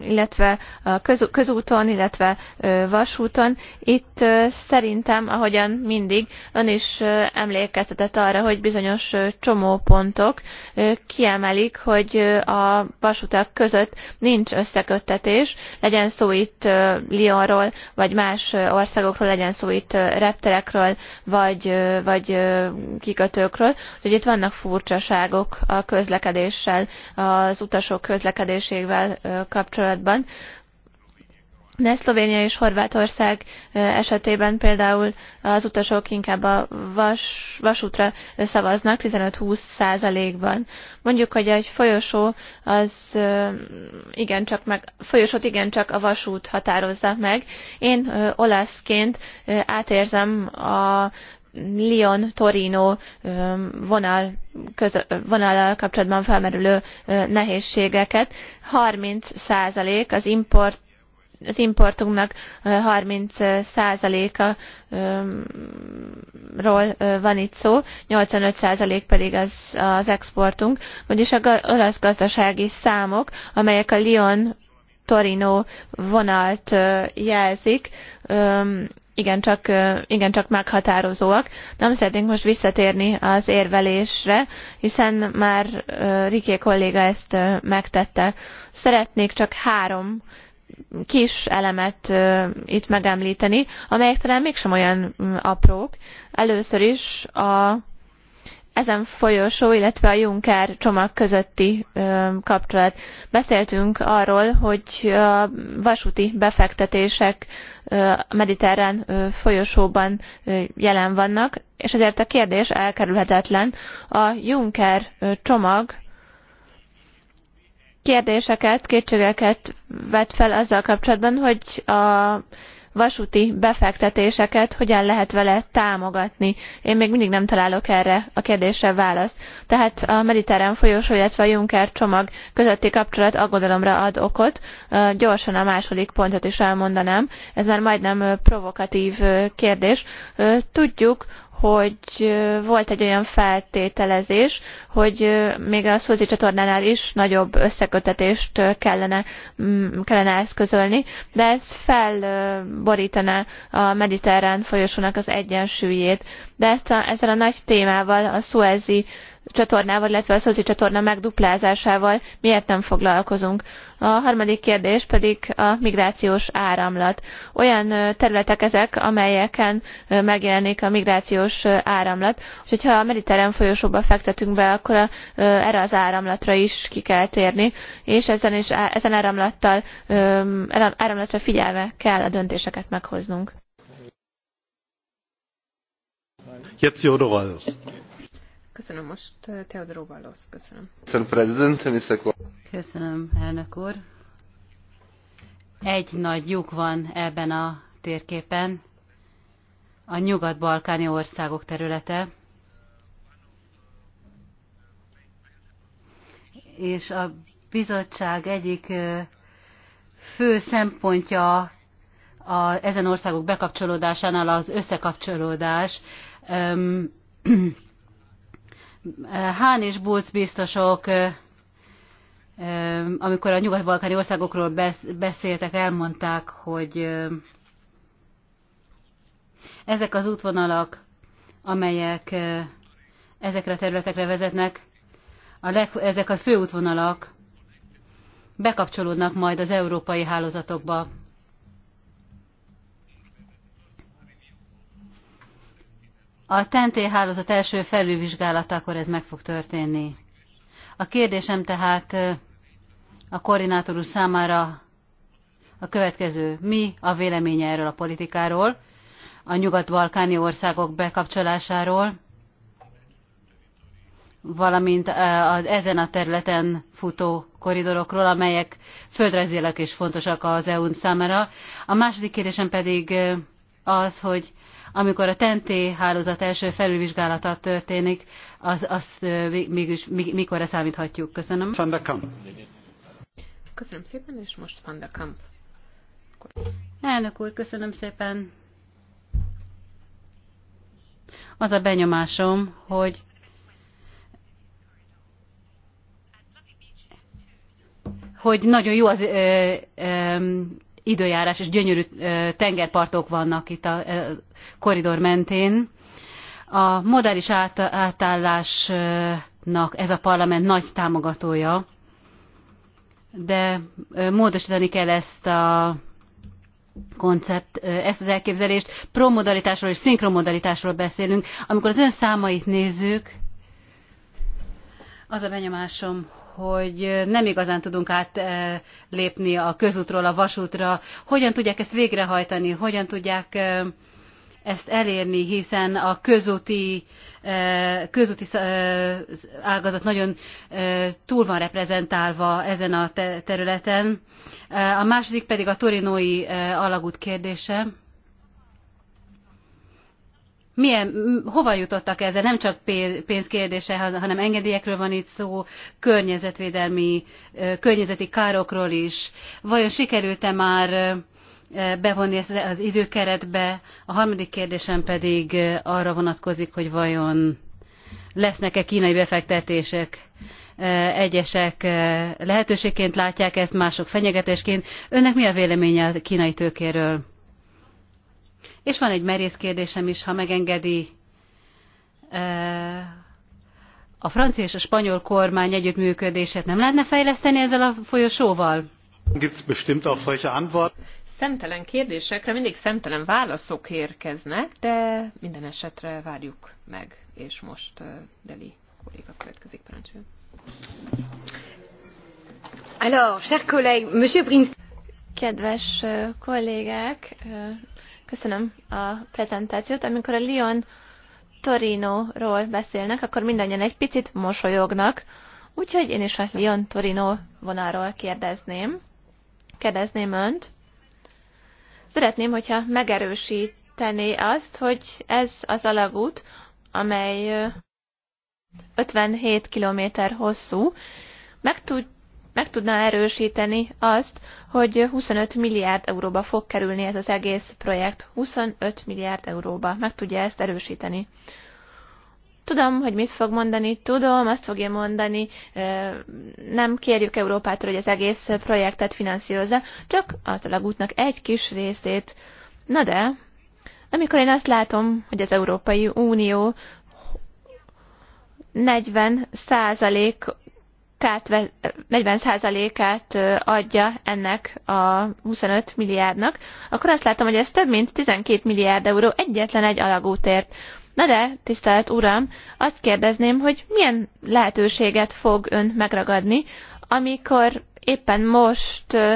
illetve a közúton, illetve vasúton, itt Szerintem, ahogyan mindig, ön is emlékeztetett arra, hogy bizonyos csomópontok kiemelik, hogy a vasutak között nincs összeköttetés, legyen szó itt Lyonról, vagy más országokról, legyen szó itt repterekről, vagy, vagy kikötőkről. Úgyhogy itt vannak furcsaságok a közlekedéssel, az utasok közlekedésével kapcsolatban de Szlovénia és Horvátország esetében például az utasok inkább a vas, vasútra szavaznak 15-20 százalékban. Mondjuk, hogy egy folyosó az igencsak meg, folyosót igencsak a vasút határozza meg. Én olaszként átérzem a Lyon-Torino vonal, vonallal kapcsolatban felmerülő nehézségeket. 30 százalék az import az importunknak 30%-ról van itt szó, 85% pedig az, exportunk, vagyis az olasz gazdasági számok, amelyek a Lyon Torino vonalt jelzik, igencsak, igencsak meghatározóak. Nem szeretnénk most visszatérni az érvelésre, hiszen már Riké kolléga ezt megtette. Szeretnék csak három kis elemet itt megemlíteni, amelyek talán mégsem olyan mm, aprók. Először is a ezen folyosó, illetve a Juncker csomag közötti kapcsolat. Beszéltünk arról, hogy a vasúti befektetések a mediterrán folyosóban jelen vannak, és ezért a kérdés elkerülhetetlen. A Juncker csomag kérdéseket, kétségeket vet fel azzal kapcsolatban, hogy a vasúti befektetéseket hogyan lehet vele támogatni. Én még mindig nem találok erre a kérdésre választ. Tehát a mediterrán folyosó, illetve a Juncker csomag közötti kapcsolat aggodalomra ad okot. Gyorsan a második pontot is elmondanám. Ez már majdnem provokatív kérdés. Tudjuk, hogy volt egy olyan feltételezés, hogy még a Szózi csatornánál is nagyobb összekötetést kellene, mm, kellene eszközölni, de ez felborítaná a mediterrán folyosónak az egyensúlyét. De ezt a, ezzel a nagy témával, a szuezi csatornával, illetve a szozi csatorna megduplázásával miért nem foglalkozunk. A harmadik kérdés pedig a migrációs áramlat. Olyan területek ezek, amelyeken megjelenik a migrációs áramlat, úgyhogy ha a mediterrán folyosóba fektetünk be, akkor a, erre az áramlatra is ki kell térni, és ezen, is, ezen áramlattal, áramlatra figyelve kell a döntéseket meghoznunk. Jetzt Jodorados. Köszönöm most eh, Teodoro Ballosz. Köszönöm. Köszönöm, elnök úr. Egy nagy lyuk van ebben a térképen, a nyugat-balkáni országok területe, és a bizottság egyik eh, fő szempontja a, ezen országok bekapcsolódásánál az összekapcsolódás. Um, Hán és Bulc biztosok, amikor a nyugat-balkáni országokról beszéltek, elmondták, hogy ezek az útvonalak, amelyek ezekre a területekre vezetnek, a leg, ezek a főútvonalak bekapcsolódnak majd az európai hálózatokba. A TNT hálózat első akkor ez meg fog történni. A kérdésem tehát a koordinátor úr számára a következő. Mi a véleménye erről a politikáról, a nyugat-balkáni országok bekapcsolásáról, valamint az ezen a területen futó koridorokról, amelyek földrajzilag is fontosak az EU-n számára. A második kérdésem pedig az, hogy amikor a tenté hálózat első felülvizsgálata történik, az, az mégis mikorra számíthatjuk. Köszönöm. Van der Kamp. Köszönöm szépen, és most Van der Kamp. Elnök úr, köszönöm szépen. Az a benyomásom, hogy hogy nagyon jó az ö, ö, időjárás, és gyönyörű tengerpartok vannak itt a koridor mentén. A modális átállásnak ez a parlament nagy támogatója, de módosítani kell ezt a koncept, ezt az elképzelést. Promodalitásról és szinkromodalitásról beszélünk. Amikor az ön számait nézzük, az a benyomásom, hogy nem igazán tudunk átlépni a közútról a vasútra. Hogyan tudják ezt végrehajtani, hogyan tudják ezt elérni, hiszen a közúti, közúti ágazat nagyon túl van reprezentálva ezen a területen. A második pedig a torinói alagút kérdése milyen, hova jutottak ezzel? Nem csak pénzkérdése, hanem engedélyekről van itt szó, környezetvédelmi, környezeti károkról is. Vajon sikerült-e már bevonni ezt az időkeretbe? A harmadik kérdésem pedig arra vonatkozik, hogy vajon lesznek-e kínai befektetések? Egyesek lehetőségként látják ezt, mások fenyegetésként. Önnek mi a véleménye a kínai tőkéről? És van egy merész kérdésem is, ha megengedi. A francia és a spanyol kormány együttműködését nem lehetne fejleszteni ezzel a folyosóval? Szemtelen kérdésekre mindig szemtelen válaszok érkeznek, de minden esetre várjuk meg, és most Deli kolléga következik parancsoljon. Alors, chers collègues, Monsieur Prince. Kedves kollégák, Köszönöm a prezentációt. Amikor a Lyon torino ról beszélnek, akkor mindannyian egy picit mosolyognak, úgyhogy én is a Lyon Torino vonalról kérdezném. Kérdezném önt. Szeretném, hogyha megerősítené azt, hogy ez az alagút, amely 57 km hosszú, meg tud meg tudná erősíteni azt, hogy 25 milliárd euróba fog kerülni ez az egész projekt. 25 milliárd euróba. Meg tudja ezt erősíteni. Tudom, hogy mit fog mondani, tudom, azt fogja mondani, nem kérjük Európától, hogy az egész projektet finanszírozza, csak az alagútnak egy kis részét. Na de, amikor én azt látom, hogy az Európai Unió 40 százalék tehát 40%-át adja ennek a 25 milliárdnak, akkor azt látom, hogy ez több mint 12 milliárd euró egyetlen egy alagútért. Na de, tisztelt Uram, azt kérdezném, hogy milyen lehetőséget fog ön megragadni, amikor éppen most ö,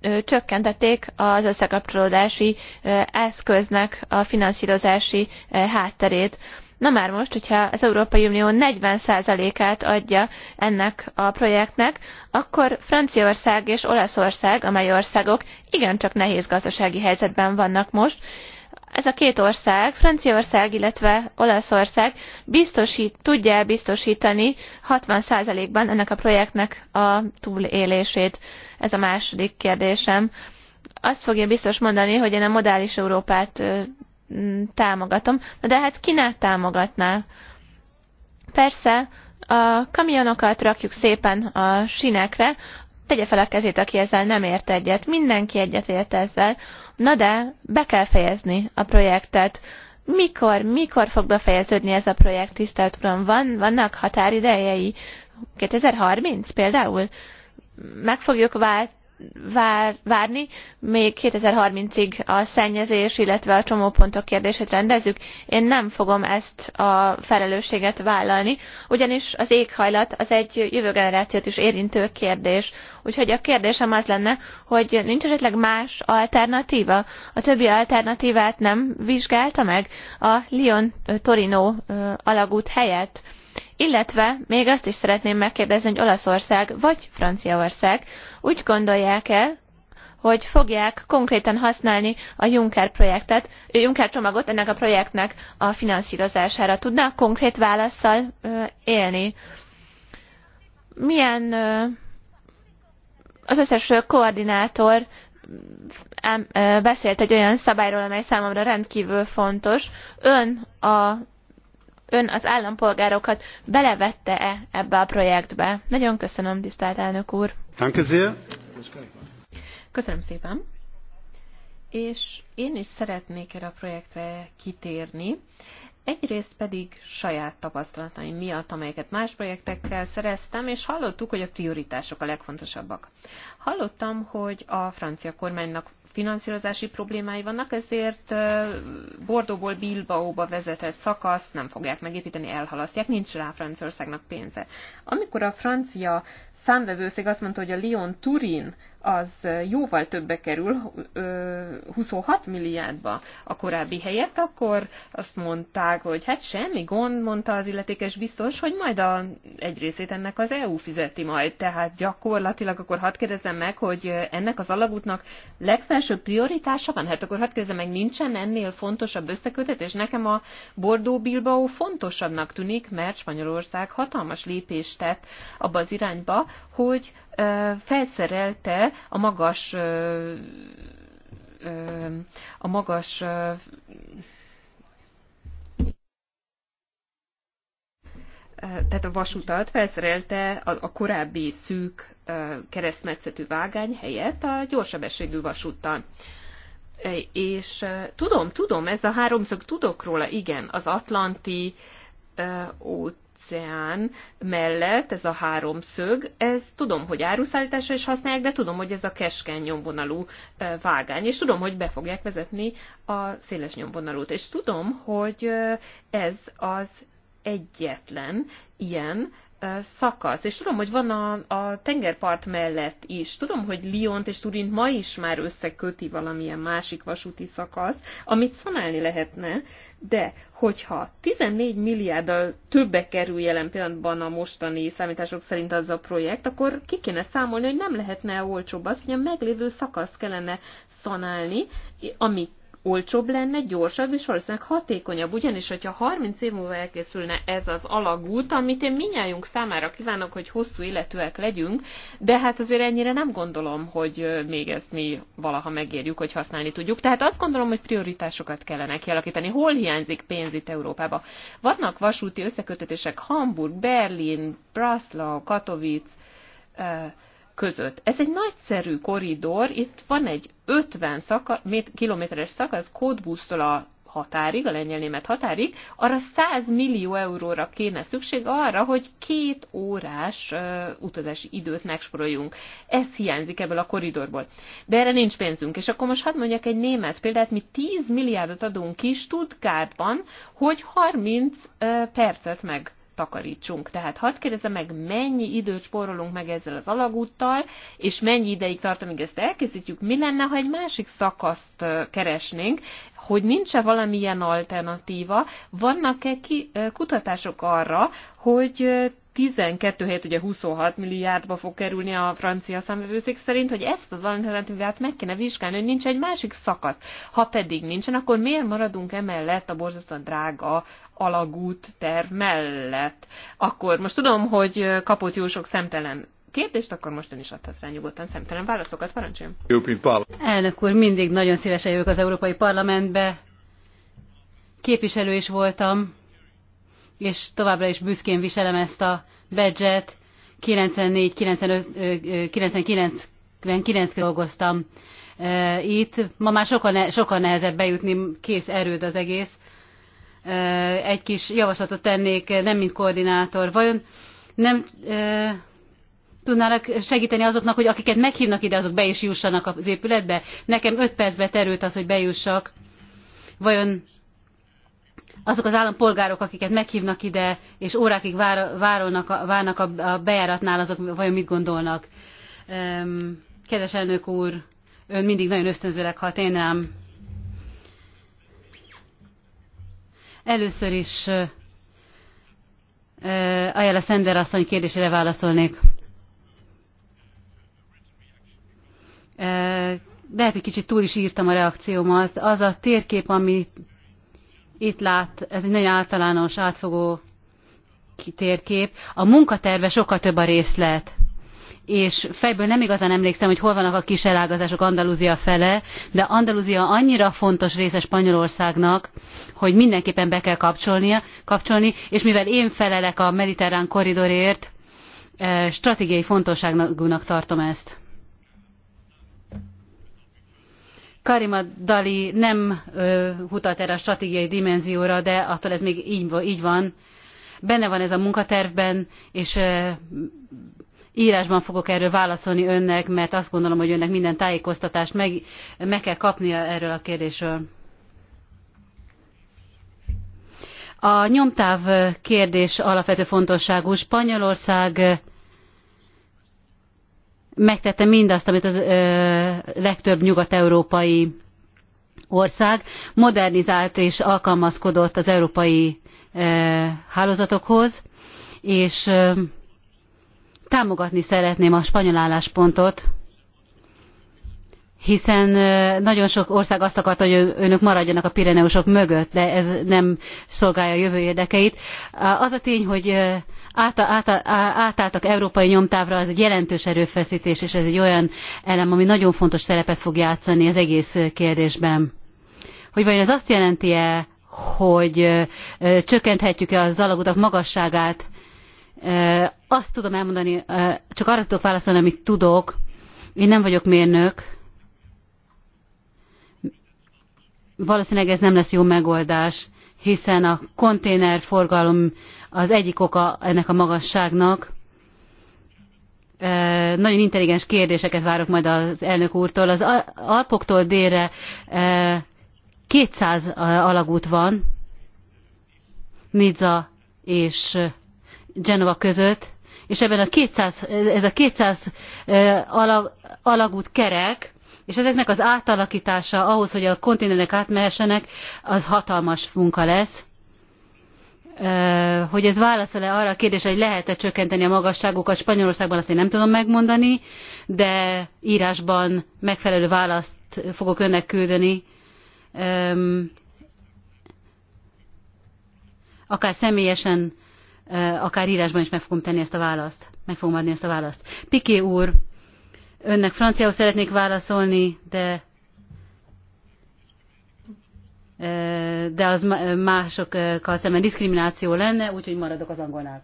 ö, csökkentették az összekapcsolódási ö, eszköznek a finanszírozási hátterét. Na már most, hogyha az Európai Unió 40%-át adja ennek a projektnek, akkor Franciaország és Olaszország, amely országok igencsak nehéz gazdasági helyzetben vannak most, ez a két ország, Franciaország, illetve Olaszország biztosít, tudja biztosítani 60%-ban ennek a projektnek a túlélését. Ez a második kérdésem. Azt fogja biztos mondani, hogy én a modális Európát Mm, támogatom. Na de hát Kínát támogatná? Persze, a kamionokat rakjuk szépen a sinekre, tegye fel a kezét, aki ezzel nem ért egyet. Mindenki egyet ért ezzel. Na de, be kell fejezni a projektet. Mikor, mikor fog befejeződni ez a projekt, tisztelt Uram? Van, vannak határidejei? 2030 például? Meg fogjuk vált, vár, várni, még 2030-ig a szennyezés, illetve a csomópontok kérdését rendezzük. Én nem fogom ezt a felelősséget vállalni, ugyanis az éghajlat az egy jövő generációt is érintő kérdés. Úgyhogy a kérdésem az lenne, hogy nincs esetleg más alternatíva? A többi alternatívát nem vizsgálta meg a Lyon-Torino alagút helyett? Illetve még azt is szeretném megkérdezni, hogy Olaszország vagy Franciaország úgy gondolják-e, hogy fogják konkrétan használni a Juncker projektet, Juncker csomagot ennek a projektnek a finanszírozására. Tudná konkrét válaszsal élni? Milyen az összes koordinátor beszélt egy olyan szabályról, amely számomra rendkívül fontos. Ön a ön az állampolgárokat belevette-e ebbe a projektbe? Nagyon köszönöm, tisztelt elnök úr. Köszönöm szépen. És én is szeretnék erre a projektre kitérni. Egyrészt pedig saját tapasztalataim miatt, amelyeket más projektekkel szereztem, és hallottuk, hogy a prioritások a legfontosabbak. Hallottam, hogy a francia kormánynak finanszírozási problémái vannak, ezért Bordóból Bilbaóba vezetett szakasz nem fogják megépíteni, elhalasztják, nincs rá Franciaországnak pénze. Amikor a francia számvevőszék azt mondta, hogy a Lyon-Turin az jóval többe kerül, 26 milliárdba a korábbi helyett, akkor azt mondták, hogy hát semmi gond, mondta az illetékes biztos, hogy majd a, egy részét ennek az EU fizeti majd. Tehát gyakorlatilag akkor hadd kérdezem meg, hogy ennek az alagútnak legfelső Első prioritása van? Hát akkor hát közben meg nincsen ennél fontosabb összekötetés. Nekem a Bordó Bilbao fontosabbnak tűnik, mert Spanyolország hatalmas lépést tett abba az irányba, hogy ö, felszerelte a magas ö, ö, a magas ö, tehát a vasutat felszerelte a, a korábbi szűk keresztmetszetű vágány helyett a gyorsebességű vasúttal. És tudom, tudom, ez a háromszög tudok róla, igen, az Atlanti óceán mellett ez a háromszög, ez tudom, hogy áruszállításra is használják, de tudom, hogy ez a keskeny nyomvonalú vágány, és tudom, hogy be fogják vezetni a széles nyomvonalút, és tudom, hogy ez az egyetlen ilyen szakasz. És tudom, hogy van a, a tengerpart mellett is. Tudom, hogy Lyont és Turint ma is már összeköti valamilyen másik vasúti szakasz, amit szanálni lehetne, de hogyha 14 milliárddal többe kerül jelen pillanatban a mostani számítások szerint az a projekt, akkor ki kéne számolni, hogy nem lehetne olcsóbb az, hogy a meglévő szakasz kellene szanálni, ami olcsóbb lenne, gyorsabb és valószínűleg hatékonyabb. Ugyanis, hogyha 30 év múlva elkészülne ez az alagút, amit én minnyájunk számára kívánok, hogy hosszú életűek legyünk, de hát azért ennyire nem gondolom, hogy még ezt mi valaha megérjük, hogy használni tudjuk. Tehát azt gondolom, hogy prioritásokat kellene kialakítani. Hol hiányzik pénz itt Európába? Vannak vasúti összekötetések Hamburg, Berlin, Bratislava, Katowice, között. Ez egy nagyszerű koridor, itt van egy 50 szaka, kilométeres szakasz kódbusztól a határig, a lengyel-német határig, arra 100 millió euróra kéne szükség arra, hogy két órás uh, utazási időt megsporoljunk. Ez hiányzik ebből a koridorból. De erre nincs pénzünk. És akkor most hadd mondjak egy német példát, mi 10 milliárdot adunk ki Stuttgartban, hogy 30 uh, percet meg takarítsunk. Tehát hadd kérdezze meg, mennyi időt spórolunk meg ezzel az alagúttal, és mennyi ideig tart, amíg ezt elkészítjük, mi lenne, ha egy másik szakaszt keresnénk, hogy nincs-e valamilyen alternatíva, vannak-e ki, kutatások arra, hogy 12 hét, ugye 26 milliárdba fog kerülni a francia számvevőszék szerint, hogy ezt az alternatívát meg kéne vizsgálni, hogy nincs egy másik szakasz. Ha pedig nincsen, akkor miért maradunk emellett a borzasztóan drága alagút terv mellett? Akkor most tudom, hogy kapott jó sok szemtelen kérdést, akkor most ön is adhat rá nyugodtan szemtelen válaszokat, parancsoljon. Elnök úr, mindig nagyon szívesen jövök az Európai Parlamentbe. Képviselő is voltam, és továbbra is büszkén viselem ezt a badge 94-99 dolgoztam itt. Ma már sokkal, ne, sokkal nehezebb bejutni, kész erőd az egész. Egy kis javaslatot tennék, nem mint koordinátor. Vajon nem tudnának segíteni azoknak, hogy akiket meghívnak ide, azok be is jussanak az épületbe? Nekem öt percbe terült az, hogy bejussak. Vajon azok az állampolgárok, akiket meghívnak ide, és órákig vár, várolnak, várnak a, a bejáratnál, azok vajon mit gondolnak? Um, kedves elnök úr, ön mindig nagyon ösztönzőleg hat, én nem. Először is uh, eh, Ajala Szender asszony kérdésére válaszolnék. lehet, hogy kicsit túl is írtam a reakciómat. Az a térkép, amit itt lát, ez egy nagyon általános, átfogó térkép. A munkaterve sokkal több a részlet és fejből nem igazán emlékszem, hogy hol vannak a kis elágazások Andalúzia fele, de Andalúzia annyira fontos része Spanyolországnak, hogy mindenképpen be kell kapcsolnia, kapcsolni, és mivel én felelek a mediterrán korridorért, stratégiai fontosságnak tartom ezt. Karima Dali nem ö, hutat erre a stratégiai dimenzióra, de attól ez még így, így van. Benne van ez a munkatervben, és ö, írásban fogok erről válaszolni önnek, mert azt gondolom, hogy önnek minden tájékoztatást meg, meg kell kapnia erről a kérdésről. A nyomtáv kérdés alapvető fontosságú. Spanyolország megtette mindazt, amit az ö, legtöbb nyugat-európai ország modernizált és alkalmazkodott az európai ö, hálózatokhoz, és ö, támogatni szeretném a spanyol álláspontot, hiszen nagyon sok ország azt akarta, hogy önök maradjanak a Pireneusok mögött, de ez nem szolgálja a jövő érdekeit. Az a tény, hogy át, át, át, átálltak európai nyomtávra, az egy jelentős erőfeszítés, és ez egy olyan elem, ami nagyon fontos szerepet fog játszani az egész kérdésben. Hogy vajon ez azt jelenti-e, hogy csökkenthetjük-e a zalagutak magasságát, azt tudom elmondani, csak arra tudok válaszolni, amit tudok. Én nem vagyok mérnök. Valószínűleg ez nem lesz jó megoldás, hiszen a konténerforgalom az egyik oka ennek a magasságnak, nagyon intelligens kérdéseket várok majd az elnök úrtól. Az Alpoktól délre 200 alagút van, Nizza és Genova között, és ebben a 200, ez a 200 alag, alagút kerek, és ezeknek az átalakítása ahhoz, hogy a kontinentek átmehessenek, az hatalmas munka lesz hogy ez válaszol-e arra a kérdésre, hogy lehet-e csökkenteni a magasságokat Spanyolországban, azt én nem tudom megmondani, de írásban megfelelő választ fogok önnek küldeni. Akár személyesen, akár írásban is meg fogom tenni ezt a választ. Meg fogom adni ezt a választ. Piké úr, önnek franciául szeretnék válaszolni, de de az másokkal szemben diszkrimináció lenne, úgyhogy maradok az angolnál.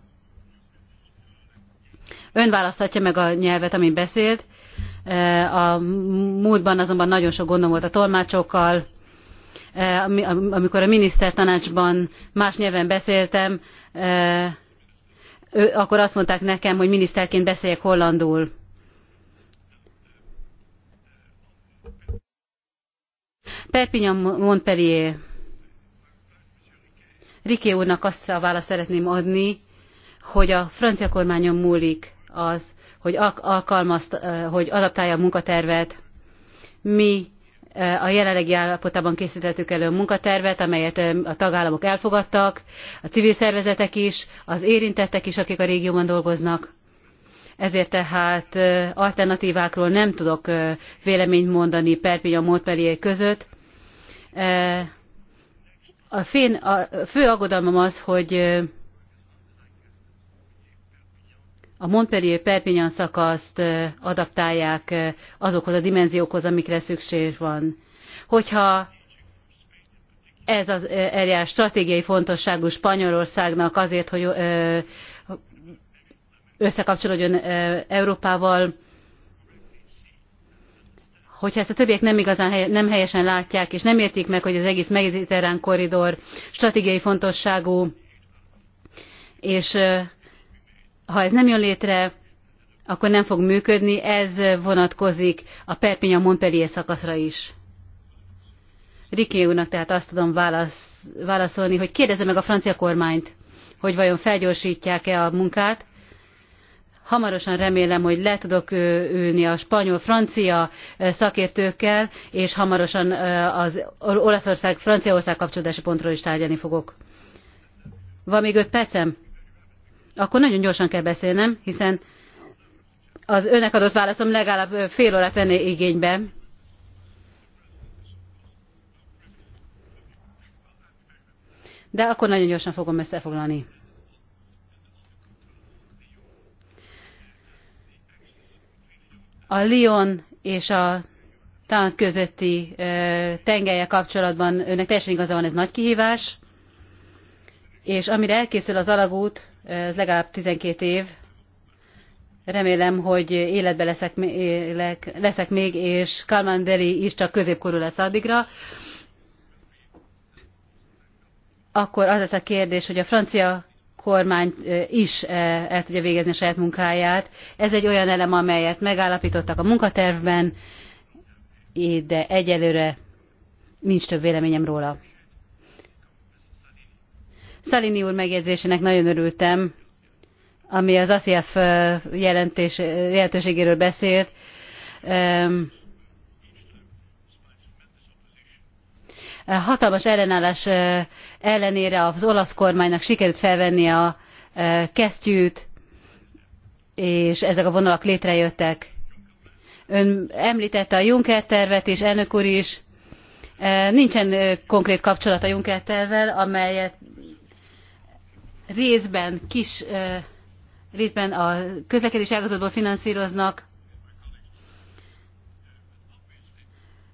Ön választhatja meg a nyelvet, amin beszélt. A múltban azonban nagyon sok gondom volt a tolmácsokkal, amikor a minisztertanácsban más nyelven beszéltem, akkor azt mondták nekem, hogy miniszterként beszéljek hollandul Perpignan Montpellier. Riké úrnak azt a választ szeretném adni, hogy a francia kormányon múlik az, hogy alkalmazt, hogy adaptálja a munkatervet. Mi a jelenlegi állapotában készítettük elő a munkatervet, amelyet a tagállamok elfogadtak, a civil szervezetek is, az érintettek is, akik a régióban dolgoznak. Ezért tehát alternatívákról nem tudok véleményt mondani Perpignan Montpellier között, a, fén, a fő aggodalmam az, hogy a Montpellier Perpignan szakaszt adaptálják azokhoz a dimenziókhoz, amikre szükség van. Hogyha ez az eljárás stratégiai fontosságú Spanyolországnak azért, hogy összekapcsolódjon Európával, hogyha ezt a többiek nem igazán nem helyesen látják, és nem értik meg, hogy az egész mediterrán korridor stratégiai fontosságú, és ha ez nem jön létre, akkor nem fog működni, ez vonatkozik a Perpignan Montpellier szakaszra is. Riké úrnak tehát azt tudom válasz, válaszolni, hogy kérdezze meg a francia kormányt, hogy vajon felgyorsítják-e a munkát, Hamarosan remélem, hogy le tudok ülni a spanyol-francia szakértőkkel, és hamarosan az Olaszország-Franciaország kapcsolódási pontról is tárgyalni fogok. Van még öt percem? Akkor nagyon gyorsan kell beszélnem, hiszen az önnek adott válaszom legalább fél órát venné igénybe. De akkor nagyon gyorsan fogom összefoglalni. a Lyon és a Tánc közötti tengelye kapcsolatban önnek teljesen igaza van, ez nagy kihívás, és amire elkészül az alagút, ez legalább 12 év, remélem, hogy életbe leszek, élek, leszek még, és Kalman Deli is csak középkorú lesz addigra. Akkor az lesz a kérdés, hogy a francia kormány is el tudja végezni a saját munkáját. Ez egy olyan elem, amelyet megállapítottak a munkatervben, de egyelőre nincs több véleményem róla. Szalini úr megjegyzésének nagyon örültem, ami az ASZIF jelentés, jelentőségéről beszélt. hatalmas ellenállás ellenére az olasz kormánynak sikerült felvenni a kesztyűt, és ezek a vonalak létrejöttek. Ön említette a Juncker tervet, és elnök úr is. Nincsen konkrét kapcsolat a Juncker tervvel, amelyet részben kis részben a közlekedés ágazatból finanszíroznak,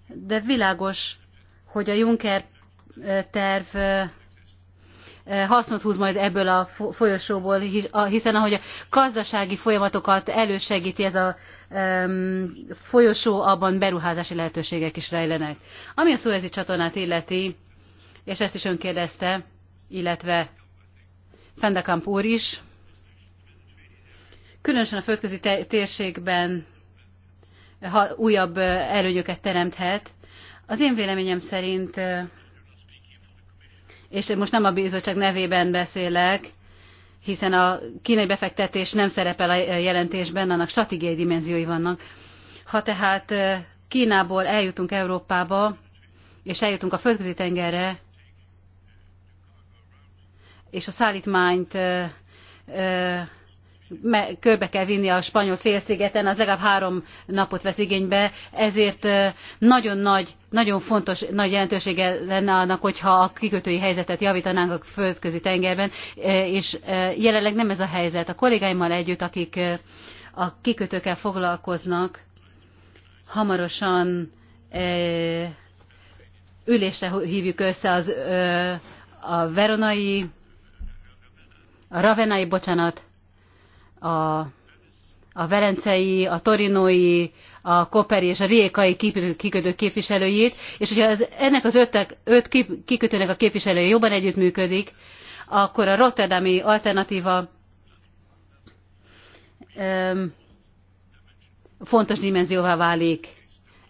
de világos, hogy a Juncker terv hasznot húz majd ebből a folyosóból, hiszen ahogy a gazdasági folyamatokat elősegíti ez a folyosó, abban beruházási lehetőségek is rejlenek. Ami a szóezi csatornát illeti, és ezt is ön kérdezte, illetve Fendekamp úr is, különösen a földközi térségben újabb előnyöket teremthet, az én véleményem szerint, és most nem a bizottság nevében beszélek, hiszen a kínai befektetés nem szerepel a jelentésben, annak stratégiai dimenziói vannak. Ha tehát Kínából eljutunk Európába, és eljutunk a földközi tengerre, és a szállítmányt körbe kell vinni a spanyol félszigeten, az legalább három napot vesz igénybe, ezért nagyon nagy, nagyon fontos, nagy jelentősége lenne annak, hogyha a kikötői helyzetet javítanánk a földközi tengerben, és jelenleg nem ez a helyzet. A kollégáimmal együtt, akik a kikötőkkel foglalkoznak, hamarosan ülésre hívjuk össze az, a veronai, a ravenai, bocsánat, a, a verencei, a torinói, a koperi és a riekai kikötő képviselőjét, és hogyha az, ennek az öt, öt kikötőnek a képviselője jobban együttműködik, akkor a rotterdami alternatíva öm, fontos dimenzióvá válik.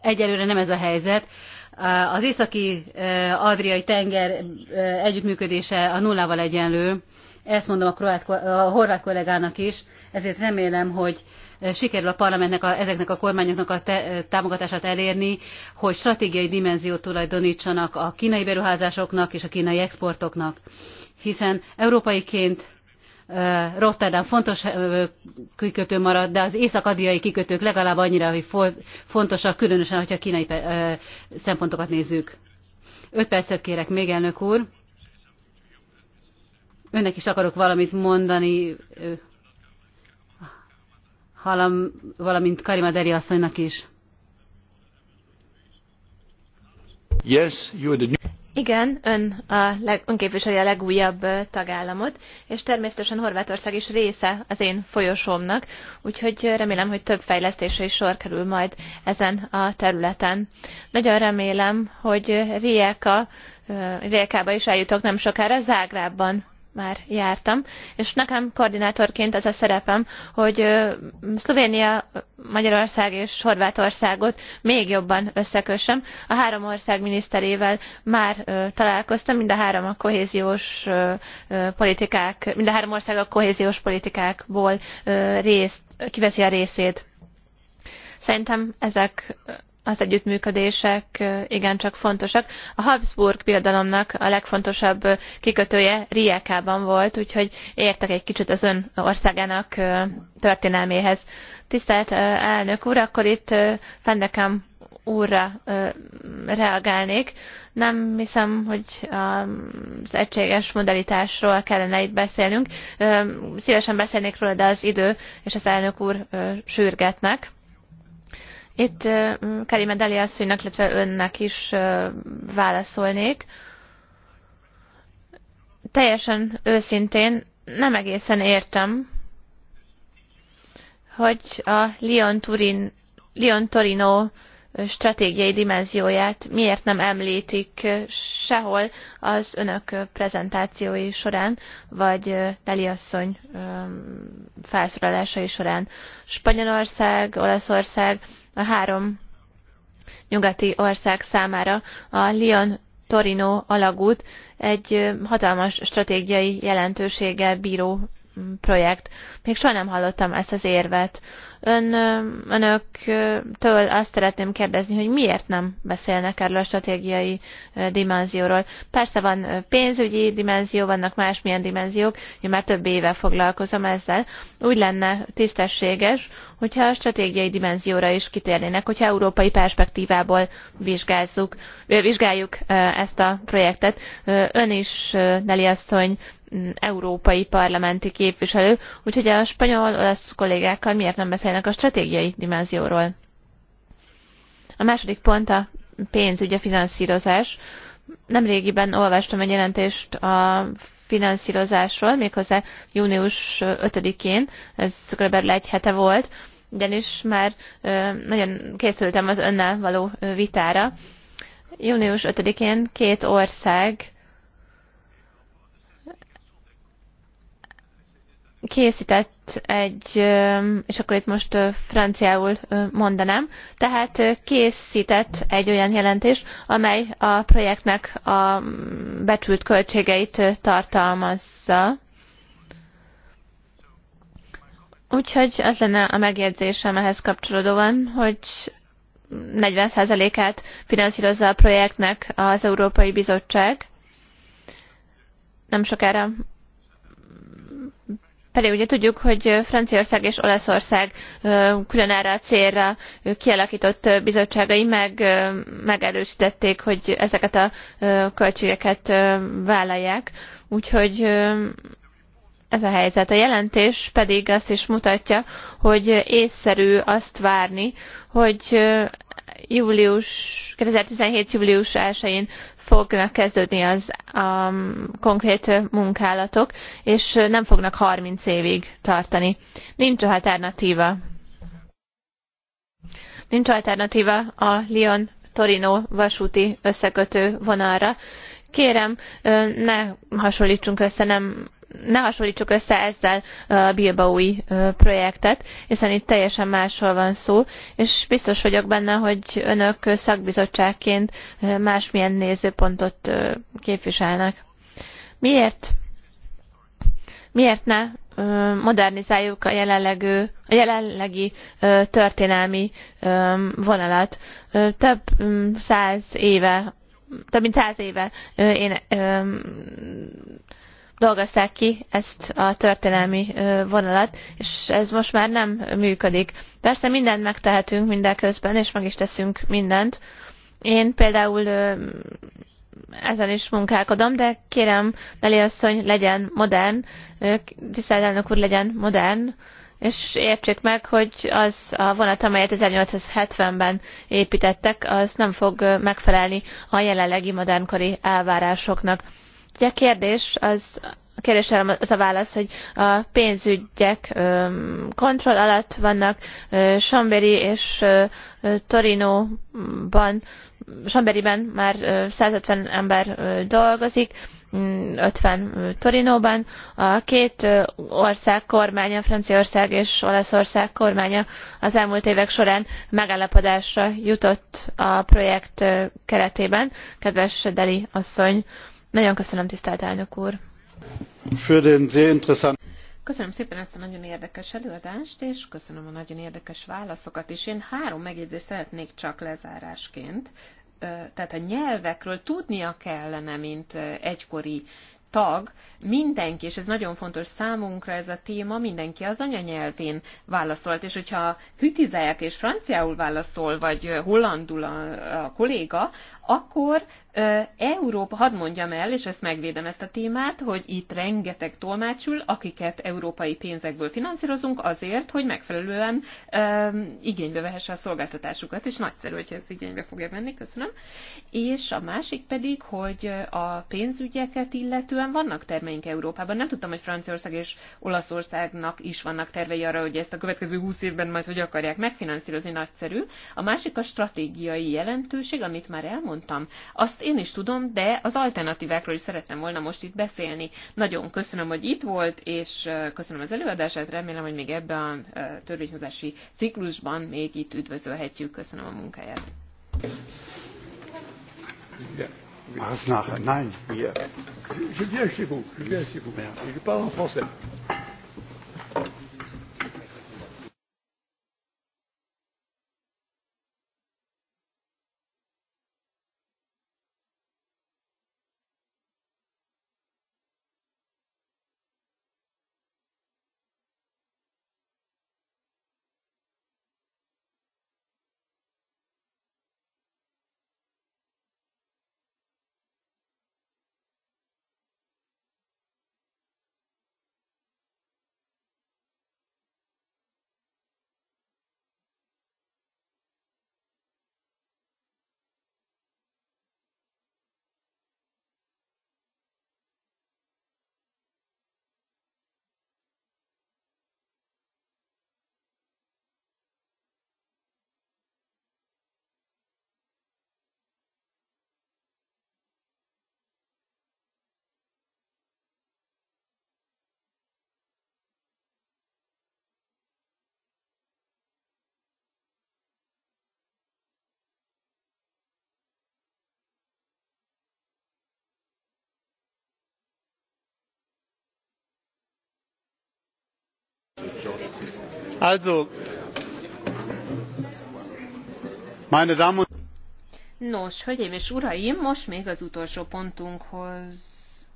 Egyelőre nem ez a helyzet. Az északi adriai tenger együttműködése a nullával egyenlő. Ezt mondom a, kroát, a horvát kollégának is ezért remélem, hogy eh, sikerül a parlamentnek, a, ezeknek a kormányoknak a te, eh, támogatását elérni, hogy stratégiai dimenziót tulajdonítsanak a kínai beruházásoknak és a kínai exportoknak. Hiszen európaiként eh, Rotterdam fontos kikötő marad, de az észak-adiai kikötők legalább annyira, hogy fontosak, különösen, hogyha kínai szempontokat nézzük. Öt percet kérek még, elnök úr. Önnek is akarok valamit mondani halam, valamint Karima Deri asszonynak is. Yes, you the new... Igen, ön a leg, önképviseli a legújabb tagállamot, és természetesen Horvátország is része az én folyosómnak, úgyhogy remélem, hogy több fejlesztésre is sor kerül majd ezen a területen. Nagyon remélem, hogy Rieka, Rijekába is eljutok nem sokára, Zágrában már jártam, és nekem koordinátorként az a szerepem, hogy Szlovénia, Magyarország és Horvátországot még jobban összekössem. A három ország miniszterével már találkoztam, mind a három a kohéziós politikák, mind a három ország a kohéziós politikákból részt, kiveszi a részét. Szerintem ezek az együttműködések igencsak fontosak. A Habsburg birodalomnak a legfontosabb kikötője Riekában volt, úgyhogy értek egy kicsit az ön országának történelméhez. Tisztelt elnök úr, akkor itt fennekem úrra reagálnék. Nem hiszem, hogy um, az egységes modalitásról kellene itt beszélnünk. Szívesen beszélnék róla, de az idő és az elnök úr sürgetnek. Itt Karime Deli asszonynak, illetve önnek is válaszolnék. Teljesen őszintén nem egészen értem, hogy a lyon Lyon-Torino stratégiai dimenzióját miért nem említik sehol az önök prezentációi során, vagy Deli asszony felszólalásai során. Spanyolország, Olaszország, a három nyugati ország számára a Lyon Torino alagút egy hatalmas stratégiai jelentőséggel bíró projekt. Még soha nem hallottam ezt az érvet. Ön, önöktől azt szeretném kérdezni, hogy miért nem beszélnek erről a stratégiai dimenzióról. Persze van pénzügyi dimenzió, vannak másmilyen dimenziók, én már több éve foglalkozom ezzel. Úgy lenne tisztességes, hogyha a stratégiai dimenzióra is kitérnének, hogyha európai perspektívából vizsgázzuk, vizsgáljuk ezt a projektet. Ön is, Neli asszony, európai parlamenti képviselő, úgyhogy a spanyol-olasz kollégákkal miért nem beszélnek beszélnek a stratégiai dimenzióról. A második pont a pénzügyi finanszírozás. Nemrégiben olvastam egy jelentést a finanszírozásról, méghozzá június 5-én, ez kb. egy hete volt, ugyanis már nagyon készültem az önnel való vitára. Június 5-én két ország készített egy, és akkor itt most franciául mondanám, tehát készített egy olyan jelentés, amely a projektnek a mm, becsült költségeit tartalmazza. Úgyhogy az lenne a megjegyzésem ehhez kapcsolódóan, hogy 40%-át finanszírozza a projektnek az Európai Bizottság. Nem sokára pedig ugye tudjuk, hogy Franciaország és Olaszország külön erre a célra kialakított bizottságai megerőstették hogy ezeket a költségeket vállalják. Úgyhogy ez a helyzet. A jelentés pedig azt is mutatja, hogy észszerű azt várni, hogy július, 2017. július 1 fognak kezdődni az a um, konkrét munkálatok, és nem fognak 30 évig tartani. Nincs alternatíva. Nincs alternatíva a Lyon-Torino vasúti összekötő vonalra. Kérem, ne hasonlítsunk össze, nem ne hasonltsuk össze ezzel a bilbaói projektet, hiszen itt teljesen másról van szó, és biztos vagyok benne, hogy önök szakbizottságként másmilyen nézőpontot képviselnek. Miért? Miért ne modernizáljuk a, a jelenlegi történelmi vonalat? Több száz éve, több mint száz éve én dolgozták ki ezt a történelmi vonalat, és ez most már nem működik. Persze mindent megtehetünk mindeközben, és meg is teszünk mindent. Én például ezen is munkálkodom, de kérem, Meli asszony legyen modern, tisztelt elnök úr legyen modern, és értsék meg, hogy az a vonat, amelyet 1870-ben építettek, az nem fog megfelelni a jelenlegi modernkori elvárásoknak a kérdés az a kérdésre az a válasz, hogy a pénzügyek kontroll alatt vannak Samberi és Torinóban, Samberiben már 150 ember dolgozik, 50 mm, Torinóban. A két ország kormánya, Franciaország és Olaszország kormánya az elmúlt évek során megállapodásra jutott a projekt keretében. Kedves Deli asszony, nagyon köszönöm, tisztelt elnök úr. Köszönöm szépen ezt a nagyon érdekes előadást, és köszönöm a nagyon érdekes válaszokat is. Én három megjegyzést szeretnék csak lezárásként. Tehát a nyelvekről tudnia kellene, mint egykori tag, mindenki, és ez nagyon fontos számunkra ez a téma, mindenki az anyanyelvén válaszolt, és hogyha kritizálják és franciául válaszol, vagy hollandul a, a kolléga, akkor Európa, hadd mondjam el, és ezt megvédem ezt a témát, hogy itt rengeteg tolmácsul, akiket európai pénzekből finanszírozunk azért, hogy megfelelően um, igénybe vehesse a szolgáltatásukat, és nagyszerű, hogy ez igénybe fogja venni, köszönöm. És a másik pedig, hogy a pénzügyeket illetően vannak termeink Európában. Nem tudtam, hogy Franciaország és Olaszországnak is vannak tervei arra, hogy ezt a következő 20 évben majd hogy akarják megfinanszírozni, nagyszerű. A másik a stratégiai jelentőség, amit már elmondtam, mondtam. Azt én is tudom, de az alternatívákról is szerettem volna most itt beszélni. Nagyon köszönöm, hogy itt volt, és köszönöm az előadását, remélem, hogy még ebben a törvényhozási ciklusban még itt üdvözölhetjük. Köszönöm a munkáját. Yeah. Was nachher? Nein. Je viens chez vous, je viens chez vous. Je parle en français. Also, meine Damen und Nos, hölgyeim és uraim, most még az utolsó pontunkhoz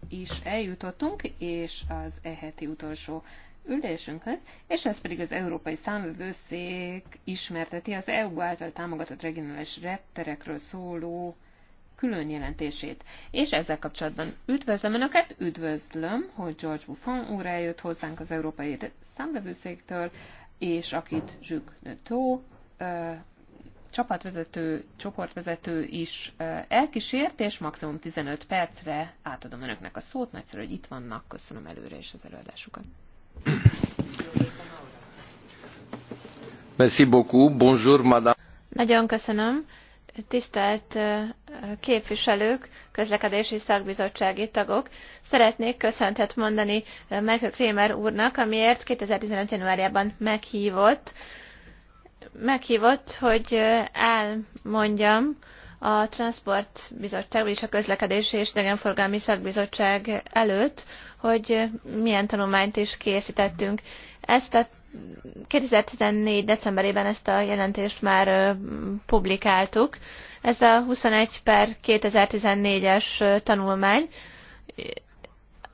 is eljutottunk, és az eheti utolsó ülésünkhöz, és ez pedig az Európai Számvevőszék ismerteti az EU által támogatott regionális repterekről szóló külön jelentését. És ezzel kapcsolatban üdvözlöm Önöket, üdvözlöm, hogy George Buffon úr eljött hozzánk az Európai Számbevőszéktől, és akit Zsük Nötó, csapatvezető, csoportvezető is elkísért, és maximum 15 percre átadom önöknek a szót, nagyszerű, hogy itt vannak, köszönöm előre is az előadásukat. Merci beaucoup, bonjour madame. Nagyon köszönöm. Tisztelt képviselők, közlekedési szakbizottsági tagok, szeretnék köszöntet mondani Michael Kramer úrnak, amiért 2015. januárjában meghívott, meghívott, hogy elmondjam a Transport Bizottság, vagyis a Közlekedési és Idegenforgalmi Szakbizottság előtt, hogy milyen tanulmányt is készítettünk. Ezt a 2014. decemberében ezt a jelentést már publikáltuk. Ez a 21 per 2014-es tanulmány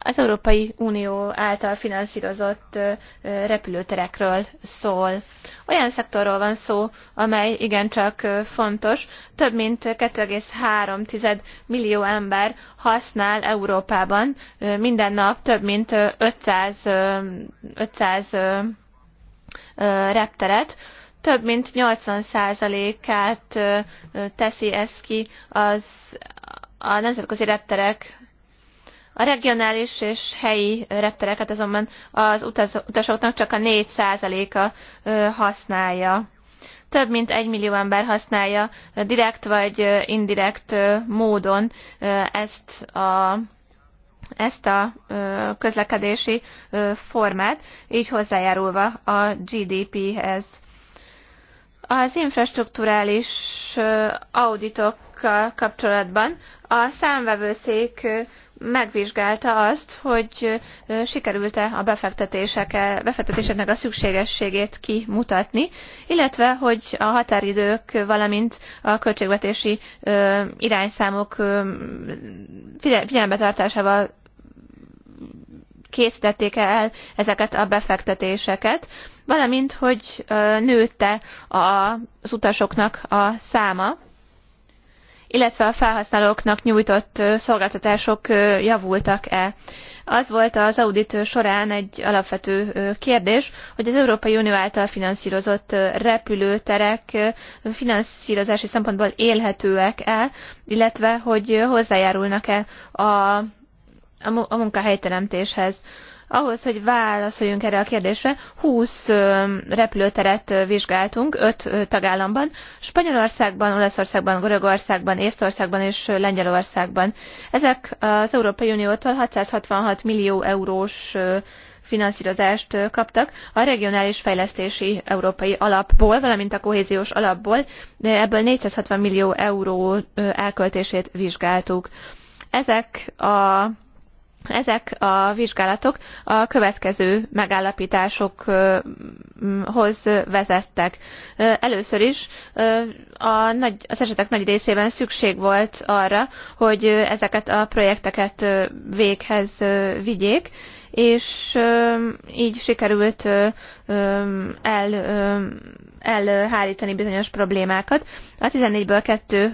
az Európai Unió által finanszírozott repülőterekről szól. Olyan szektorról van szó, amely igencsak fontos. Több mint 2,3 millió ember használ Európában minden nap több mint 500, 500 repteret, több mint 80%-át teszi ez ki az a nemzetközi repterek a regionális és helyi reptereket azonban az utasoknak csak a 4%-a használja. Több mint egy millió ember használja direkt vagy indirekt módon ezt a ezt a közlekedési formát, így hozzájárulva a GDP-hez. Az infrastruktúrális auditokkal kapcsolatban a számvevőszék megvizsgálta azt, hogy sikerült-e a befektetéseknek a szükségességét kimutatni, illetve hogy a határidők, valamint a költségvetési irányszámok figyelembetartásával készítették el ezeket a befektetéseket, valamint, hogy nőtte az utasoknak a száma, illetve a felhasználóknak nyújtott szolgáltatások javultak-e. Az volt az audit során egy alapvető kérdés, hogy az Európai Unió által finanszírozott repülőterek finanszírozási szempontból élhetőek-e, illetve hogy hozzájárulnak-e a a munkahelyteremtéshez. Ahhoz, hogy válaszoljunk erre a kérdésre, 20 repülőteret vizsgáltunk 5 tagállamban, Spanyolországban, Olaszországban, Görögországban, Észtországban és Lengyelországban. Ezek az Európai Uniótól 666 millió eurós finanszírozást kaptak a regionális fejlesztési európai alapból, valamint a kohéziós alapból, de ebből 460 millió euró elköltését vizsgáltuk. Ezek a ezek a vizsgálatok a következő megállapításokhoz vezettek. Először is a nagy, az esetek nagy részében szükség volt arra, hogy ezeket a projekteket véghez vigyék, és így sikerült el, elhárítani bizonyos problémákat. A 14-ből kettő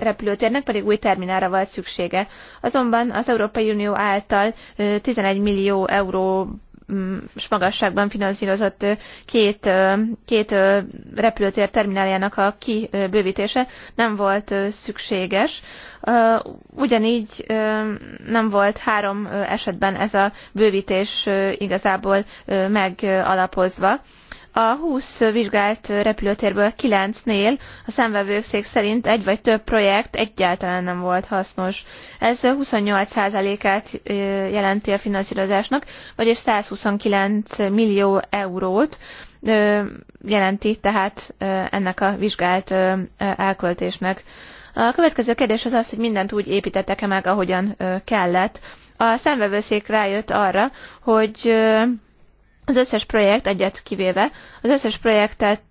repülőtérnek pedig új terminálra volt szüksége. Azonban az Európai Unió által 11 millió euró magasságban finanszírozott két, két repülőtér termináljának a kibővítése nem volt szükséges. Ugyanígy nem volt három esetben ez a bővítés igazából megalapozva. A 20 vizsgált repülőtérből 9-nél a számvevőszék szerint egy vagy több projekt egyáltalán nem volt hasznos. Ez 28%-át jelenti a finanszírozásnak, vagyis 129 millió eurót jelenti tehát ennek a vizsgált elköltésnek. A következő kérdés az az, hogy mindent úgy építettek-e meg, ahogyan kellett. A szemvevőszék rájött arra, hogy az összes projekt, egyet kivéve, az összes projektet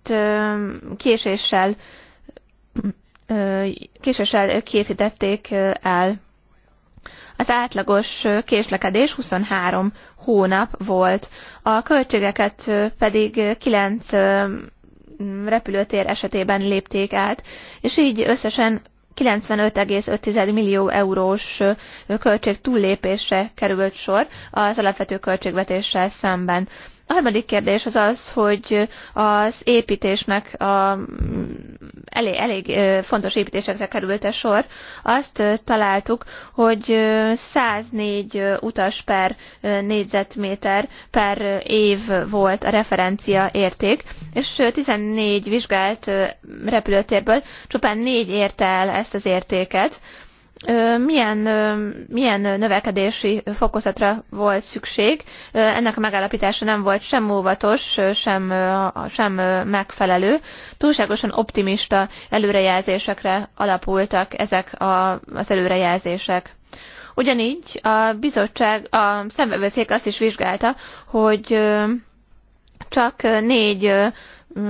késéssel, késéssel készítették el. Az átlagos késlekedés 23 hónap volt, a költségeket pedig 9 repülőtér esetében lépték át, és így összesen 95,5 millió eurós költség túllépése került sor az alapvető költségvetéssel szemben. A harmadik kérdés az az, hogy az építésnek a, elég, elég fontos építésekre került a sor. Azt találtuk, hogy 104 utas per négyzetméter per év volt a referencia érték, és 14 vizsgált repülőtérből csupán 4 érte el ezt az értéket milyen, milyen növekedési fokozatra volt szükség. Ennek a megállapítása nem volt sem óvatos, sem, sem megfelelő. Túlságosan optimista előrejelzésekre alapultak ezek a, az előrejelzések. Ugyanígy a bizottság, a szembevőszék azt is vizsgálta, hogy csak négy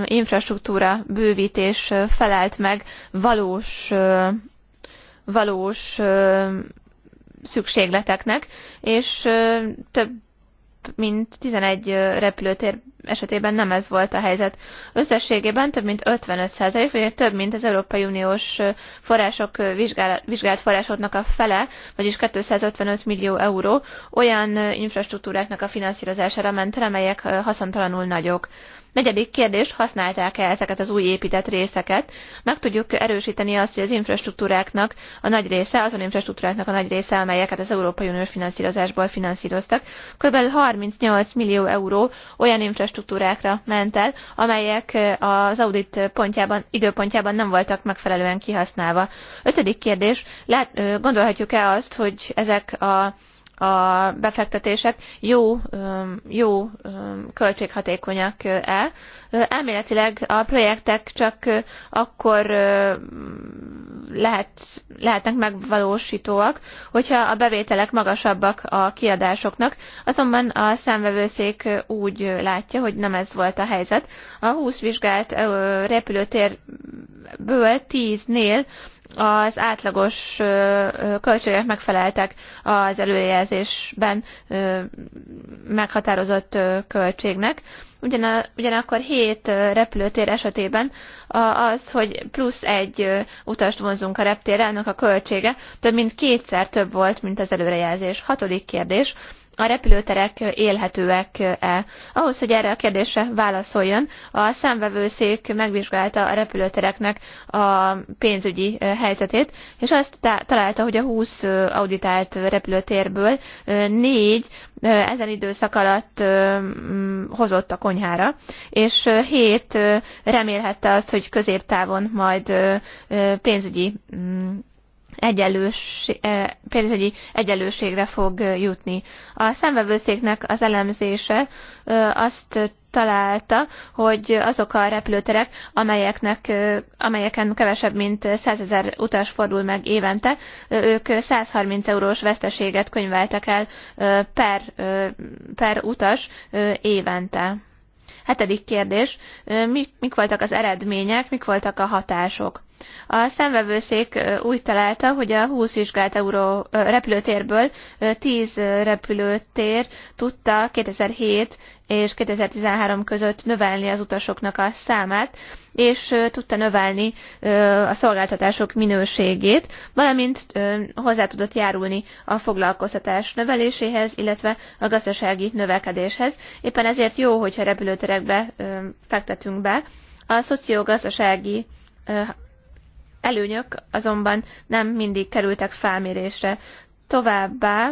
infrastruktúra bővítés felelt meg valós valós szükségleteknek, és több mint 11 repülőtér esetében nem ez volt a helyzet. Összességében több mint 55% vagy több mint az Európai Uniós források vizsgálat, vizsgált forrásoknak a fele, vagyis 255 millió euró olyan infrastruktúráknak a finanszírozására ment, amelyek haszontalanul nagyok. Negyedik kérdés, használták-e ezeket az új épített részeket? Meg tudjuk erősíteni azt, hogy az infrastruktúráknak a nagy része, azon infrastruktúráknak a nagy része, amelyeket az Európai Uniós finanszírozásból finanszíroztak, kb. 38 millió euró olyan infrastruktúrákra ment el, amelyek eh, az audit pontjában, időpontjában nem voltak megfelelően kihasználva. Ötödik kérdés, lát, eh, gondolhatjuk-e azt, hogy ezek a a befektetések jó, jó költséghatékonyak-e. Elméletileg a projektek csak akkor lehet, lehetnek megvalósítóak, hogyha a bevételek magasabbak a kiadásoknak, azonban a számvevőszék úgy látja, hogy nem ez volt a helyzet. A 20 vizsgált repülőtérből 10-nél az átlagos költségek megfeleltek az előrejelzésben meghatározott költségnek. Ugyanakkor hét repülőtér esetében az, hogy plusz egy utast vonzunk a reptére, annak a költsége több mint kétszer több volt, mint az előrejelzés. Hatodik kérdés a repülőterek élhetőek-e? Ahhoz, hogy erre a kérdésre válaszoljon, a számvevőszék megvizsgálta a repülőtereknek a pénzügyi helyzetét, és azt találta, hogy a 20 auditált repülőtérből 4 ezen időszak alatt hozott a konyhára, és 7 remélhette azt, hogy középtávon majd pénzügyi egyenlős, eh, pénzügyi egyenlőségre fog eh, jutni. A szemvevőszéknek az elemzése eh, azt találta, hogy azok a repülőterek, amelyeknek, amelyeken kevesebb mint 100 ezer utas fordul meg évente, ők 130 eurós veszteséget könyveltek el per, per utas évente. Hetedik kérdés, mik, mik voltak az eredmények, mik voltak a hatások? A szemvevőszék úgy találta, hogy a 20 vizsgált euró repülőtérből 10 repülőtér tudta 2007 és 2013 között növelni az utasoknak a számát, és tudta növelni a szolgáltatások minőségét, valamint hozzá tudott járulni a foglalkoztatás növeléséhez, illetve a gazdasági növekedéshez. Éppen ezért jó, hogyha repülőterekbe fektetünk be. A szociogazdasági előnyök azonban nem mindig kerültek felmérésre. Továbbá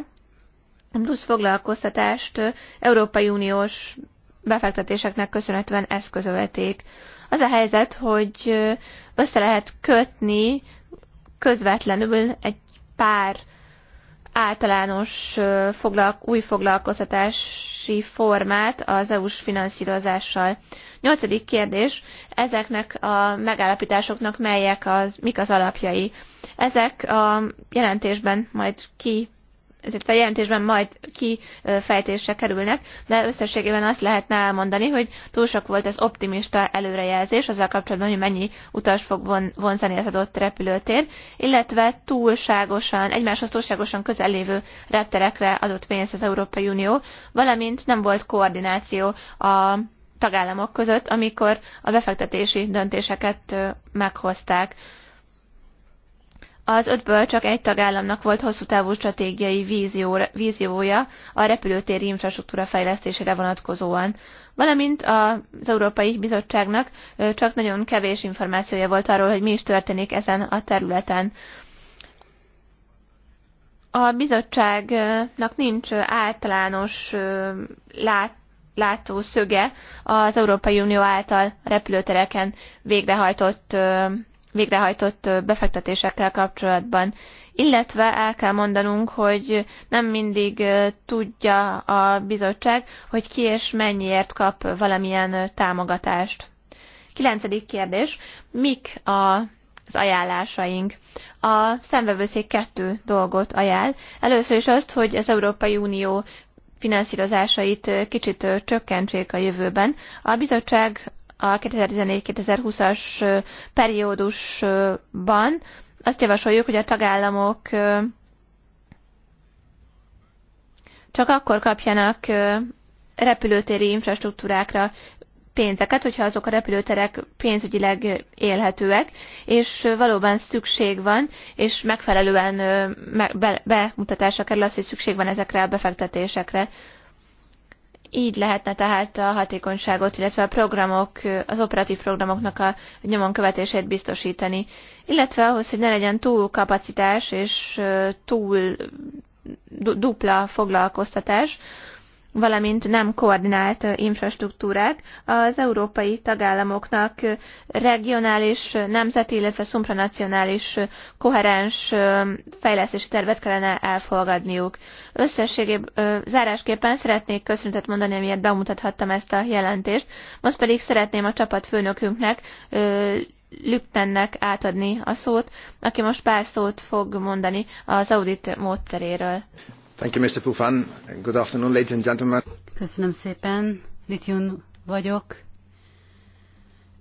plusz foglalkoztatást Európai Uniós befektetéseknek köszönhetően eszközölték. Az a helyzet, hogy össze lehet kötni közvetlenül egy pár általános új foglalkoztatási formát az EU-s finanszírozással. Nyolcadik kérdés, ezeknek a megállapításoknak melyek az, mik az alapjai? Ezek a jelentésben majd ki ezért a jelentésben majd kifejtésre kerülnek, de összességében azt lehetne elmondani, hogy túl sok volt az optimista előrejelzés azzal kapcsolatban, hogy mennyi utas fog von, vonzani az adott repülőtér, illetve túlságosan, egymáshoz túlságosan közel lévő repterekre adott pénzt az Európai Unió, valamint nem volt koordináció a tagállamok között, amikor a befektetési döntéseket meghozták. Az ötből csak egy tagállamnak volt hosszú távú stratégiai vízió, víziója a repülőtéri infrastruktúra fejlesztésére vonatkozóan, valamint az Európai Bizottságnak csak nagyon kevés információja volt arról, hogy mi is történik ezen a területen. A bizottságnak nincs általános lát, látó szöge az Európai Unió által repülőtereken végrehajtott végrehajtott befektetésekkel kapcsolatban. Illetve el kell mondanunk, hogy nem mindig tudja a bizottság, hogy ki és mennyiért kap valamilyen támogatást. Kilencedik kérdés. Mik a az ajánlásaink. A szembevőszék kettő dolgot ajánl. Először is azt, hogy az Európai Unió finanszírozásait kicsit csökkentsék a jövőben. A bizottság a 2014-2020-as periódusban azt javasoljuk, hogy a tagállamok csak akkor kapjanak repülőtéri infrastruktúrákra pénzeket, hogyha azok a repülőterek pénzügyileg élhetőek, és valóban szükség van, és megfelelően bemutatásra kerül az, hogy szükség van ezekre a befektetésekre. Így lehetne tehát a hatékonyságot, illetve a programok, az operatív programoknak a nyomon követését biztosítani, illetve ahhoz, hogy ne legyen túl kapacitás és túl dupla foglalkoztatás, valamint nem koordinált infrastruktúrák az európai tagállamoknak regionális, nemzeti, illetve szupranacionális koherens fejlesztési tervet kellene elfogadniuk. Összességében zárásképpen szeretnék köszönetet mondani, amiért bemutathattam ezt a jelentést. Most pedig szeretném a csapat főnökünknek Lüptennek átadni a szót, aki most pár szót fog mondani az audit módszeréről. Köszönöm szépen. Litjun vagyok.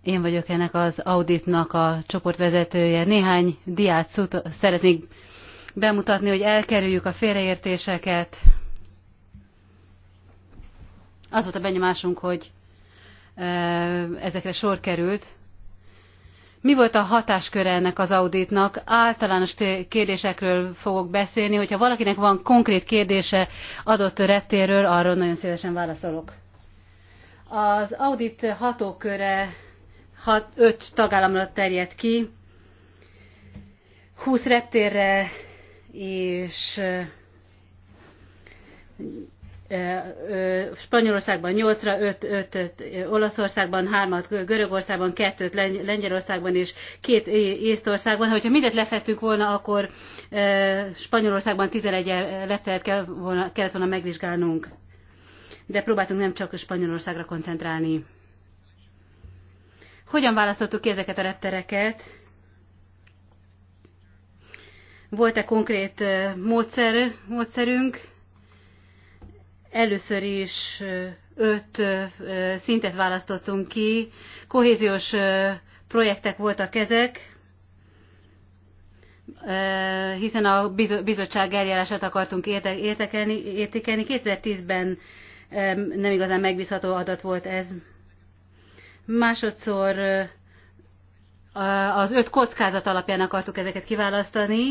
Én vagyok ennek az auditnak a csoportvezetője. Néhány diát szeretnék bemutatni, hogy elkerüljük a félreértéseket. Az volt a benyomásunk, hogy eh, ezekre sor került, mi volt a hatásköre ennek az auditnak? Általános kérdésekről fogok beszélni. Hogyha valakinek van konkrét kérdése adott reptéről, arról nagyon szívesen válaszolok. Az audit hatóköre 5 öt tagállamra terjed ki, 20 reptérre és Spanyolországban 8-ra, 5, 5, 5 Olaszországban, 3-at Görögországban, 2-t Lengyelországban és 2 Észtországban. Hogyha mindet lefettünk volna, akkor Spanyolországban 11 letelet kellett volna megvizsgálnunk. De próbáltunk nem csak Spanyolországra koncentrálni. Hogyan választottuk ki ezeket a reptereket? Volt-e konkrét módszer, módszerünk? Először is öt szintet választottunk ki, kohéziós projektek voltak ezek, hiszen a bizottság eljárását akartunk értékelni. 2010-ben nem igazán megbízható adat volt ez. Másodszor az öt kockázat alapján akartuk ezeket kiválasztani.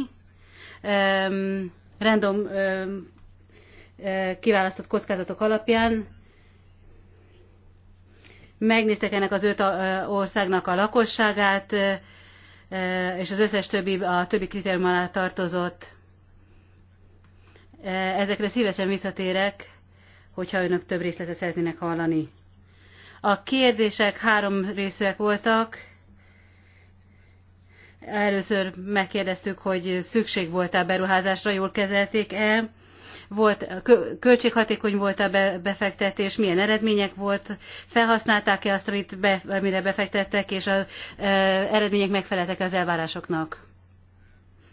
Random kiválasztott kockázatok alapján. Megnéztek ennek az öt országnak a lakosságát, és az összes többi, a többi kritérium alá tartozott. Ezekre szívesen visszatérek, hogyha önök több részletet szeretnének hallani. A kérdések három részűek voltak. Először megkérdeztük, hogy szükség volt-e beruházásra, jól kezelték-e volt, költséghatékony volt a befektetés, milyen eredmények volt, felhasználták-e azt, amit be, amire befektettek, és az e, eredmények megfeleltek az elvárásoknak.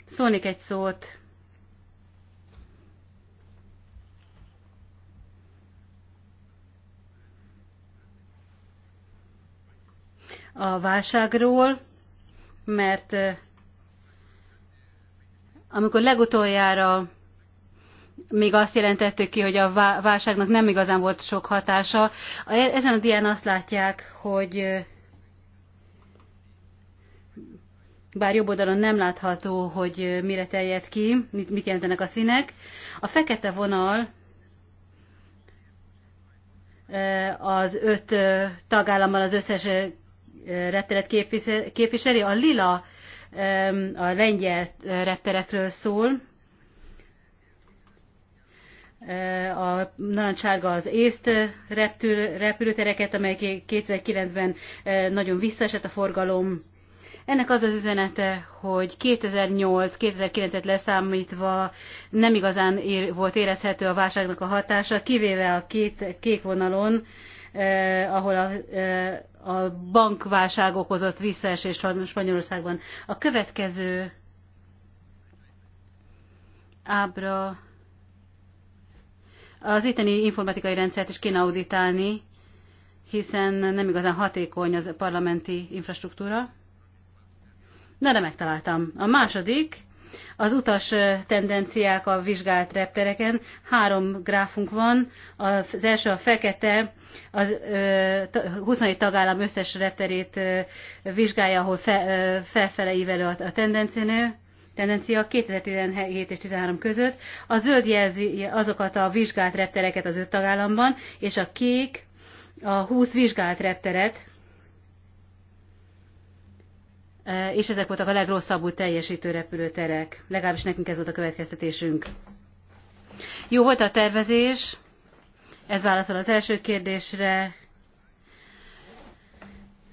Szólnék egy szót. a válságról, mert e, amikor legutoljára még azt jelentettük ki, hogy a válságnak nem igazán volt sok hatása. Ezen a dián azt látják, hogy bár jobb oldalon nem látható, hogy mire terjed ki, mit, mit jelentenek a színek. A fekete vonal az öt tagállammal az összes repteret képviseli, a lila a lengyel repterekről szól, a narancsárga az észt repülőtereket, amely 2009-ben e, nagyon visszaesett a forgalom. Ennek az az üzenete, hogy 2008-2009-et leszámítva nem igazán ér volt érezhető a válságnak a hatása, kivéve a két kék vonalon, eh, ahol a, eh, a bankválság okozott visszaesést Spanyolországban. A következő ábra az itteni informatikai rendszert is kéne auditálni, hiszen nem igazán hatékony az parlamenti infrastruktúra. Na de megtaláltam. A második, az utas tendenciák a vizsgált reptereken. Három gráfunk van. Az első a fekete, az 27 tagállam összes repterét vizsgálja, ahol fe, felfele ívelő a tendencinő tendencia 2017 és 13 között. A zöld jelzi azokat a vizsgált reptereket az öt tagállamban, és a kék a 20 vizsgált repteret, e, és ezek voltak a legrosszabbul teljesítő repülőterek. Legalábbis nekünk ez volt a következtetésünk. Jó volt a tervezés, ez válaszol az első kérdésre.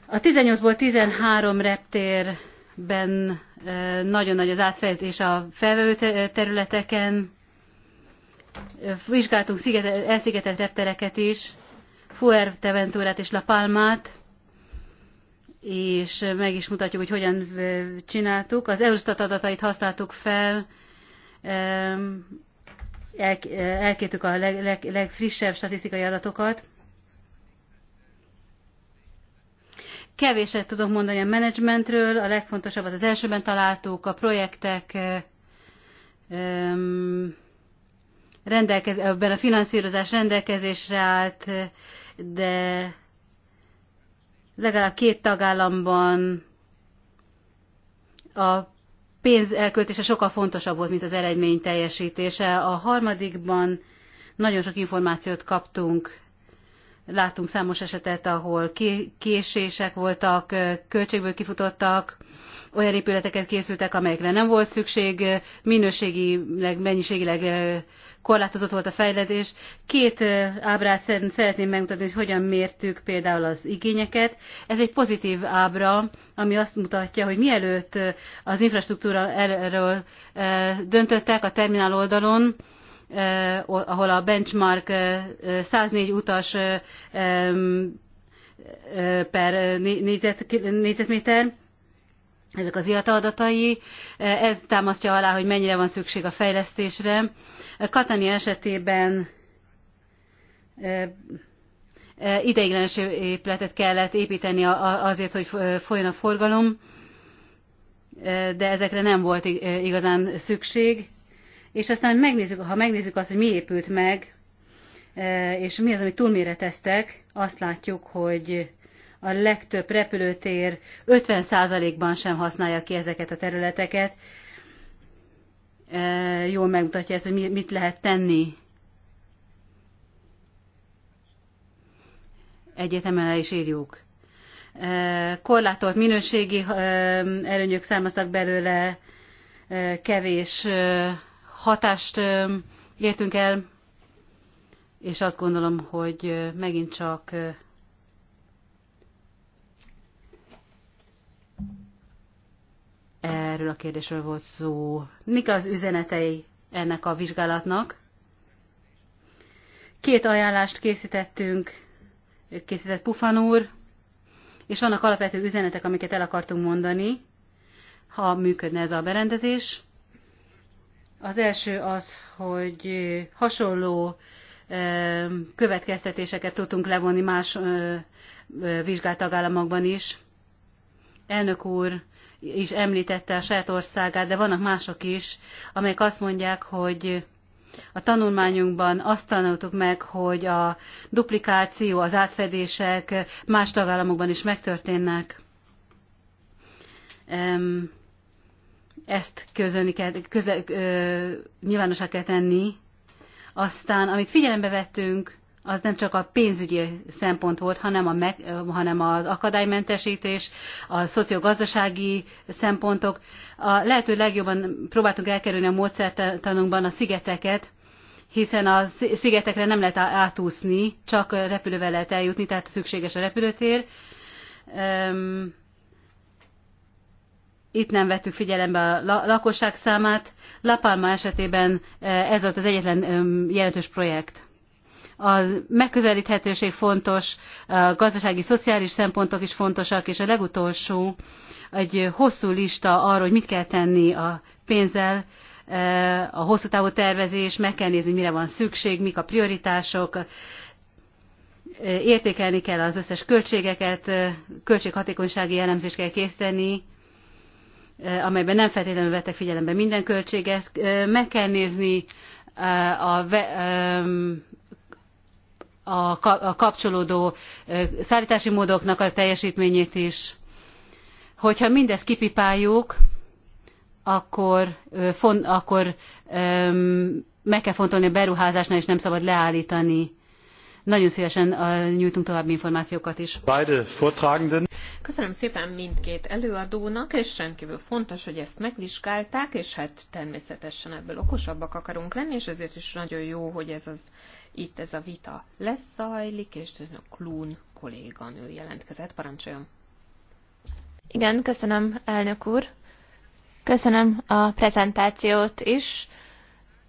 A 18-ból 13 reptér ben nagyon nagy az átfejtés a felvevő területeken. Vizsgáltunk elszigetett reptereket is, Fuerteventurát és La Palmát, és meg is mutatjuk, hogy hogyan csináltuk. Az Eurostat adatait használtuk fel, elkértük a legfrissebb statisztikai adatokat, Kevéset tudok mondani a menedzsmentről, a legfontosabbat az elsőben találtuk, a projektek rendelkezésben a finanszírozás rendelkezésre állt, de legalább két tagállamban a pénz elköltése sokkal fontosabb volt, mint az eredmény teljesítése. A harmadikban nagyon sok információt kaptunk Látunk számos esetet, ahol késések voltak, költségből kifutottak, olyan épületeket készültek, amelyekre nem volt szükség, minőségileg, mennyiségileg korlátozott volt a fejledés. Két ábrát szeretném megmutatni, hogy hogyan mértük például az igényeket. Ez egy pozitív ábra, ami azt mutatja, hogy mielőtt az infrastruktúra erről döntöttek a terminál oldalon, ahol a benchmark 104 utas per négyzetméter, ezek az IATA adatai. Ez támasztja alá, hogy mennyire van szükség a fejlesztésre. Katani esetében ideiglenes épületet kellett építeni azért, hogy folyjon a forgalom, de ezekre nem volt igazán szükség és aztán megnézzük, ha megnézzük azt, hogy mi épült meg, e, és mi az, amit túlméreteztek, azt látjuk, hogy a legtöbb repülőtér 50%-ban sem használja ki ezeket a területeket. E, jól megmutatja ez hogy mit lehet tenni. Egyetemele is írjuk. E, korlátolt minőségi előnyök származtak belőle, kevés hatást értünk el, és azt gondolom, hogy megint csak erről a kérdésről volt szó. Mik az üzenetei ennek a vizsgálatnak? Két ajánlást készítettünk, készített Pufan úr, és vannak alapvető üzenetek, amiket el akartunk mondani, ha működne ez a berendezés. Az első az, hogy hasonló következtetéseket tudtunk levonni más vizsgáltagállamokban is. Elnök úr is említette a saját országát, de vannak mások is, amelyek azt mondják, hogy a tanulmányunkban azt tanultuk meg, hogy a duplikáció, az átfedések más tagállamokban is megtörténnek. Um, ezt közölni kell, ö, nyilvánosra kell tenni. Aztán, amit figyelembe vettünk, az nem csak a pénzügyi szempont volt, hanem, a meg, hanem az akadálymentesítés, a szociogazdasági szempontok. A lehető legjobban próbáltunk elkerülni a módszertanunkban a szigeteket, hiszen a szigetekre nem lehet átúszni, csak repülővel lehet eljutni, tehát szükséges a repülőtér itt nem vettük figyelembe a lakosság számát. La Palma esetében e, ez volt az egyetlen jelentős projekt. A megközelíthetőség fontos, a gazdasági, szociális szempontok is fontosak, és a legutolsó egy hosszú lista arról, hogy mit kell tenni a pénzzel, e, a hosszú távú tervezés, meg kell nézni, mire van szükség, mik a prioritások, e, értékelni kell az összes költségeket, költséghatékonysági elemzést kell készíteni, Eh, amelyben nem feltétlenül vettek figyelembe minden költséget. Eh, meg kell nézni eh, a, a kapcsolódó szállítási módoknak a teljesítményét is. Hogyha mindezt kipipáljuk, akkor, font, akkor meg kell fontolni a beruházásnál, és nem szabad leállítani. Nagyon szívesen nyújtunk további információkat is. Köszönöm szépen mindkét előadónak, és rendkívül fontos, hogy ezt megvizsgálták, és hát természetesen ebből okosabbak akarunk lenni, és ezért is nagyon jó, hogy ez az, itt ez a vita leszajlik, és a Klún kolléganő jelentkezett. Parancsoljon! Igen, köszönöm, elnök úr. Köszönöm a prezentációt is.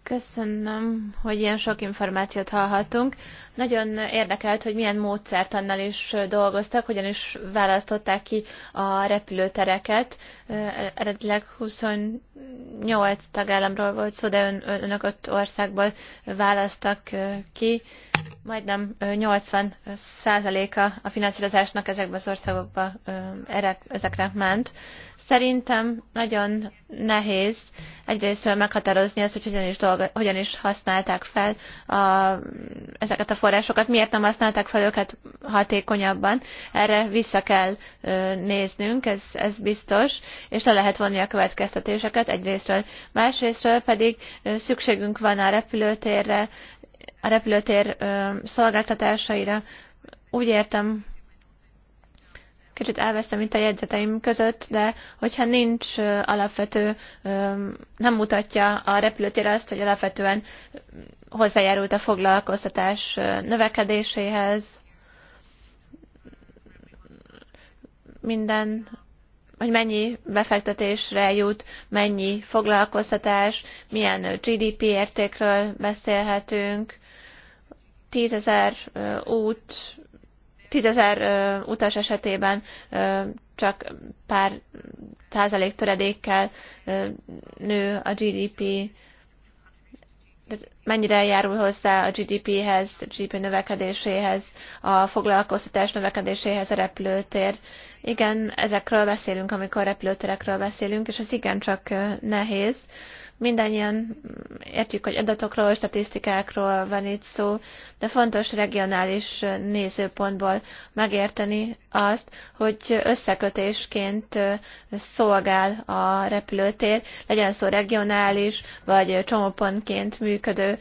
Köszönöm, hogy ilyen sok információt hallhattunk. Nagyon érdekelt, hogy milyen módszert annál is dolgoztak, hogyan is választották ki a repülőtereket. Eredetileg 28 tagállamról volt szó, de ön, önök ott országból választak ki. Majdnem 80 százaléka a finanszírozásnak ezekbe az országokba ezekre ment. Szerintem nagyon nehéz egyrészt meghatározni azt, hogy hogyan is, dolga, hogyan is használták fel a, ezeket a forrásokat, miért nem használták fel őket hatékonyabban. Erre vissza kell ö, néznünk, ez, ez biztos, és le lehet vonni a következtetéseket egyrésztről. Másrésztről pedig ö, szükségünk van a repülőtérre, a repülőtér ö, szolgáltatásaira. Úgy értem, Kicsit elvesztem itt a jegyzeteim között, de hogyha nincs alapvető, nem mutatja a repülőtér azt, hogy alapvetően hozzájárult a foglalkoztatás növekedéséhez, minden hogy mennyi befektetésre jut, mennyi foglalkoztatás, milyen GDP értékről beszélhetünk, tízezer út tízezer utas esetében csak pár százalék töredékkel nő a GDP, mennyire járul hozzá a GDP-hez, a GDP növekedéséhez, a foglalkoztatás növekedéséhez a repülőtér. Igen, ezekről beszélünk, amikor repülőterekről beszélünk, és ez igencsak nehéz. Mindannyian értjük, hogy adatokról, statisztikákról van itt szó, de fontos regionális nézőpontból megérteni azt, hogy összekötésként szolgál a repülőtér, legyen szó regionális vagy csomópontként működő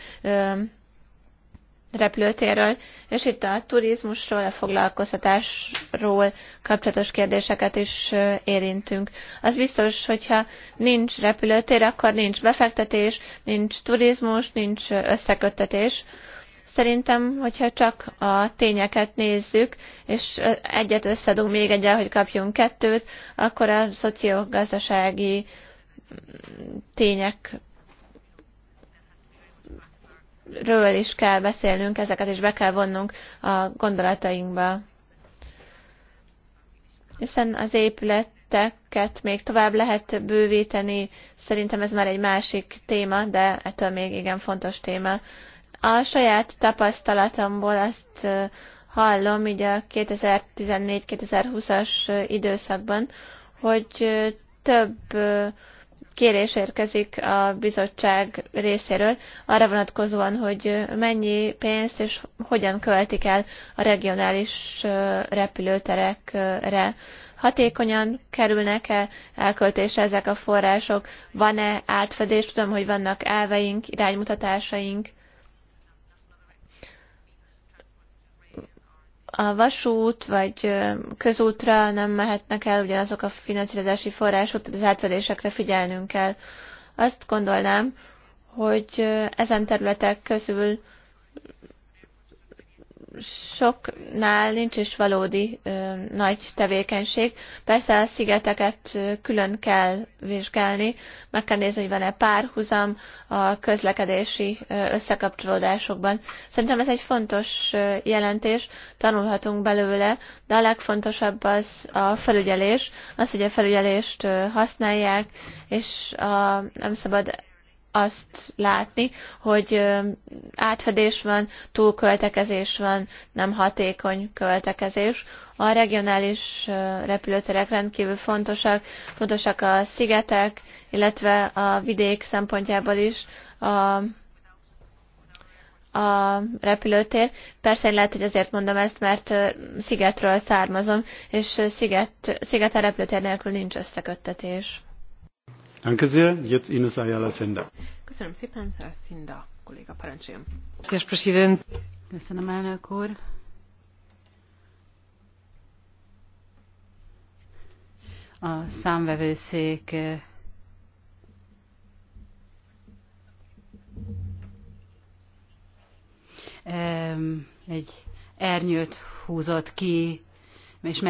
repülőtérről, és itt a turizmusról, a foglalkoztatásról kapcsolatos kérdéseket is érintünk. Az biztos, hogyha nincs repülőtér, akkor nincs befektetés, nincs turizmus, nincs összeköttetés. Szerintem, hogyha csak a tényeket nézzük, és egyet összedunk még egyel, hogy kapjunk kettőt, akkor a szociogazdasági mm, tények ről is kell beszélnünk, ezeket is be kell vonnunk a gondolatainkba. Hiszen az épületeket még tovább lehet bővíteni, szerintem ez már egy másik téma, de ettől még igen fontos téma. A saját tapasztalatomból azt hallom, így a 2014-2020-as időszakban, hogy több kérés érkezik a bizottság részéről arra vonatkozóan, hogy mennyi pénzt és hogyan költik el a regionális repülőterekre. Hatékonyan kerülnek-e elköltésre ezek a források? Van-e átfedés? Tudom, hogy vannak elveink, iránymutatásaink a vasút vagy közútra nem mehetnek el ugyanazok a finanszírozási források, tehát az átfedésekre figyelnünk kell. Azt gondolnám, hogy ezen területek közül soknál nincs is valódi ö, nagy tevékenység. Persze a szigeteket külön kell vizsgálni, meg kell nézni, hogy van-e párhuzam a közlekedési összekapcsolódásokban. Szerintem ez egy fontos jelentés, tanulhatunk belőle, de a legfontosabb az a felügyelés, az, hogy a felügyelést használják, és a, nem szabad azt látni, hogy átfedés van, túlköltekezés van, nem hatékony költekezés. A regionális repülőterek rendkívül fontosak, fontosak a szigetek, illetve a vidék szempontjából is a a repülőtér. Persze én lehet, hogy azért mondom ezt, mert szigetről származom, és sziget, a repülőtér nélkül nincs összeköttetés. Danke sehr. Jetzt Ines Ayala Köszönöm szépen, Szinda kolléga, parancsoljon. Köszönöm, elnök úr. A számvevőszék eh, egy ernyőt húzott ki, és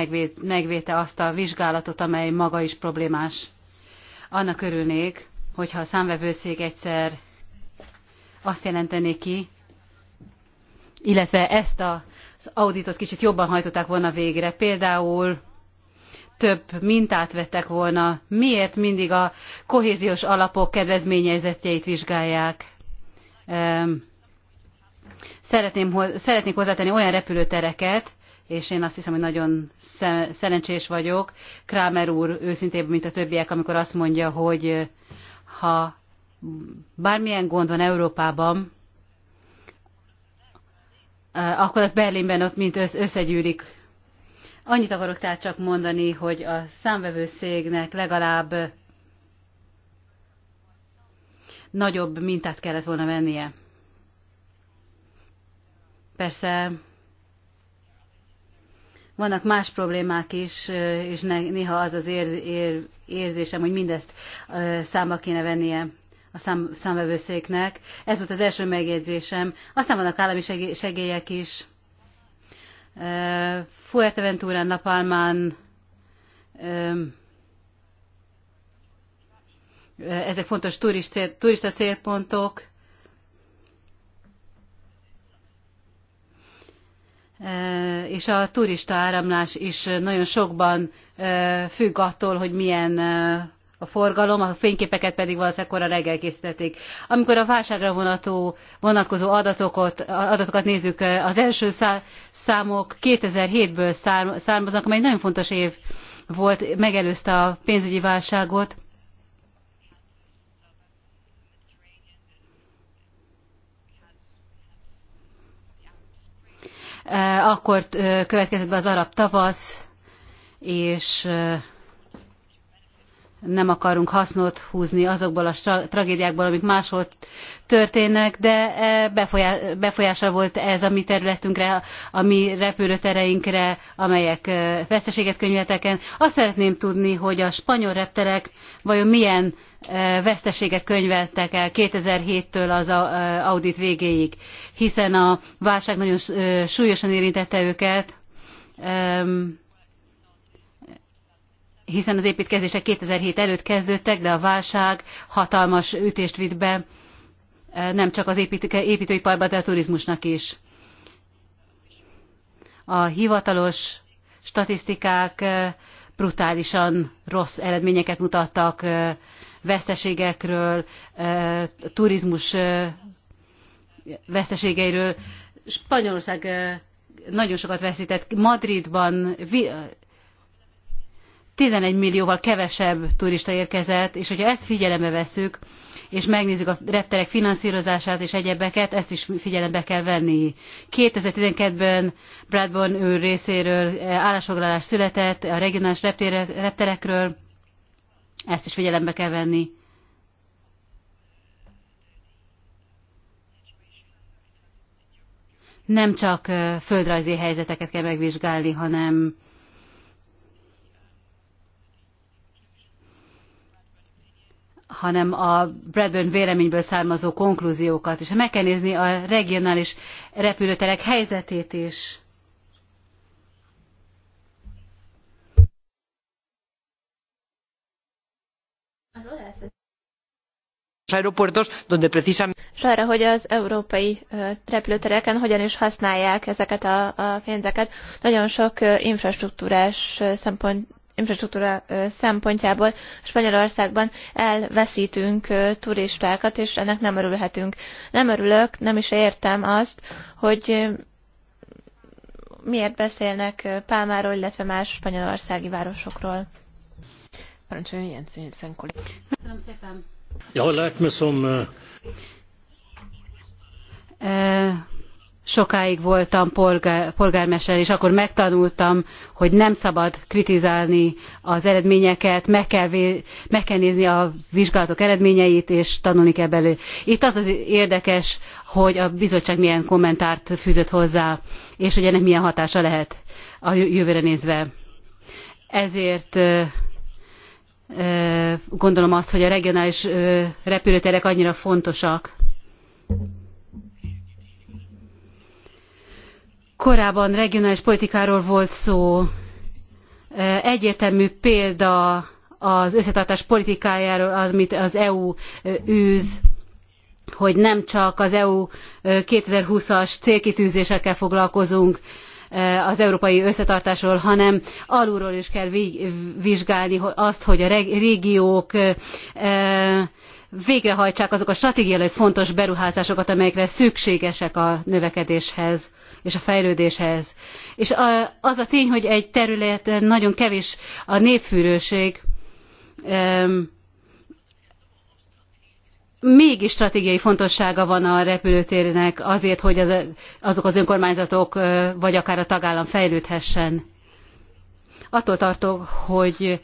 megvédte azt a vizsgálatot, amely maga is problémás annak örülnék, hogyha a számvevőszék egyszer azt jelentené ki, illetve ezt az auditot kicsit jobban hajtották volna végre. Például több mintát vettek volna, miért mindig a kohéziós alapok kedvezményezetjeit vizsgálják. Szeretném, szeretnék hozzátenni olyan repülőtereket, és én azt hiszem, hogy nagyon szerencsés vagyok. krámer úr őszintén, mint a többiek, amikor azt mondja, hogy ha bármilyen gond van Európában, akkor az Berlinben ott mint összegyűrik. Annyit akarok tehát csak mondani, hogy a számvevőszégnek legalább nagyobb mintát kellett volna vennie. Persze vannak más problémák is, és néha az az ér, érzésem, hogy mindezt számba kéne vennie a szám, számvevőszéknek. Ez volt az első megjegyzésem. Aztán vannak állami segélyek is. fuerteventúrán Napalmán, ezek fontos turist, turista célpontok, Eh, és a turista áramlás is nagyon sokban eh, függ attól, hogy milyen eh, a forgalom, a fényképeket pedig valószínűleg korán reggel készítették. Amikor a válságra vonató, vonatkozó adatokat, adatokat nézzük, az első számok 2007-ből származnak, amely nagyon fontos év volt, megelőzte a pénzügyi válságot, akkor következett be az arab tavasz, és nem akarunk hasznot húzni azokból a tragédiákból, amik máshol történnek, de e, befolyása volt ez a mi területünkre, a mi repülőtereinkre, amelyek e, veszteséget könyveltek Azt szeretném tudni, hogy a spanyol repterek vajon milyen e, veszteséget könyveltek el 2007-től az audit végéig, hiszen a válság nagyon súlyosan érintette őket hiszen az építkezések 2007 előtt kezdődtek, de a válság hatalmas ütést vitt be, e, nem csak az építőiparban, de a turizmusnak is. A hivatalos statisztikák e, brutálisan rossz eredményeket mutattak e, veszteségekről, turizmus veszteségeiről. Spanyolország nagyon sokat veszített. Madridban 11 millióval kevesebb turista érkezett, és hogyha ezt figyelembe vesszük, és megnézzük a repterek finanszírozását és egyebeket, ezt is figyelembe kell venni. twelve ben Bradburn ő részéről eh, állásfoglalás született a regionális repterekről, ezt is figyelembe kell venni. Nem csak eh, földrajzi helyzeteket kell megvizsgálni, hanem hanem a Bradburn véleményből származó konklúziókat, és meg kell nézni a regionális repülőterek helyzetét is. aeropuertos És arra, hogy az európai repülőtereken hogyan is használják ezeket a, a pénzeket. Nagyon sok infrastruktúrás szempont infrastruktúra szempontjából Spanyolországban elveszítünk turistákat, és ennek nem örülhetünk. Nem örülök, nem is értem azt, hogy miért beszélnek Pálmáról, illetve más spanyolországi városokról. Parancsoljon ilyen színszen Köszönöm szépen. Ja, lehet, sokáig voltam polgár, polgármester, és akkor megtanultam, hogy nem szabad kritizálni az eredményeket, meg kell, meg kell nézni a vizsgálatok eredményeit, és tanulni kell belőle. Itt az az érdekes, hogy a bizottság milyen kommentárt fűzött hozzá, és hogy ennek milyen hatása lehet a jövőre nézve. Ezért gondolom azt, hogy a regionális repülőterek annyira fontosak Korábban regionális politikáról volt szó, egyértelmű példa az összetartás politikájáról, amit az EU űz, hogy nem csak az EU 2020-as célkitűzésekkel foglalkozunk, az európai összetartásról, hanem alulról is kell vizsgálni azt, hogy a régiók végrehajtsák azok a stratégiailag fontos beruházásokat, amelyekre szükségesek a növekedéshez és a fejlődéshez. És az a tény, hogy egy területen nagyon kevés a népfűrőség, mégis stratégiai fontossága van a repülőtérnek azért, hogy az, azok az önkormányzatok vagy akár a tagállam fejlődhessen. Attól tartok, hogy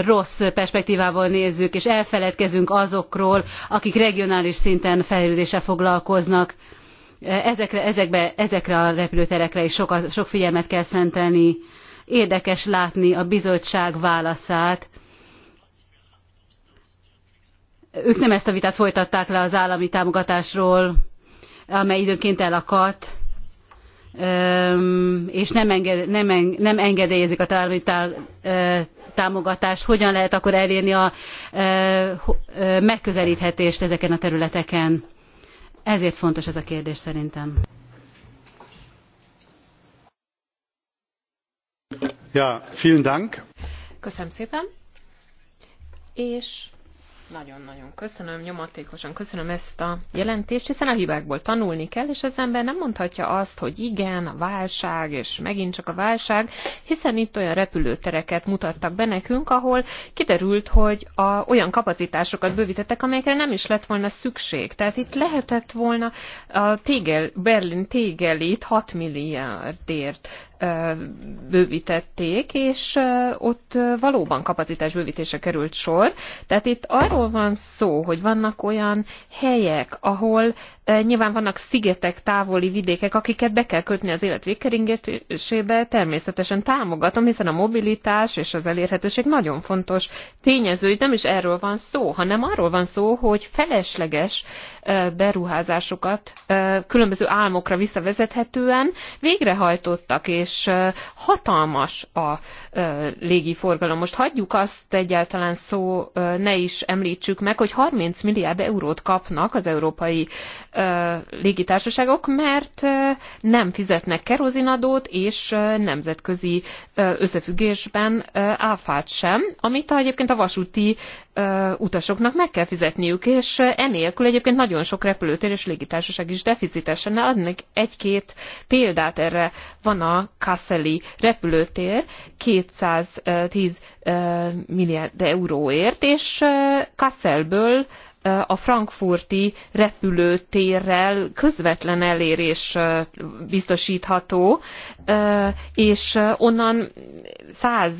rossz perspektívával nézzük, és elfeledkezünk azokról, akik regionális szinten fejlődése foglalkoznak ezekre, ezekbe, ezekre a repülőterekre is sok, sok figyelmet kell szentelni. Érdekes látni a bizottság válaszát. Ők nem ezt a vitát folytatták le az állami támogatásról, amely időnként elakadt, és nem, enged, nem, nem engedélyezik a állami támogatást. Hogyan lehet akkor elérni a megközelíthetést ezeken a területeken? Ezért fontos ez a kérdés szerintem. Ja, vielen Dank. Köszönöm szépen. És nagyon-nagyon köszönöm, nyomatékosan köszönöm ezt a jelentést, hiszen a hibákból tanulni kell, és az ember nem mondhatja azt, hogy igen, a válság, és megint csak a válság, hiszen itt olyan repülőtereket mutattak be nekünk, ahol kiderült, hogy a, olyan kapacitásokat bővítettek, amelyekre nem is lett volna szükség. Tehát itt lehetett volna a tégel, Berlin tégelét 6 milliárdért bővítették, és ott valóban kapacitás bővítése került sor. Tehát itt arról van szó, hogy vannak olyan helyek, ahol nyilván vannak szigetek, távoli vidékek, akiket be kell kötni az élet végkeringésébe, természetesen támogatom, hiszen a mobilitás és az elérhetőség nagyon fontos tényező, itt nem is erről van szó, hanem arról van szó, hogy felesleges beruházásokat különböző álmokra visszavezethetően végrehajtottak, és és hatalmas a légiforgalom. Most hagyjuk azt egyáltalán szó, ne is említsük meg, hogy 30 milliárd eurót kapnak az európai légitársaságok, mert nem fizetnek kerozinadót, és nemzetközi összefüggésben áfát sem, amit egyébként a vasúti utasoknak meg kell fizetniük, és enélkül egyébként nagyon sok repülőtér és légitársaság is deficitesen. Adnék egy-két példát erre. Van a Kasseli repülőtér 210 milliárd euróért, és Kasselből a frankfurti repülőtérrel közvetlen elérés biztosítható, és onnan száz,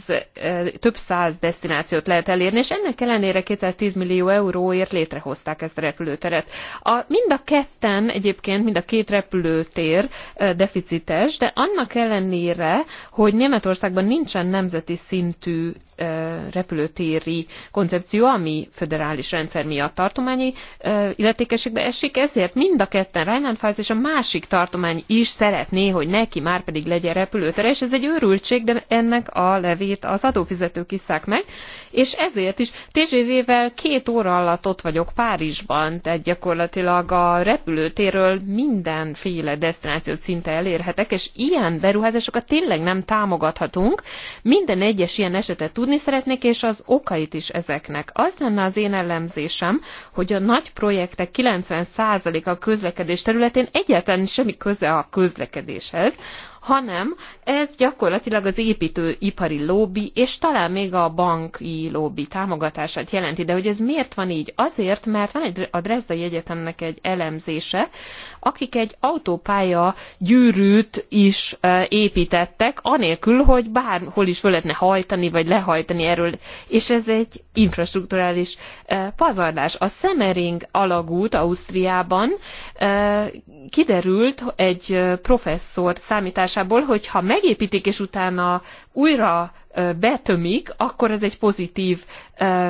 több száz destinációt lehet elérni, és ennek ellenére 210 millió euróért létrehozták ezt a repülőteret. A, mind a ketten egyébként, mind a két repülőtér deficites, de annak ellenére, hogy Németországban nincsen nemzeti szintű repülőtéri koncepció, ami föderális rendszer miatt tartományi illetékességbe esik, ezért mind a ketten Rheinland-Pfalz és a másik tartomány is szeretné, hogy neki már pedig legyen repülőtere, és ez egy őrültség, de ennek a levét az adófizetők iszák meg, és ezért is TGV-vel két óra alatt ott vagyok Párizsban, tehát gyakorlatilag a repülőtéről mindenféle destinációt szinte elérhetek, és ilyen beruházásokat tényleg nem támogathatunk. Minden egyes ilyen esetet tud tudni szeretnék, és az okait is ezeknek. Az lenne az én ellenzésem, hogy a nagy projektek 90%-a a közlekedés területén egyáltalán semmi köze a közlekedéshez, hanem ez gyakorlatilag az építőipari lobby, és talán még a banki lobby támogatását jelenti. De hogy ez miért van így? Azért, mert van egy, a Dresdai Egyetemnek egy elemzése, akik egy autópálya gyűrűt is e, építettek, anélkül, hogy bárhol is föl lehetne hajtani, vagy lehajtani erről, és ez egy infrastruktúrális e, pazarlás. A Semmering alagút Ausztriában e, kiderült egy professzor számítás megújításából, hogyha megépítik és utána újra betömik, akkor ez egy pozitív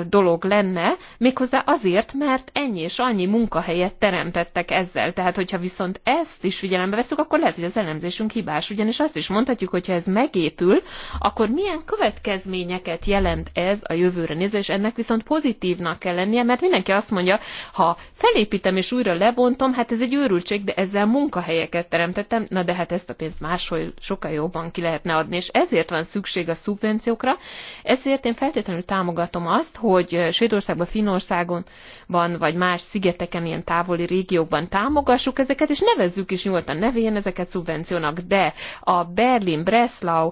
dolog lenne, méghozzá azért, mert ennyi és annyi munkahelyet teremtettek ezzel. Tehát, hogyha viszont ezt is figyelembe veszük, akkor lehet, hogy az elemzésünk hibás. Ugyanis azt is mondhatjuk, hogy ha ez megépül, akkor milyen következményeket jelent ez a jövőre nézve, és ennek viszont pozitívnak kell lennie, mert mindenki azt mondja, ha felépítem és újra lebontom, hát ez egy őrültség, de ezzel munkahelyeket teremtettem, na de hát ezt a pénzt máshol sokkal jobban ki lehetne adni, és ezért van szükség a szubvencióra, intervenciókra. Ezért én feltétlenül támogatom azt, hogy Svédországban, Finországon van, vagy más szigeteken, ilyen távoli régiókban támogassuk ezeket, és nevezzük is nyugodtan nevén ezeket szubvenciónak, de a Berlin-Breslau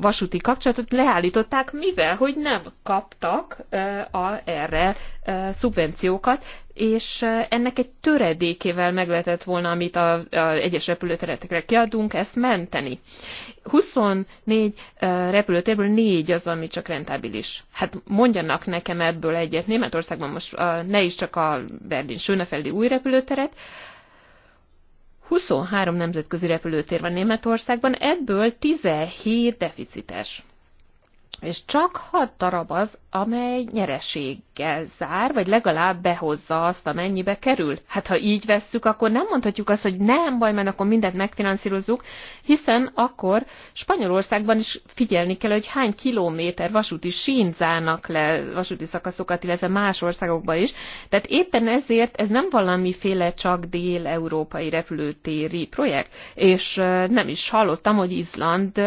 vasúti kapcsolatot leállították, mivel hogy nem kaptak a, erre szubvenciókat, és ennek egy töredékével meg lehetett volna, amit az egyes repülőteretekre kiadunk, ezt menteni. 24 repülőtérből 4 az, ami csak rentábilis. Hát mondjanak nekem ebből egyet. Németországban most ne is csak a berlin sönefeldi új repülőteret, 23 nemzetközi repülőtér van Németországban, ebből 17 deficites és csak hat darab az, amely nyereséggel zár, vagy legalább behozza azt, amennyibe kerül. Hát ha így vesszük, akkor nem mondhatjuk azt, hogy nem baj, mert akkor mindent megfinanszírozzuk, hiszen akkor Spanyolországban is figyelni kell, hogy hány kilométer vasúti sín zárnak le vasúti szakaszokat, illetve más országokban is. Tehát éppen ezért ez nem valamiféle csak dél-európai repülőtéri projekt, és nem is hallottam, hogy Izland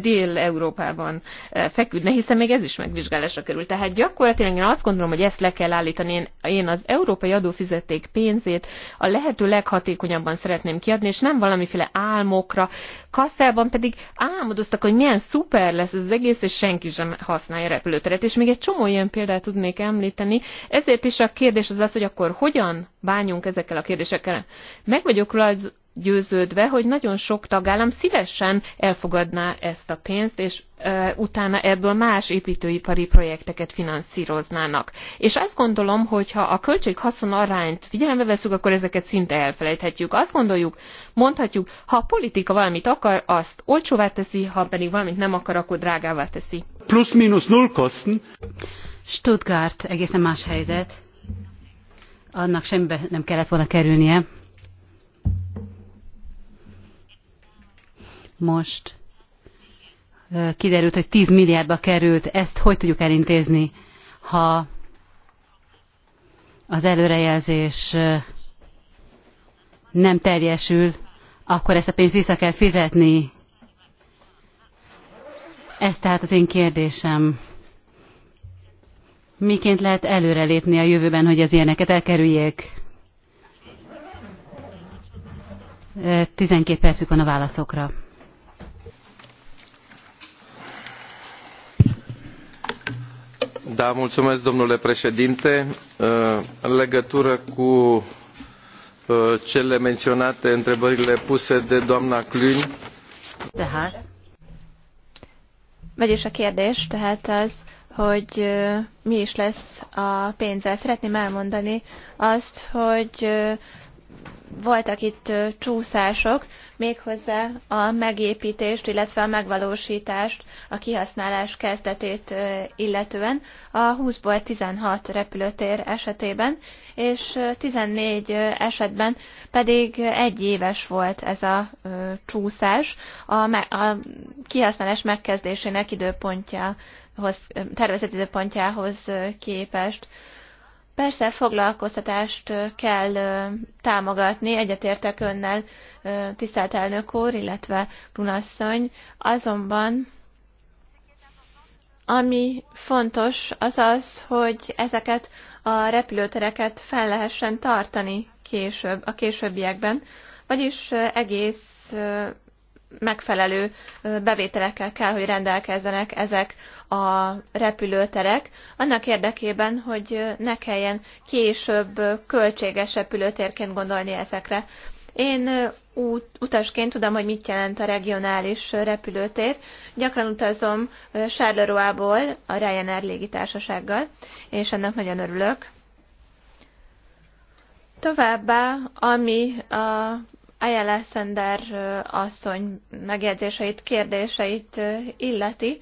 dél-európában nyomon eh, feküdne, hiszen még ez is megvizsgálásra kerül. Tehát gyakorlatilag én azt gondolom, hogy ezt le kell állítani. Én, én az európai adófizeték pénzét a lehető leghatékonyabban szeretném kiadni, és nem valamiféle álmokra. Kasszában pedig álmodoztak, hogy milyen szuper lesz az egész, és senki sem használja a repülőteret. És még egy csomó ilyen példát tudnék említeni. Ezért is a kérdés az az, hogy akkor hogyan bánjunk ezekkel a kérdésekkel. Meg vagyok rá az győződve, hogy nagyon sok tagállam szívesen elfogadná ezt a pénzt, és utána ebből más építőipari projekteket finanszíroznának. És azt gondolom, hogy ha a költség-haszon arányt figyelembe veszük, akkor ezeket szinte elfelejthetjük. Azt gondoljuk, mondhatjuk, ha a politika valamit akar, azt olcsóvá teszi, ha pedig valamit nem akar, akkor drágává teszi. Plusz-minusz null kosten. Stuttgart egészen más helyzet. Annak semmibe nem kellett volna kerülnie. most kiderült, hogy 10 milliárdba került. Ezt hogy tudjuk elintézni, ha az előrejelzés nem teljesül, akkor ezt a pénzt vissza kell fizetni. Ez tehát az én kérdésem. Miként lehet előrelépni a jövőben, hogy az ilyeneket elkerüljék? 12 percük van a válaszokra. domnule președinte. Uh, în legătură cu uh, cele menționate, întrebările puse de doamna klün Tehát, is a kérdés, tehát az, hogy uh, mi is lesz a pénzzel. Szeretném elmondani azt, hogy voltak itt csúszások, méghozzá a megépítést, illetve a megvalósítást, a kihasználás kezdetét illetően a 20-ból 16 repülőtér esetében, és 14 esetben pedig egy éves volt ez a csúszás a, a kihasználás megkezdésének időpontjához, tervezett időpontjához képest. Persze foglalkoztatást kell támogatni, egyetértek önnel, tisztelt elnök úr, illetve Lunasszony, azonban ami fontos, az az, hogy ezeket a repülőtereket fel lehessen tartani később, a későbbiekben, vagyis egész megfelelő bevételekkel kell, hogy rendelkezzenek ezek a repülőterek, annak érdekében, hogy ne kelljen később költséges repülőtérként gondolni ezekre. Én út, utasként tudom, hogy mit jelent a regionális repülőtér. Gyakran utazom Charleroi-ból a Ryanair légitársasággal, és ennek nagyon örülök. Továbbá, ami a Ayala Sender asszony megjegyzéseit, kérdéseit illeti,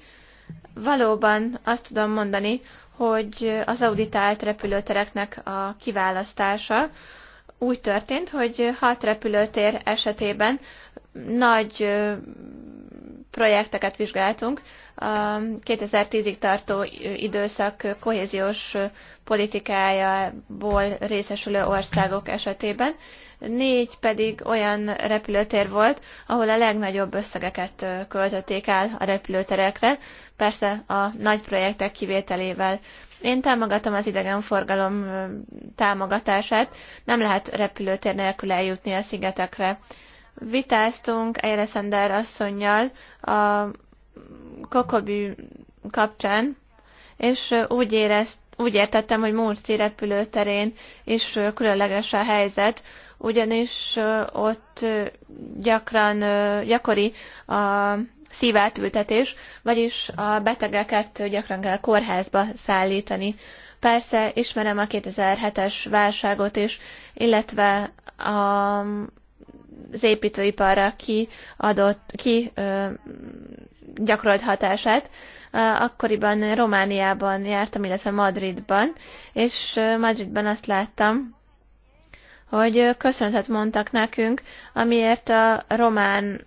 valóban azt tudom mondani, hogy az auditált repülőtereknek a kiválasztása úgy történt, hogy hat repülőtér esetében nagy projekteket vizsgáltunk. A 2010-ig tartó időszak kohéziós politikájából részesülő országok esetében, négy pedig olyan repülőtér volt, ahol a legnagyobb összegeket költötték el a repülőterekre, persze a nagy projektek kivételével. Én támogatom az idegenforgalom támogatását, nem lehet repülőtér nélkül eljutni a szigetekre vitáztunk Eire Sender asszonynal a kokobű kapcsán, és úgy érezt, úgy értettem, hogy Murci repülőterén is különleges a helyzet, ugyanis ott gyakran, gyakori a szívátültetés, vagyis a betegeket gyakran kell kórházba szállítani. Persze ismerem a 2007-es válságot is, illetve a az építőiparra ki adott, ki gyakorolt hatását. Akkoriban Romániában jártam, illetve Madridban, és Madridban azt láttam, hogy köszönetet mondtak nekünk, amiért a román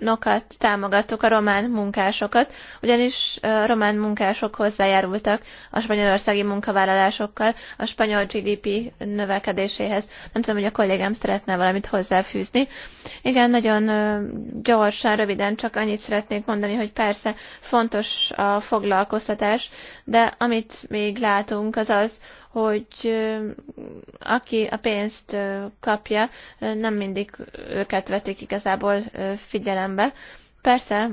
nokat támogattuk a román munkásokat, ugyanis a román munkások hozzájárultak a spanyolországi munkavállalásokkal a spanyol GDP növekedéséhez. Nem tudom, hogy a kollégám szeretne valamit hozzáfűzni. Igen, nagyon gyorsan, röviden csak annyit szeretnék mondani, hogy persze fontos a foglalkoztatás, de amit még látunk az az, hogy aki a pénzt kapja, nem mindig őket vetik igazából figyelembe. Persze,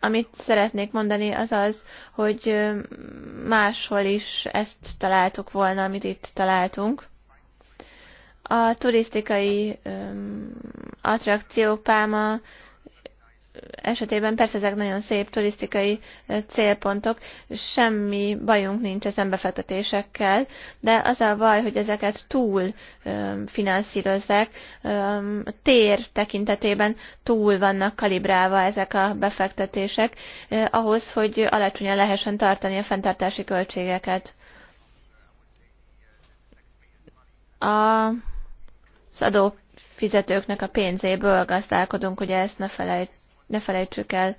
amit szeretnék mondani, az az, hogy máshol is ezt találtuk volna, amit itt találtunk. A turisztikai attrakciók, Pálma, esetében persze ezek nagyon szép turisztikai eh, célpontok, semmi bajunk nincs az befektetésekkel, de az a baj, hogy ezeket túl eh, finanszírozzák, eh, tér tekintetében túl vannak kalibrálva ezek a befektetések, ahhoz, hogy alacsonyan lehessen tartani a fenntartási költségeket. A, az adófizetőknek a pénzéből gazdálkodunk, ugye ezt ne felejtsük ne felejtsük el.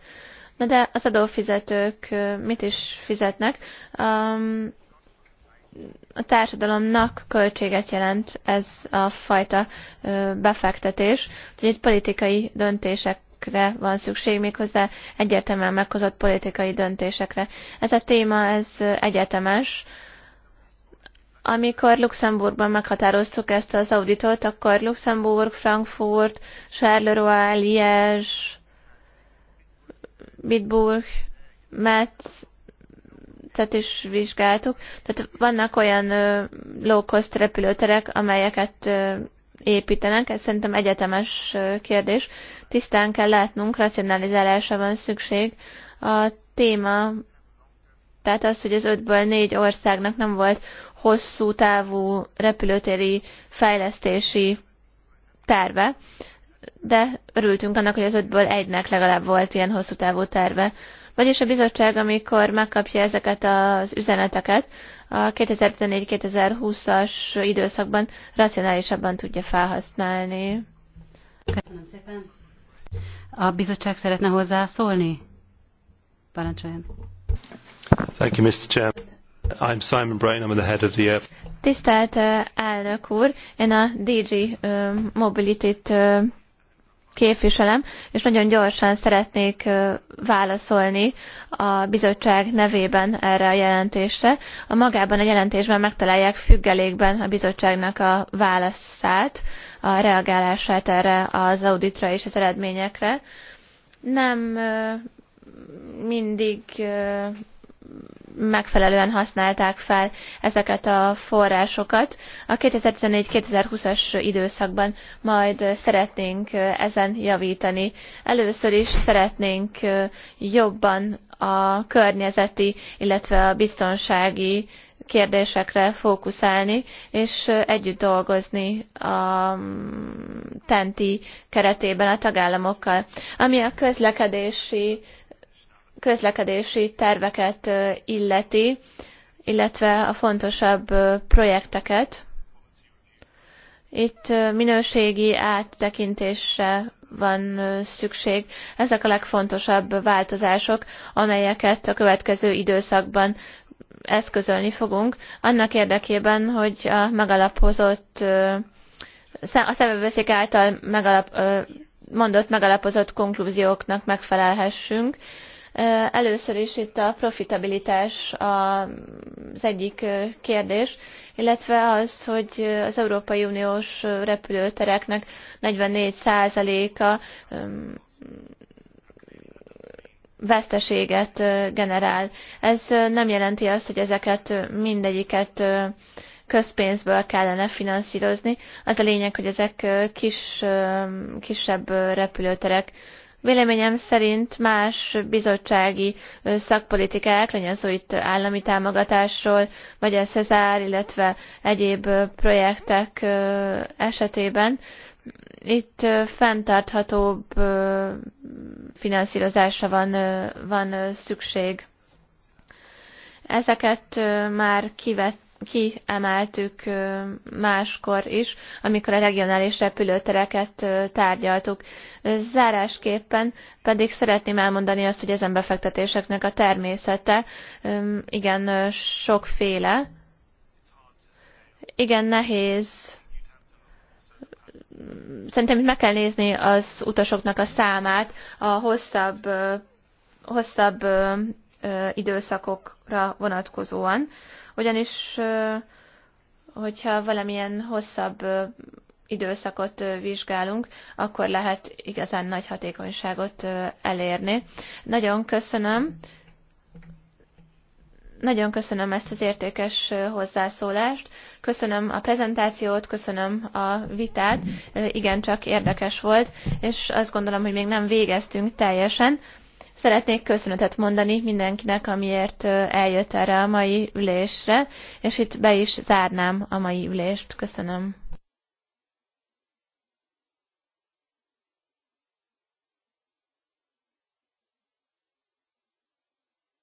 Na de az adófizetők mit is fizetnek? Um, a társadalomnak költséget jelent ez a fajta befektetés, hogy egy politikai döntésekre van szükség, méghozzá egyértelműen meghozott politikai döntésekre. Ez a téma, ez egyetemes. Amikor Luxemburgban meghatároztuk ezt az auditot, akkor Luxemburg, Frankfurt, Charleroi, Liège, Bitburg, Metz, tehát is vizsgáltuk. Tehát vannak olyan low-cost repülőterek, amelyeket építenek, ez szerintem egyetemes kérdés. Tisztán kell látnunk, racionalizálásra van szükség. A téma, tehát az, hogy az ötből négy országnak nem volt hosszú távú repülőtéri fejlesztési terve, de örültünk annak, hogy az ötből egynek legalább volt ilyen hosszú távú terve. Vagyis a bizottság, amikor megkapja ezeket az üzeneteket, a 2014-2020-as időszakban racionálisabban tudja felhasználni. Köszönöm szépen. A bizottság szeretne hozzászólni? Parancsoljon. Thank you, Mr. Chair. I'm Simon Brain, I'm the head of the Tisztelt elnök úr, én a DG Mobility-t képviselem, és nagyon gyorsan szeretnék válaszolni a bizottság nevében erre a jelentésre. A magában a jelentésben megtalálják függelékben a bizottságnak a válaszát, a reagálását erre az auditra és az eredményekre. Nem mindig megfelelően használták fel ezeket a forrásokat. A 2014-2020-as időszakban majd szeretnénk ezen javítani. Először is szeretnénk jobban a környezeti, illetve a biztonsági kérdésekre fókuszálni, és együtt dolgozni a mm, tenti keretében a tagállamokkal. Ami a közlekedési közlekedési terveket illeti, illetve a fontosabb projekteket. Itt minőségi áttekintésre van szükség. Ezek a legfontosabb változások, amelyeket a következő időszakban eszközölni fogunk, annak érdekében, hogy a megalapozott, a szemövőszék által megalap, mondott megalapozott konklúzióknak megfelelhessünk Először is itt a profitabilitás az egyik kérdés, illetve az, hogy az Európai Uniós repülőtereknek 44%-a veszteséget generál. Ez nem jelenti azt, hogy ezeket mindegyiket közpénzből kellene finanszírozni. Az a lényeg, hogy ezek kis, kisebb repülőterek Véleményem szerint más bizottsági szakpolitikák, legyen szó itt állami támogatásról, vagy a Cezár, illetve egyéb projektek esetében, itt fenntarthatóbb finanszírozásra van, van szükség. Ezeket már kivett kiemeltük máskor is, amikor a regionális repülőtereket tárgyaltuk. Zárásképpen pedig szeretném elmondani azt, hogy ezen befektetéseknek a természete igen sokféle. Igen nehéz szerintem itt meg kell nézni az utasoknak a számát a hosszabb, hosszabb időszakokra vonatkozóan ugyanis hogyha valamilyen hosszabb időszakot vizsgálunk, akkor lehet igazán nagy hatékonyságot elérni. Nagyon köszönöm. Nagyon köszönöm ezt az értékes hozzászólást, köszönöm a prezentációt, köszönöm a vitát, igen csak érdekes volt, és azt gondolom, hogy még nem végeztünk teljesen. Szeretnék köszönetet mondani mindenkinek, amiért eljött erre a mai ülésre, és itt be is zárnám a mai ülést. Köszönöm.